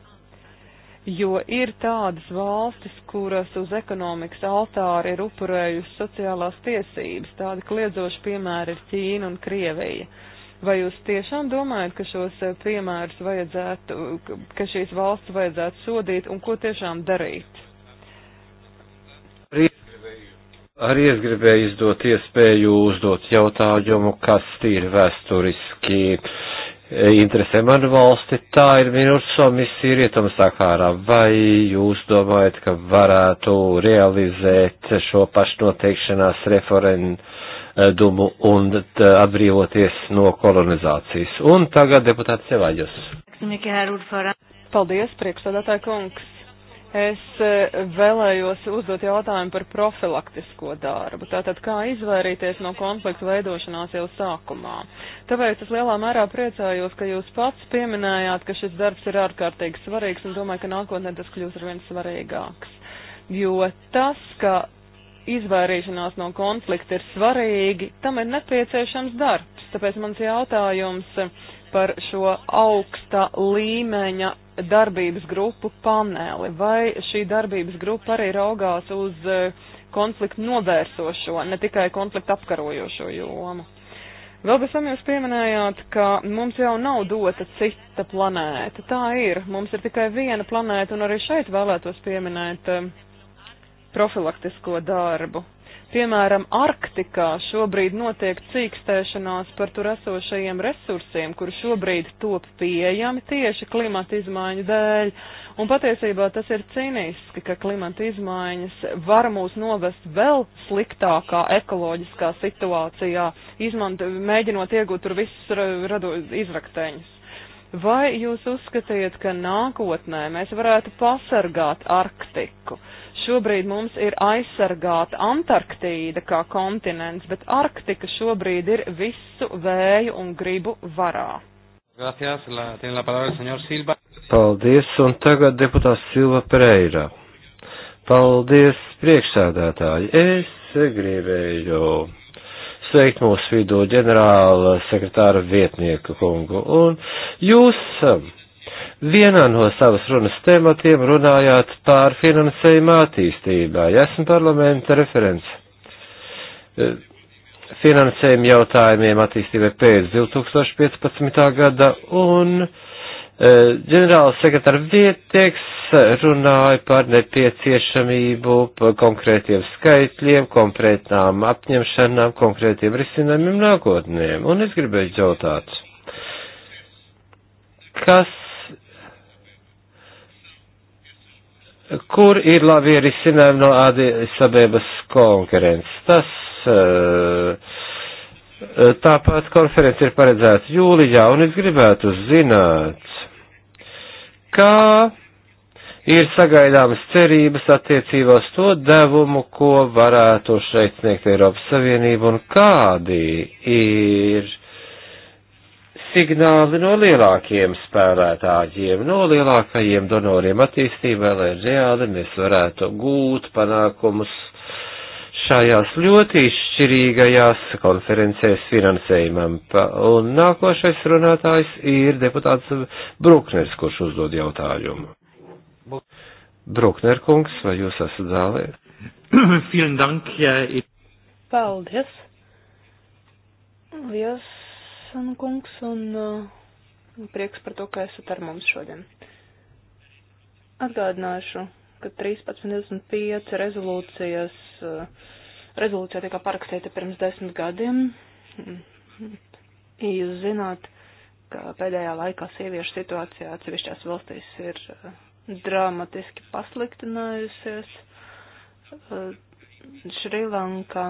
jo ir tādas valstis, kuras uz ekonomikas altāri ir upurējusi sociālās tiesības. Tādi kliedzoši piemēri ir Ķīna un Krievija. Vai jūs tiešām domājat, ka šos eh, piemērus vajadzētu, ka šīs valsts vajadzētu sodīt un ko tiešām darīt? Arī es gribēju izdot iespēju uzdot jautājumu, kas tīri vēsturiski uh, interesē manu valsti, tā ir Minurso misija Rietumsahārā. Vai jūs domājat, ka varētu realizēt šo pašnoteikšanās referendumu un atbrīvoties no kolonizācijas? Un tagad deputāts Cevaļos. Paldies, priekšsēdētāja kungs. Es e, vēlējos uzdot jautājumu par profilaktisko darbu, tātad kā izvairīties no konfliktu veidošanās jau sākumā. Tāpēc es lielā mērā priecājos, ka jūs pats pieminējāt, ka šis darbs ir ārkārtīgi svarīgs un domāju, ka nākotnē tas kļūs arvien svarīgāks. Jo tas, ka izvairīšanās no konflikta ir svarīgi, tam ir nepieciešams darbs. Tāpēc mans jautājums par šo augsta līmeņa darbības grupu paneli. Vai šī darbības grupa arī raugās uz e, konfliktu novērsošo, ne tikai konfliktu apkarojošo jomu? Vēl bez tam jūs pieminējāt, ka mums jau nav dota cita planēta. Tā ir. Mums ir tikai viena planēta, un arī šeit vēlētos pieminēt e, profilaktisko darbu. Piemēram, Arktikā šobrīd notiek cīkstēšanās par tur esošajiem resursiem, kur šobrīd top pieejami tieši klimata izmaiņu dēļ. Un patiesībā tas ir cīniski, ka klimata izmaiņas var mūs novest vēl sliktākā ekoloģiskā situācijā, izmant, mēģinot iegūt tur visus radot izrakteņus. Vai jūs uzskatiet, ka nākotnē mēs varētu pasargāt Arktiku? Uh, Šobrīd mums ir aizsargāta Antarktīda kā kontinents, bet Arktika šobrīd ir visu vēju un gribu varā. Gracias, la, tiene la palabra el señor Silva. Paldies, un tagad deputāts Silva Pereira. Paldies, priekšsēdētāji. Es gribēju sveikt mūsu vidū ģenerāla sekretāra vietnieku kungu. Un jūs Vienā no savas runas tematiem runājāt par finansējumu attīstībai. Esmu parlamenta referents e, finansējumu jautājumiem attīstībai pēc 2015. gada, un e, ģenerāla sekretāra vietieks runāja par nepieciešamību, par konkrētiem skaitļiem, konkrētām apņemšanām, konkrētiem risinājumiem nākotnēm. Un es gribēju jautāt, kas kur ir labi risinājumi no Adisabebas konkurences. Tas eh, eh, tāpat konference ir paredzēta jūlijā, un es gribētu zināt, kā ir sagaidāmas cerības attiecībās to devumu, ko varētu šeit sniegt Eiropas Savienība, un kādi ir signāli no lielākiem spēlētājiem, no lielākajiem donoriem attīstībai, lai reāli mēs varētu gūt panākumus šajās ļoti izšķirīgajās konferencēs finansējumam. Un nākošais runātājs ir deputāts Brukners, kurš uzdod jautājumu. Brukner kungs, vai jūs esat zālē? E- Paldies! Jūs Nikolsona kungs, un uh, prieks par to, ka esat ar mums šodien. Atgādināšu, ka 13.25 rezolūcijas, uh, rezolūcija tika parakstīta pirms desmit gadiem. Mm. Jūs zināt, ka pēdējā laikā sieviešu situācija atsevišķās valstīs ir uh, dramatiski pasliktinājusies. Šrilanka,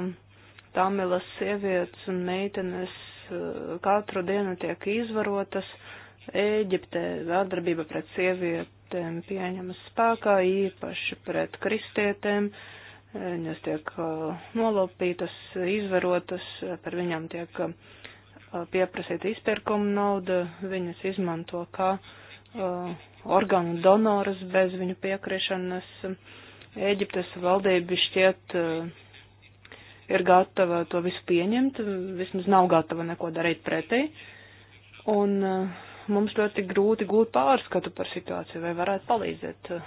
Tamilas sievietes un meitenes Eh, katru dienu tiek izvarotas. Ēģipte vārdarbība pret sievietēm pieņemas spēkā, īpaši pret kristietēm. Viņas tiek eh, nolopītas, izvarotas, par viņām tiek eh, pieprasīta izpirkuma nauda, viņas izmanto kā orgānu donoras bez viņu piekrišanas. Ēģiptes valdība šķiet uh, ir gatava to visu pieņemt, vismaz nav gatava neko darīt pretī. Un eh, mums ļoti grūti gūt pārskatu par situāciju, vai varētu palīdzēt eh,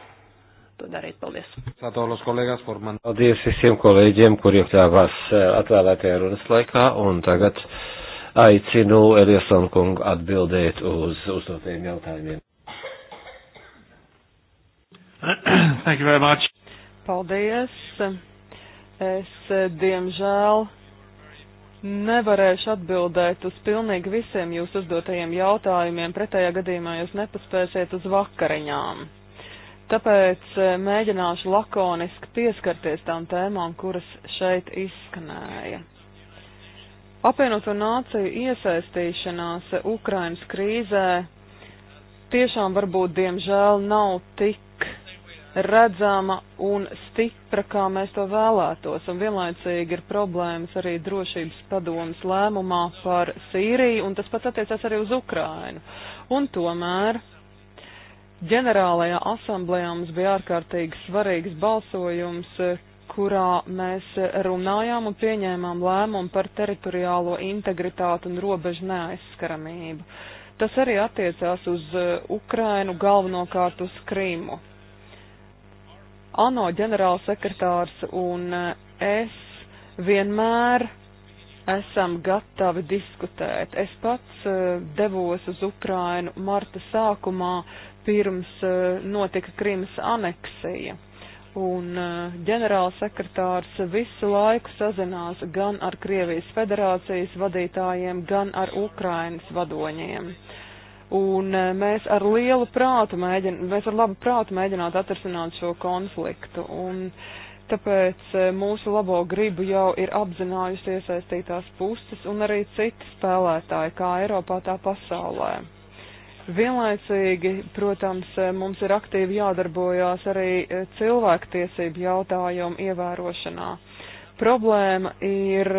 to darīt. Paldies! Paldies visiem kolēģiem, kur iekļāvās eh, atvēlētajā runas laikā, un tagad aicinu Eliasonu kungu atbildēt uz uzdotajiem jautājumiem. Thank you very much. Paldies. Es, diemžēl, nevarēšu atbildēt uz pilnīgi visiem jūsu uzdotajiem jautājumiem, pretējā gadījumā jūs nepaspēsiet uz vakariņām. Tāpēc eh, mēģināšu lakoniski pieskarties tām tēmām, kuras šeit izskanēja. Apvienoto nāciju iesaistīšanās Ukrainas krīzē tiešām varbūt diemžēl nav tik redzama un stipra, kā mēs to vēlētos, un vienlaicīgi ir problēmas arī drošības padomas lēmumā par Sīriju, un tas pats attiecas arī uz Ukrainu. Un tomēr ģenerālajā asamblējā mums bija ārkārtīgi svarīgs balsojums, kurā mēs runājām un pieņēmām lēmumu par teritoriālo integritātu un robežu neaizskaramību. Tas arī attiecās uz eh, Ukrainu, galvenokārt uz Krīmu. ANO ģenerālsekretārs un eh, es vienmēr esam gatavi diskutēt. Es pats eh, devos uz Ukrainu marta sākumā, pirms eh, notika Krimas aneksija. Un ģenerālsekretārs visu laiku sazinās gan ar Krievijas federācijas vadītājiem, gan ar Ukrainas vadoņiem. Uh, Un eh, mēs ar lielu prātu mēģinām, mēs ar labu prātu mēģināt atrasināt šo konfliktu. Un tāpēc eh, mūsu labo gribu jau ir apzinājusi iesaistītās puses un arī citi spēlētāji, kā Eiropā, tā pasaulē. Vienlaicīgi, protams, eh, mums ir aktīvi jādarbojās arī cilvēktiesību jautājumu ievērošanā. Problēma ir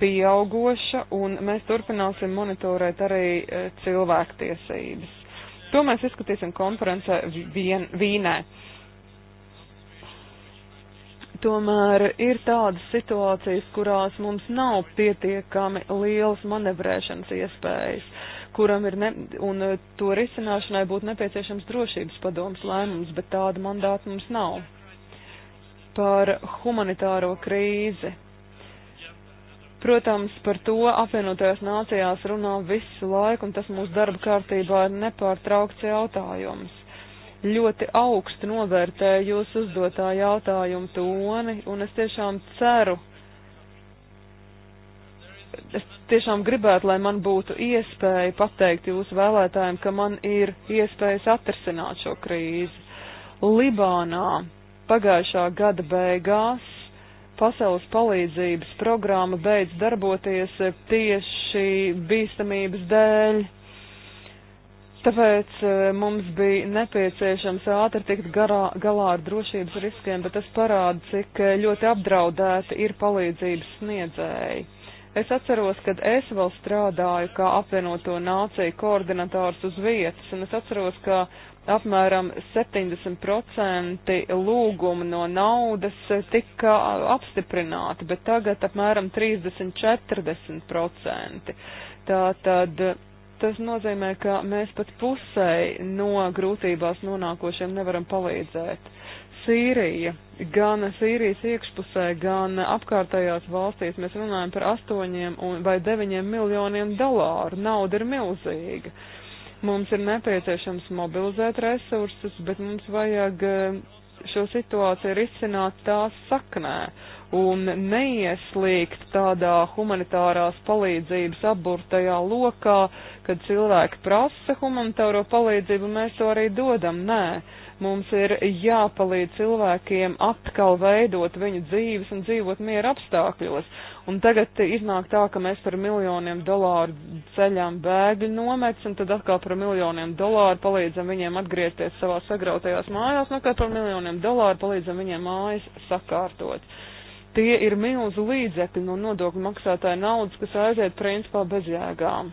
pieaugoša, un mēs turpināsim monitorēt arī eh, cilvēktiesības. To mēs izskatīsim konferencē vien, Vīnē. Tomēr ir tādas situācijas, kurās mums nav pietiekami liels manevrēšanas iespējas, kuram ir, ne, un eh, to risināšanai būtu nepieciešams drošības padoms lēmums, bet tāda mandāta mums nav. Par humanitāro krīzi Protams, par to apvienotajās nācijās runā visu laiku, un tas mūsu darba kārtībā ir nepārtraukts jautājums. Ļoti augstu novērtēju jūs uzdotā jautājumu toni, un es tiešām ceru, es tiešām gribētu, lai man būtu iespēja pateikt jūsu vēlētājiem, ka man ir iespējas atrisināt šo krīzi. Libānā pagājušā gada beigās pasaules palīdzības programma beidz darboties tieši bīstamības dēļ. Tāpēc eh, mums bija nepieciešams ātri tikt garā, galā ar drošības riskiem, bet tas parāda, cik eh, ļoti apdraudēti ir palīdzības sniedzēji. Es atceros, kad es vēl strādāju kā apvienoto nāciju koordinators uz vietas, un es atceros, ka apmēram 70% lūgumu no naudas tika apstiprināti, bet tagad apmēram 30-40%. Tātad tas nozīmē, ka mēs pat pusēji no grūtībās nonākošiem nevaram palīdzēt. Sīrija, gan Sīrijas iekšpusē, gan apkārtējās valstīs mēs runājam par 8 vai 9 miljoniem dolāru. Nauda ir milzīga. Uh, Mums ir nepieciešams mobilizēt resursus, bet mums vajag eh, šo situāciju risināt tās saknē un neieslīgt tādā humanitārās palīdzības aburtajā lokā, kad cilvēki prasa humanitāro palīdzību, mēs to arī dodam. Nē, Mums ir jāpalīdz cilvēkiem atkal veidot viņu dzīves un dzīvot miera apstākļos. Un tagad iznāk tā, ka mēs par miljoniem dolāru ceļām bēgļu nomets, un tad atkal par miljoniem dolāru palīdzam viņiem atgriezties savā sagrautajās mājās, un atkal par miljoniem dolāru palīdzam viņiem mājas sakārtot tie ir milzu līdzekļi no nodokļu maksātāja naudas, kas aiziet principā bezjēgām.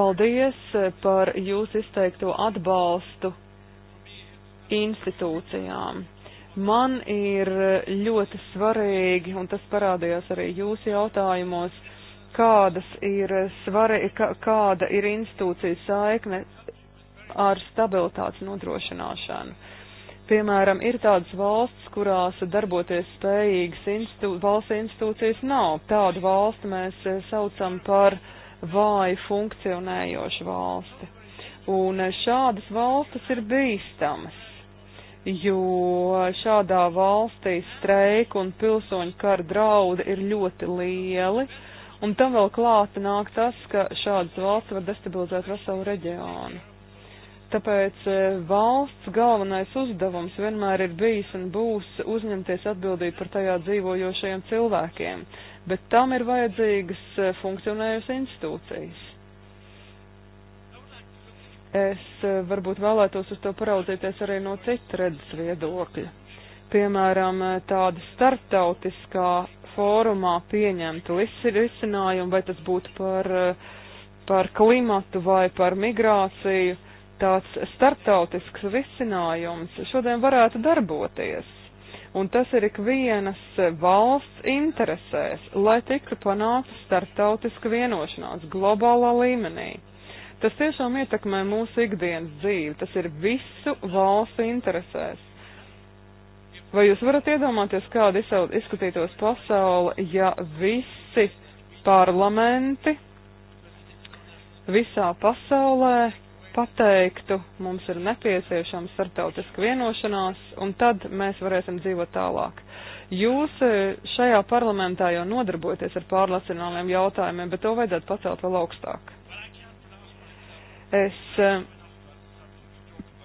Paldies eh, par jūsu izteikto atbalstu institūcijām. Man ir eh, ļoti svarīgi, un tas parādījās arī jūsu jautājumos, kādas ir eh, svarīgi, kāda ir institūcija saikne ar stabilitātes nodrošināšanu. Piemēram, ir tādas valsts, kurās darboties spējīgas institū valsts institūcijas nav. Tādu valstu mēs saucam par uh, vāji funkcionējošu valsti. Un šādas valstis ir bīstamas, jo šādā valstī streiku un pilsoņu kara draudi ir ļoti lieli, un tam vēl klāta nāk tas, ka šādas valsts var destabilizēt veselu reģionu. Tāpēc e, valsts galvenais uzdevums vienmēr ir bijis un būs uzņemties atbildību par tajā dzīvojošajiem cilvēkiem bet tam ir vajadzīgas e, funkcionējušas institūcijas. Es e, varbūt vēlētos uz to paraudzīties arī no cita redzes viedokļa. Piemēram, e, tāda starptautiskā fórumā pieņemta risinājuma, vai tas būtu par, par klimatu vai par migrāciju, tāds starptautisks risinājums šodien varētu darboties un tas ir ikvienas eh, valsts interesēs, lai tiktu panākta starptautiska vienošanās globālā līmenī. Tas tiešām ietekmē mūsu ikdienas dzīvi, tas ir visu valstu interesēs. Vai jūs varat iedomāties, kāda izskatītos pasaule, ja visi parlamenti visā pasaulē pateiktu, mums ir nepieciešama starptautiska vienošanās, un tad mēs varēsim dzīvot tālāk. Jūs e, šajā parlamentā jau nodarbojaties ar pārnacionāliem jautājumiem, bet to vajadzētu pacelt vēl augstāk. Es e,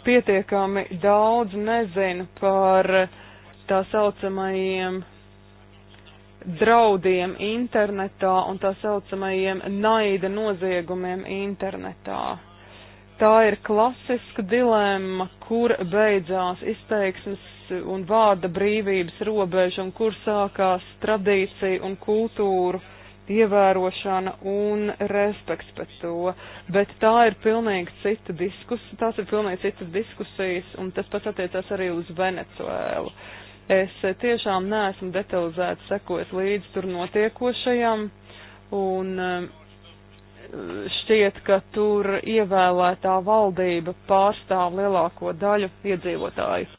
pietiekami daudz nezinu par tā saucamajiem draudiem internetā un tā saucamajiem naida noziegumiem internetā Tā ir klasiska dilemma, kur beidzās izteiksmes un vārda brīvības robeža un kur sākās tradīcija un kultūru ievērošana un respekts pēc to. Bet tā ir pilnīgi cita diskusija, tās ir pilnīgi citas diskusijas un tas pats attiecās arī uz Venecuēlu. Es tiešām neesmu detalizēti sekojis līdz tur notiekošajam un uh, šķiet, ka tur ievēlētā valdība pārstāv lielāko daļu iedzīvotāju.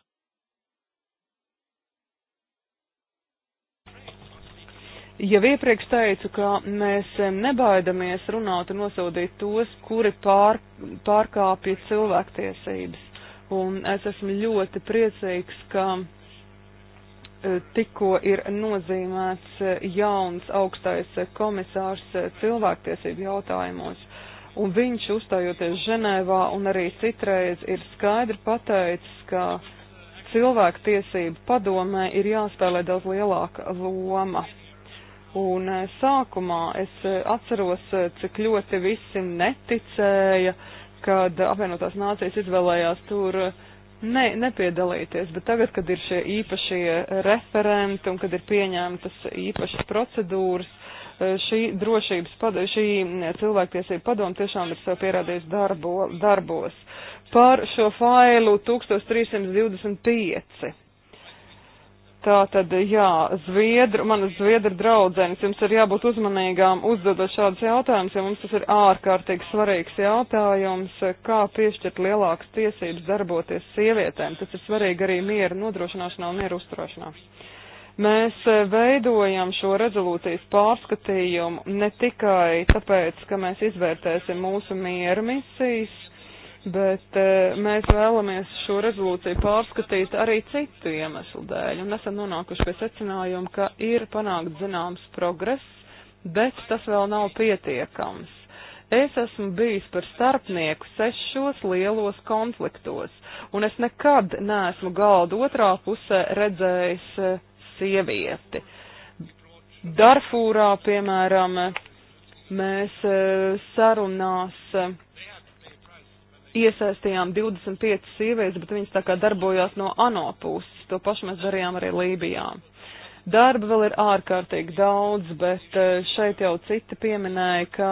Jau iepriekš teicu, ka mēs nebaidamies runāt un nosodīt tos, kuri pār, pārkāpja cilvēktiesības. Un es esmu ļoti priecīgs, ka E, tikko ir nozīmēts e, jauns augstais e, komisārs cilvēktiesību jautājumos. Un viņš uzstājoties Ženēvā un arī citreiz ir skaidri pateicis, ka cilvēktiesību padomē ir jāspēlē daudz lielāka loma. Un sākumā es atceros, cik ļoti visi neticēja, kad apvienotās nācijas izvēlējās tur uh, ne, nepiedalīties, bet tagad, kad ir šie īpašie referenti un kad ir pieņemtas īpašas procedūras, eh, šī drošības padomu, šī mm, cilvēktiesība padomu tiešām ir sev pierādījis darbo, darbos. Par šo failu 1325. Tā tad, jā, zviedru, manas zviedru draudzenes, jums ir jābūt uzmanīgām uzdodot šādus jautājumus, jo mums tas ir ārkārtīgi svarīgs jautājums, kā piešķirt lielākas tiesības darboties sievietēm. Tas ir svarīgi arī miera nodrošināšanā un miera uzturēšanā. Mēs eh, veidojam šo rezolūcijas pārskatījumu ne tikai tāpēc, ka mēs izvērtēsim mūsu miera misijas, bet eh, mēs vēlamies šo rezolūciju pārskatīt arī citu iemeslu dēļ, un esam nonākuši pie secinājuma, ka ir panākt zināms progress, bet tas vēl nav pietiekams. Es esmu bijis par starpnieku sešos lielos konfliktos, un es nekad neesmu galda otrā pusē redzējis eh, sievieti. Darfūrā, piemēram, mēs eh, sarunās iesaistījām 25 sievietes, bet viņas tā kā darbojās no ANO puses. To pašu mēs darījām arī Lībijā. Darba vēl ir ārkārtīgi daudz, bet e, šeit jau citi pieminēja, ka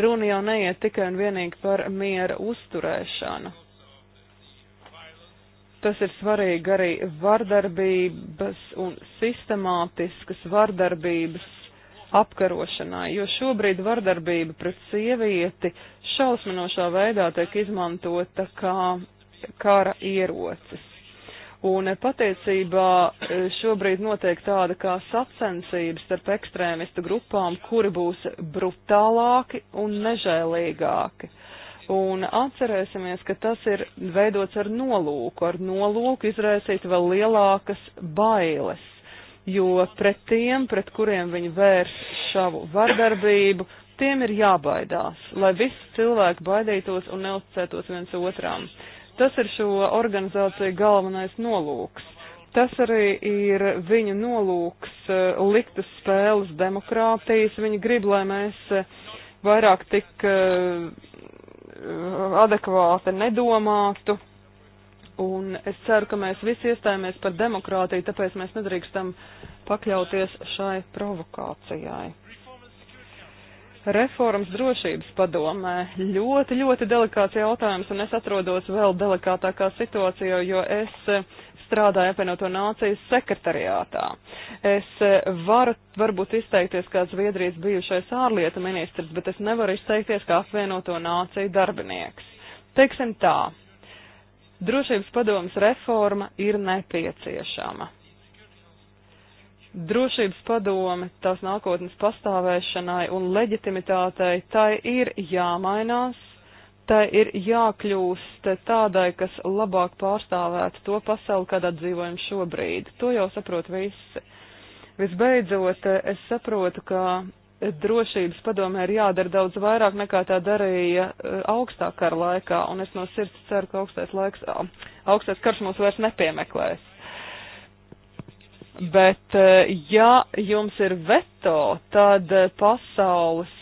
runa jau neiet tikai un vienīgi par miera uzturēšanu. Tas ir svarīgi arī vardarbības un sistemātiskas vardarbības apkarošanai, jo šobrīd vardarbība pret sievieti šausminošā veidā tiek izmantota kā kara ierocis. Un patiesībā e, šobrīd notiek tāda kā sacensības starp ekstrēmistu grupām, kuri būs brutālāki un nežēlīgāki. Un atcerēsimies, ka tas ir veidots ar nolūku, ar nolūku izraisīt vēl lielākas bailes jo pret tiem, pret kuriem viņi vērš savu vardarbību, tiem ir jābaidās, lai visi cilvēki baidītos un neuzticētos viens otram. Tas ir šo organizāciju galvenais nolūks. Tas arī ir viņu nolūks eh, likt uz spēles demokrātijas. Viņi grib, lai mēs eh, vairāk tik eh, adekvāti nedomātu, Un es ceru, ka mēs visi iestājāmies par demokrātiju, tāpēc mēs nedrīkstam pakļauties šai provokācijai. Reformas drošības padomē ļoti, ļoti delikāts jautājums, un es atrodos vēl delikātākā situācijā, jo es strādāju apvienoto nācijas sekretariātā. Es varu varbūt izteikties kā Zviedrijas bijušais ārlietu ministrs, bet es nevaru izteikties kā apvienoto nāciju darbinieks. Teiksim tā, Drošības padomas reforma ir nepieciešama. Drošības padome tās nākotnes pastāvēšanai un leģitimitātei tai ir jāmainās, tai ir jākļūst tādai, kas labāk pārstāvētu to pasauli, kādā dzīvojam šobrīd. To jau saprot visi. Visbeidzot, es saprotu, ka drošības padomē ir jādara daudz vairāk nekā tā darīja e, augstā kara laikā, un es no sirds ceru, ka augstais, laiks, augstais karš mūs vairs nepiemeklēs. Bet e, ja jums ir veto, tad e, pasaules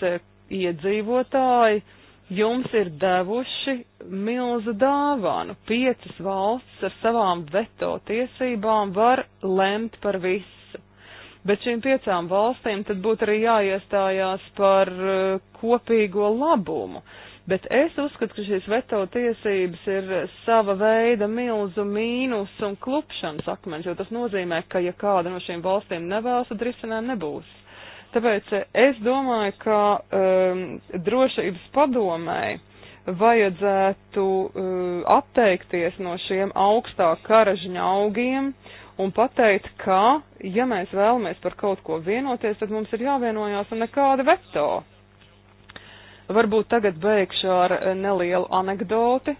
iedzīvotāji jums ir devuši milzu dāvānu. Piecas valsts ar savām veto tiesībām var lemt par visu bet šīm piecām valstīm tad būtu arī jāiestājās par e, kopīgo labumu. Bet es uzskatu, ka šīs veto tiesības ir sava veida milzu mīnus un klupšanas akmens, jo tas nozīmē, ka ja kāda no šīm valstīm nevēlas, tad risinājumu nebūs. Tāpēc e, es domāju, ka um, drošības padomēji vajadzētu uh, atteikties no šiem augstā karažņa augiem un pateikt, ka, ja mēs vēlamies par kaut ko vienoties, tad mums ir jāvienojās un nekāda veto. Varbūt tagad beigšu ar nelielu anekdoti,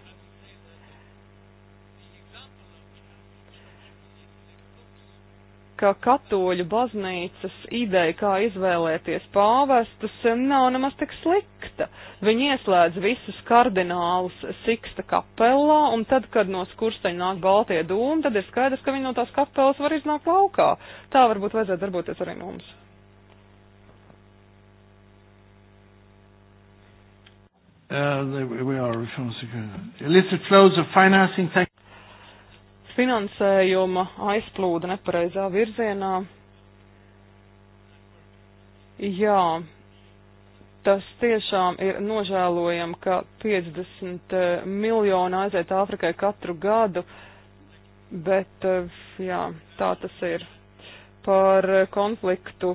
ka katoļu baznīcas ideja, kā izvēlēties pāvestus, nav nemaz tik slikta. Viņi ieslēdz visus kardinālus Siksta kapelā, un tad, kad no skursteņa nāk baltie dūmi, tad ir skaidrs, ka viņi no tās kapelas var iznākt laukā. Tā varbūt vajadzētu darboties arī mums. Uh, we are responsible. Illicit flows of financing finansējuma aizplūda nepareizā virzienā. Jā, tas tiešām ir nožēlojami, ka 50 eh, miljoni aiziet Āfrikai katru gadu, bet eh, jā, tā tas ir. Par konfliktu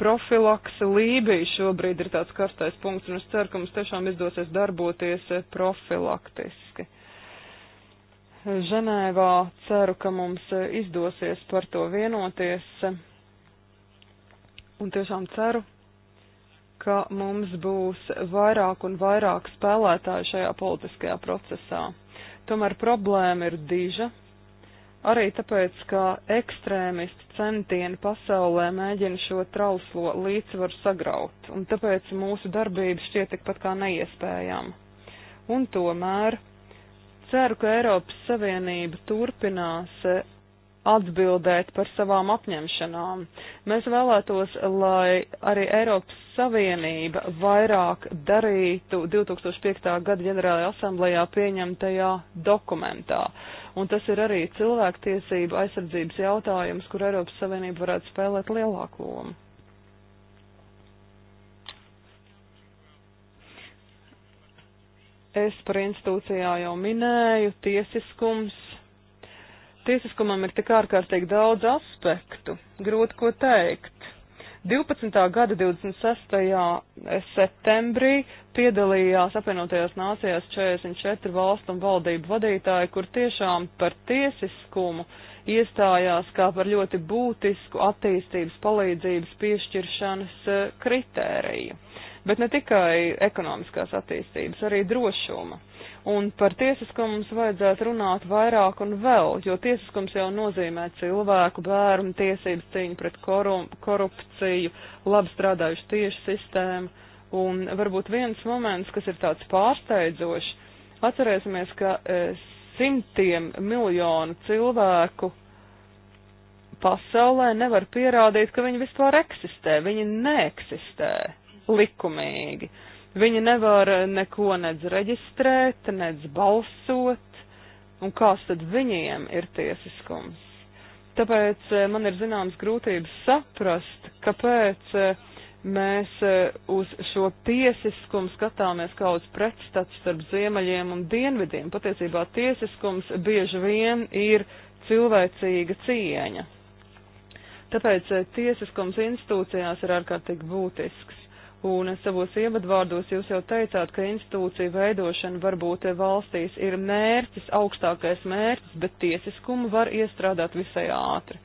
profilakse Lībija šobrīd ir tāds karstais punkts, un es ceru, ka mums tiešām izdosies darboties eh, profilaktiski. Ženēvā. Ceru, ka mums izdosies par to vienoties. Un tiešām ceru, ka mums būs vairāk un vairāk spēlētāju šajā politiskajā procesā. Tomēr problēma ir diža. Arī tāpēc, ka ekstrēmisti centieni pasaulē mēģina šo trauslo līdzsvaru sagraut, un tāpēc mūsu darbība šķiet tikpat kā neiespējama. Un tomēr Ceru, ka Eiropas Savienība turpinās e, atbildēt par savām apņemšanām. Mēs vēlētos, lai arī Eiropas Savienība vairāk darītu 2005. gada ģenerālajā asamblējā pieņemtajā dokumentā. Un tas ir arī cilvēktiesība aizsardzības jautājums, kur Eiropas Savienība varētu spēlēt lielāku lomu. Es par institūcijā jau minēju, tiesiskums. Tiesiskumam ir tik ārkārtīgi daudz aspektu, grūti ko teikt. 12. gada 26. septembrī piedalījās apvienotajās nācijās 44 valstu un valdību vadītāji, kur tiešām par tiesiskumu iestājās kā par ļoti būtisku attīstības palīdzības piešķiršanas eh, kritēriju bet ne tikai ekonomiskās attīstības, arī drošuma. Un par tiesiskumu mums vajadzētu runāt vairāk un vēl, jo tiesiskums jau nozīmē cilvēku bērnu tiesības cīņu pret korum, korupciju, labi strādājuši tieši sistēmu. Un varbūt viens moments, kas ir tāds pārsteidzošs, atcerēsimies, ka e, simtiem miljonu cilvēku pasaulē nevar pierādīt, ka viņi vispār eksistē, viņi neeksistē likumīgi. Viņi nevar neko nedz reģistrēt, nedz balsot, un kāds tad viņiem ir tiesiskums? Tāpēc eh, man ir zināms grūtības saprast, kāpēc eh, mēs eh, uz šo tiesiskumu skatāmies kā uz pretstatu starp ziemeļiem un dienvidiem. Patiesībā tiesiskums bieži vien ir cilvēcīga cieņa. Tāpēc tiesiskums institūcijās ir ārkārtīgi būtisks. Un savos ievadvārdos jūs jau teicāt, ka institūcija veidošana varbūt valstīs ir mērķis, augstākais mērķis, bet tiesiskumu var iestrādāt visai ātri.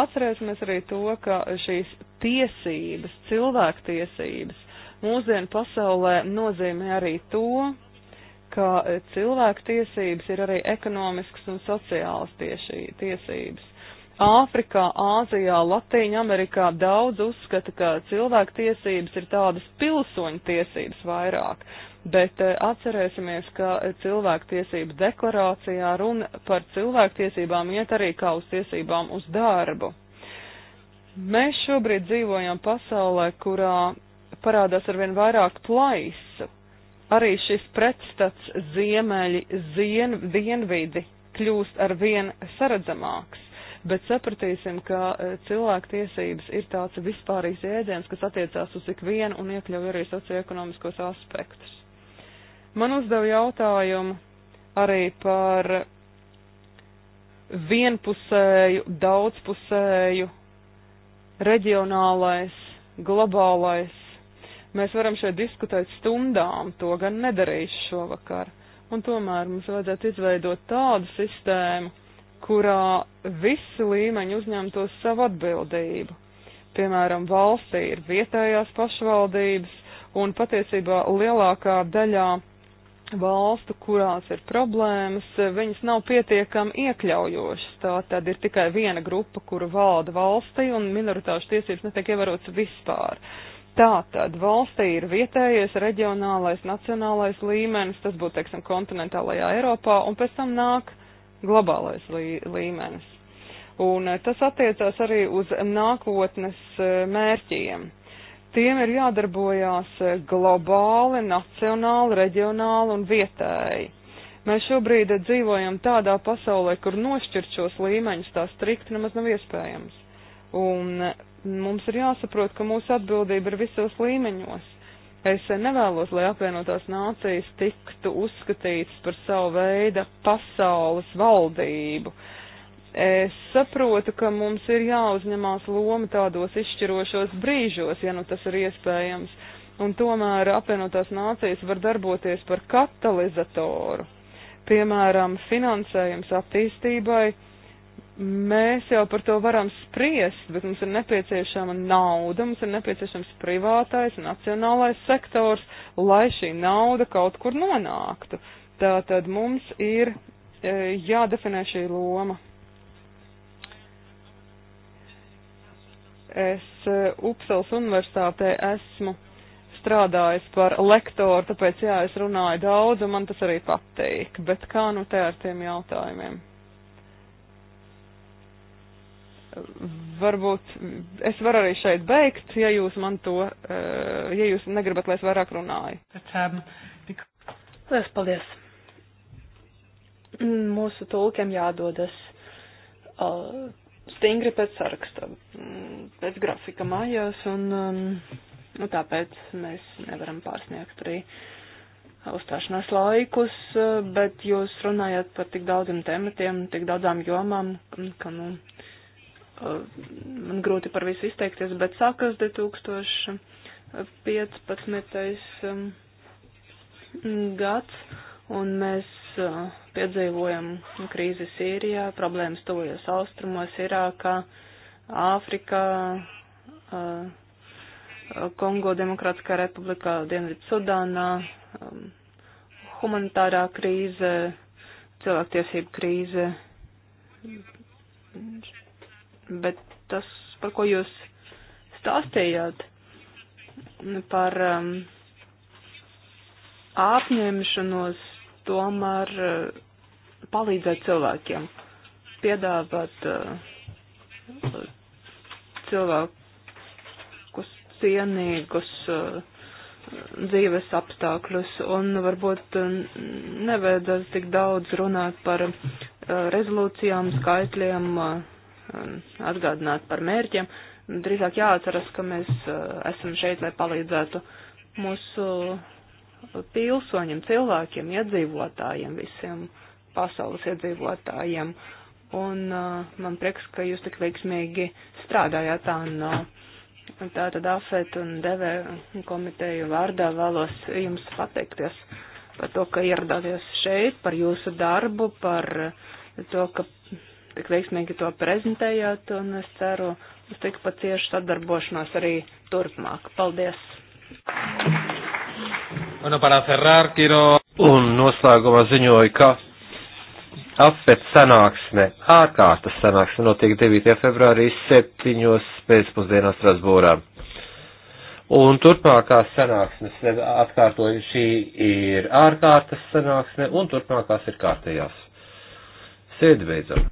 Atcerēsimies arī to, ka šīs tiesības, cilvēktiesības, mūsdienu pasaulē nozīmē arī to, ka cilvēktiesības ir arī ekonomiskas un sociālas tiesības Āfrikā, Āzijā, Latīņa Amerikā daudz uzskata, ka cilvēku tiesības ir tādas pilsoņu tiesības vairāk, bet eh, atcerēsimies, ka cilvēku tiesību deklarācijā runa par cilvēku tiesībām iet arī kā uz tiesībām uz darbu. Mēs šobrīd dzīvojam pasaulē, kurā parādās arvien vairāk plaisu. Arī šis pretstats ziemeļi, zien, dienvidi kļūst arvien saredzamāks bet sapratīsim, ka e, cilvēktiesības ir tāds vispārīgs jēdziens, kas attiecās uz ikvienu un iekļauj arī socioekonomiskos aspektus. Man uzdeva jautājumu arī par vienpusēju, daudzpusēju, reģionālais, globālais. Mēs varam šeit diskutēt stundām, to gan nedarīšu šovakar. Un tomēr mums vajadzētu izveidot tādu sistēmu, kurā visi līmeņi uzņemtos savu atbildību. Piemēram, valstī ir vietējās pašvaldības, un patiesībā lielākā daļā valstu, kurās ir problēmas, viņas nav pietiekami iekļaujošas. Tā tad ir tikai viena grupa, kura valda valstī, un minoritāšu tiesības netiek ievērotas vispār. Tātad valstī ir vietējais, reģionālais, nacionālais līmenis, tas būtu, teiksim, kontinentālajā Eiropā, un pēc tam nāk uh, globālais lī, līmenis. Un eh, tas attiecās arī uz nākotnes eh, mērķiem. Tiem ir jādarbojās eh, globāli, nacionāli, reģionāli un vietēji. Mēs šobrīd dzīvojam tādā pasaulē, kur nošķirt šos līmeņus tā strikt nemaz nav iespējams. Un mums ir jāsaprot, ka mūsu atbildība ir visos līmeņos Es nevēlos, lai apvienotās nācijas tiktu uzskatītas par savu veidu pasaules valdību. Es saprotu, ka mums ir jāuzņemās loma tādos izšķirošos brīžos, ja nu tas ir iespējams, un tomēr apvienotās nācijas var darboties par katalizatoru. Piemēram, finansējums attīstībai Mēs jau par to varam spriest, bet mums ir nepieciešama nauda, mums ir nepieciešams privātais, nacionālais sektors, lai šī nauda kaut kur nonāktu. Tātad mums ir e, jādefinē šī loma. Es e, Upsals universitātē esmu strādājis par lektoru, tāpēc jā, es runāju daudz un man tas arī patīk, bet kā nu te ar tiem jautājumiem? varbūt es varu arī šeit beigt, ja jūs man to, eh, ja jūs negribat, lai es vairāk runāju. Um, Lielas paldies. Mm, mūsu tulkiem jādodas uh, stingri pēc saraksta, mm, pēc grafika mājās, un um, nu, tāpēc mēs nevaram pārsniegt arī uzstāšanās laikus, uh, bet jūs runājat par tik daudziem tematiem, tik daudzām jomām, ka, nu, man grūti par visu izteikties, bet sākas 2015. Um, gads, un mēs uh, piedzīvojam krīzi Sīrijā, problēmas tuvojas austrumos, Irākā, Āfrikā, uh, Kongo Demokrātiskā republikā, Dienvidu Sudānā, um, humanitārā krīze, cilvēktiesība krīze, bet tas, par ko jūs stāstījāt, nu, par um, apņemšanos tomēr uh, palīdzēt cilvēkiem, piedāvāt uh, cilvēkus cienīgus uh, dzīves apstākļus, un varbūt uh, nevajadzētu tik daudz runāt par uh, rezolūcijām, skaitļiem. Uh, atgādināt par mērķiem. Drīzāk jāatceras, ka mēs uh, esam šeit, lai palīdzētu mūsu pilsoņiem, cilvēkiem, iedzīvotājiem, visiem pasaules iedzīvotājiem. Un uh, man prieks, ka jūs tik veiksmīgi strādājāt ANO. Uh, tā tad AFET un DV komiteju vārdā vēlos jums pateikties par to, ka ieradāties šeit, par jūsu darbu, par to, ka tik veiksmīgi to prezentējāt, un es ceru uz tikpat ciešu sadarbošanos arī turpmāk. Paldies! Bueno, para cerrar, quiero... Un noslēgumā ziņoju, ka apved sanāksme, ārkārtas sanāksme notiek 9. februārī 7. pēcpusdienā Strasbūrā. Un turpmākās sanāksmes, atkārtoju, šī ir ārkārtas sanāksme, un turpmākās ir kārtējās. Sēdi beidzam!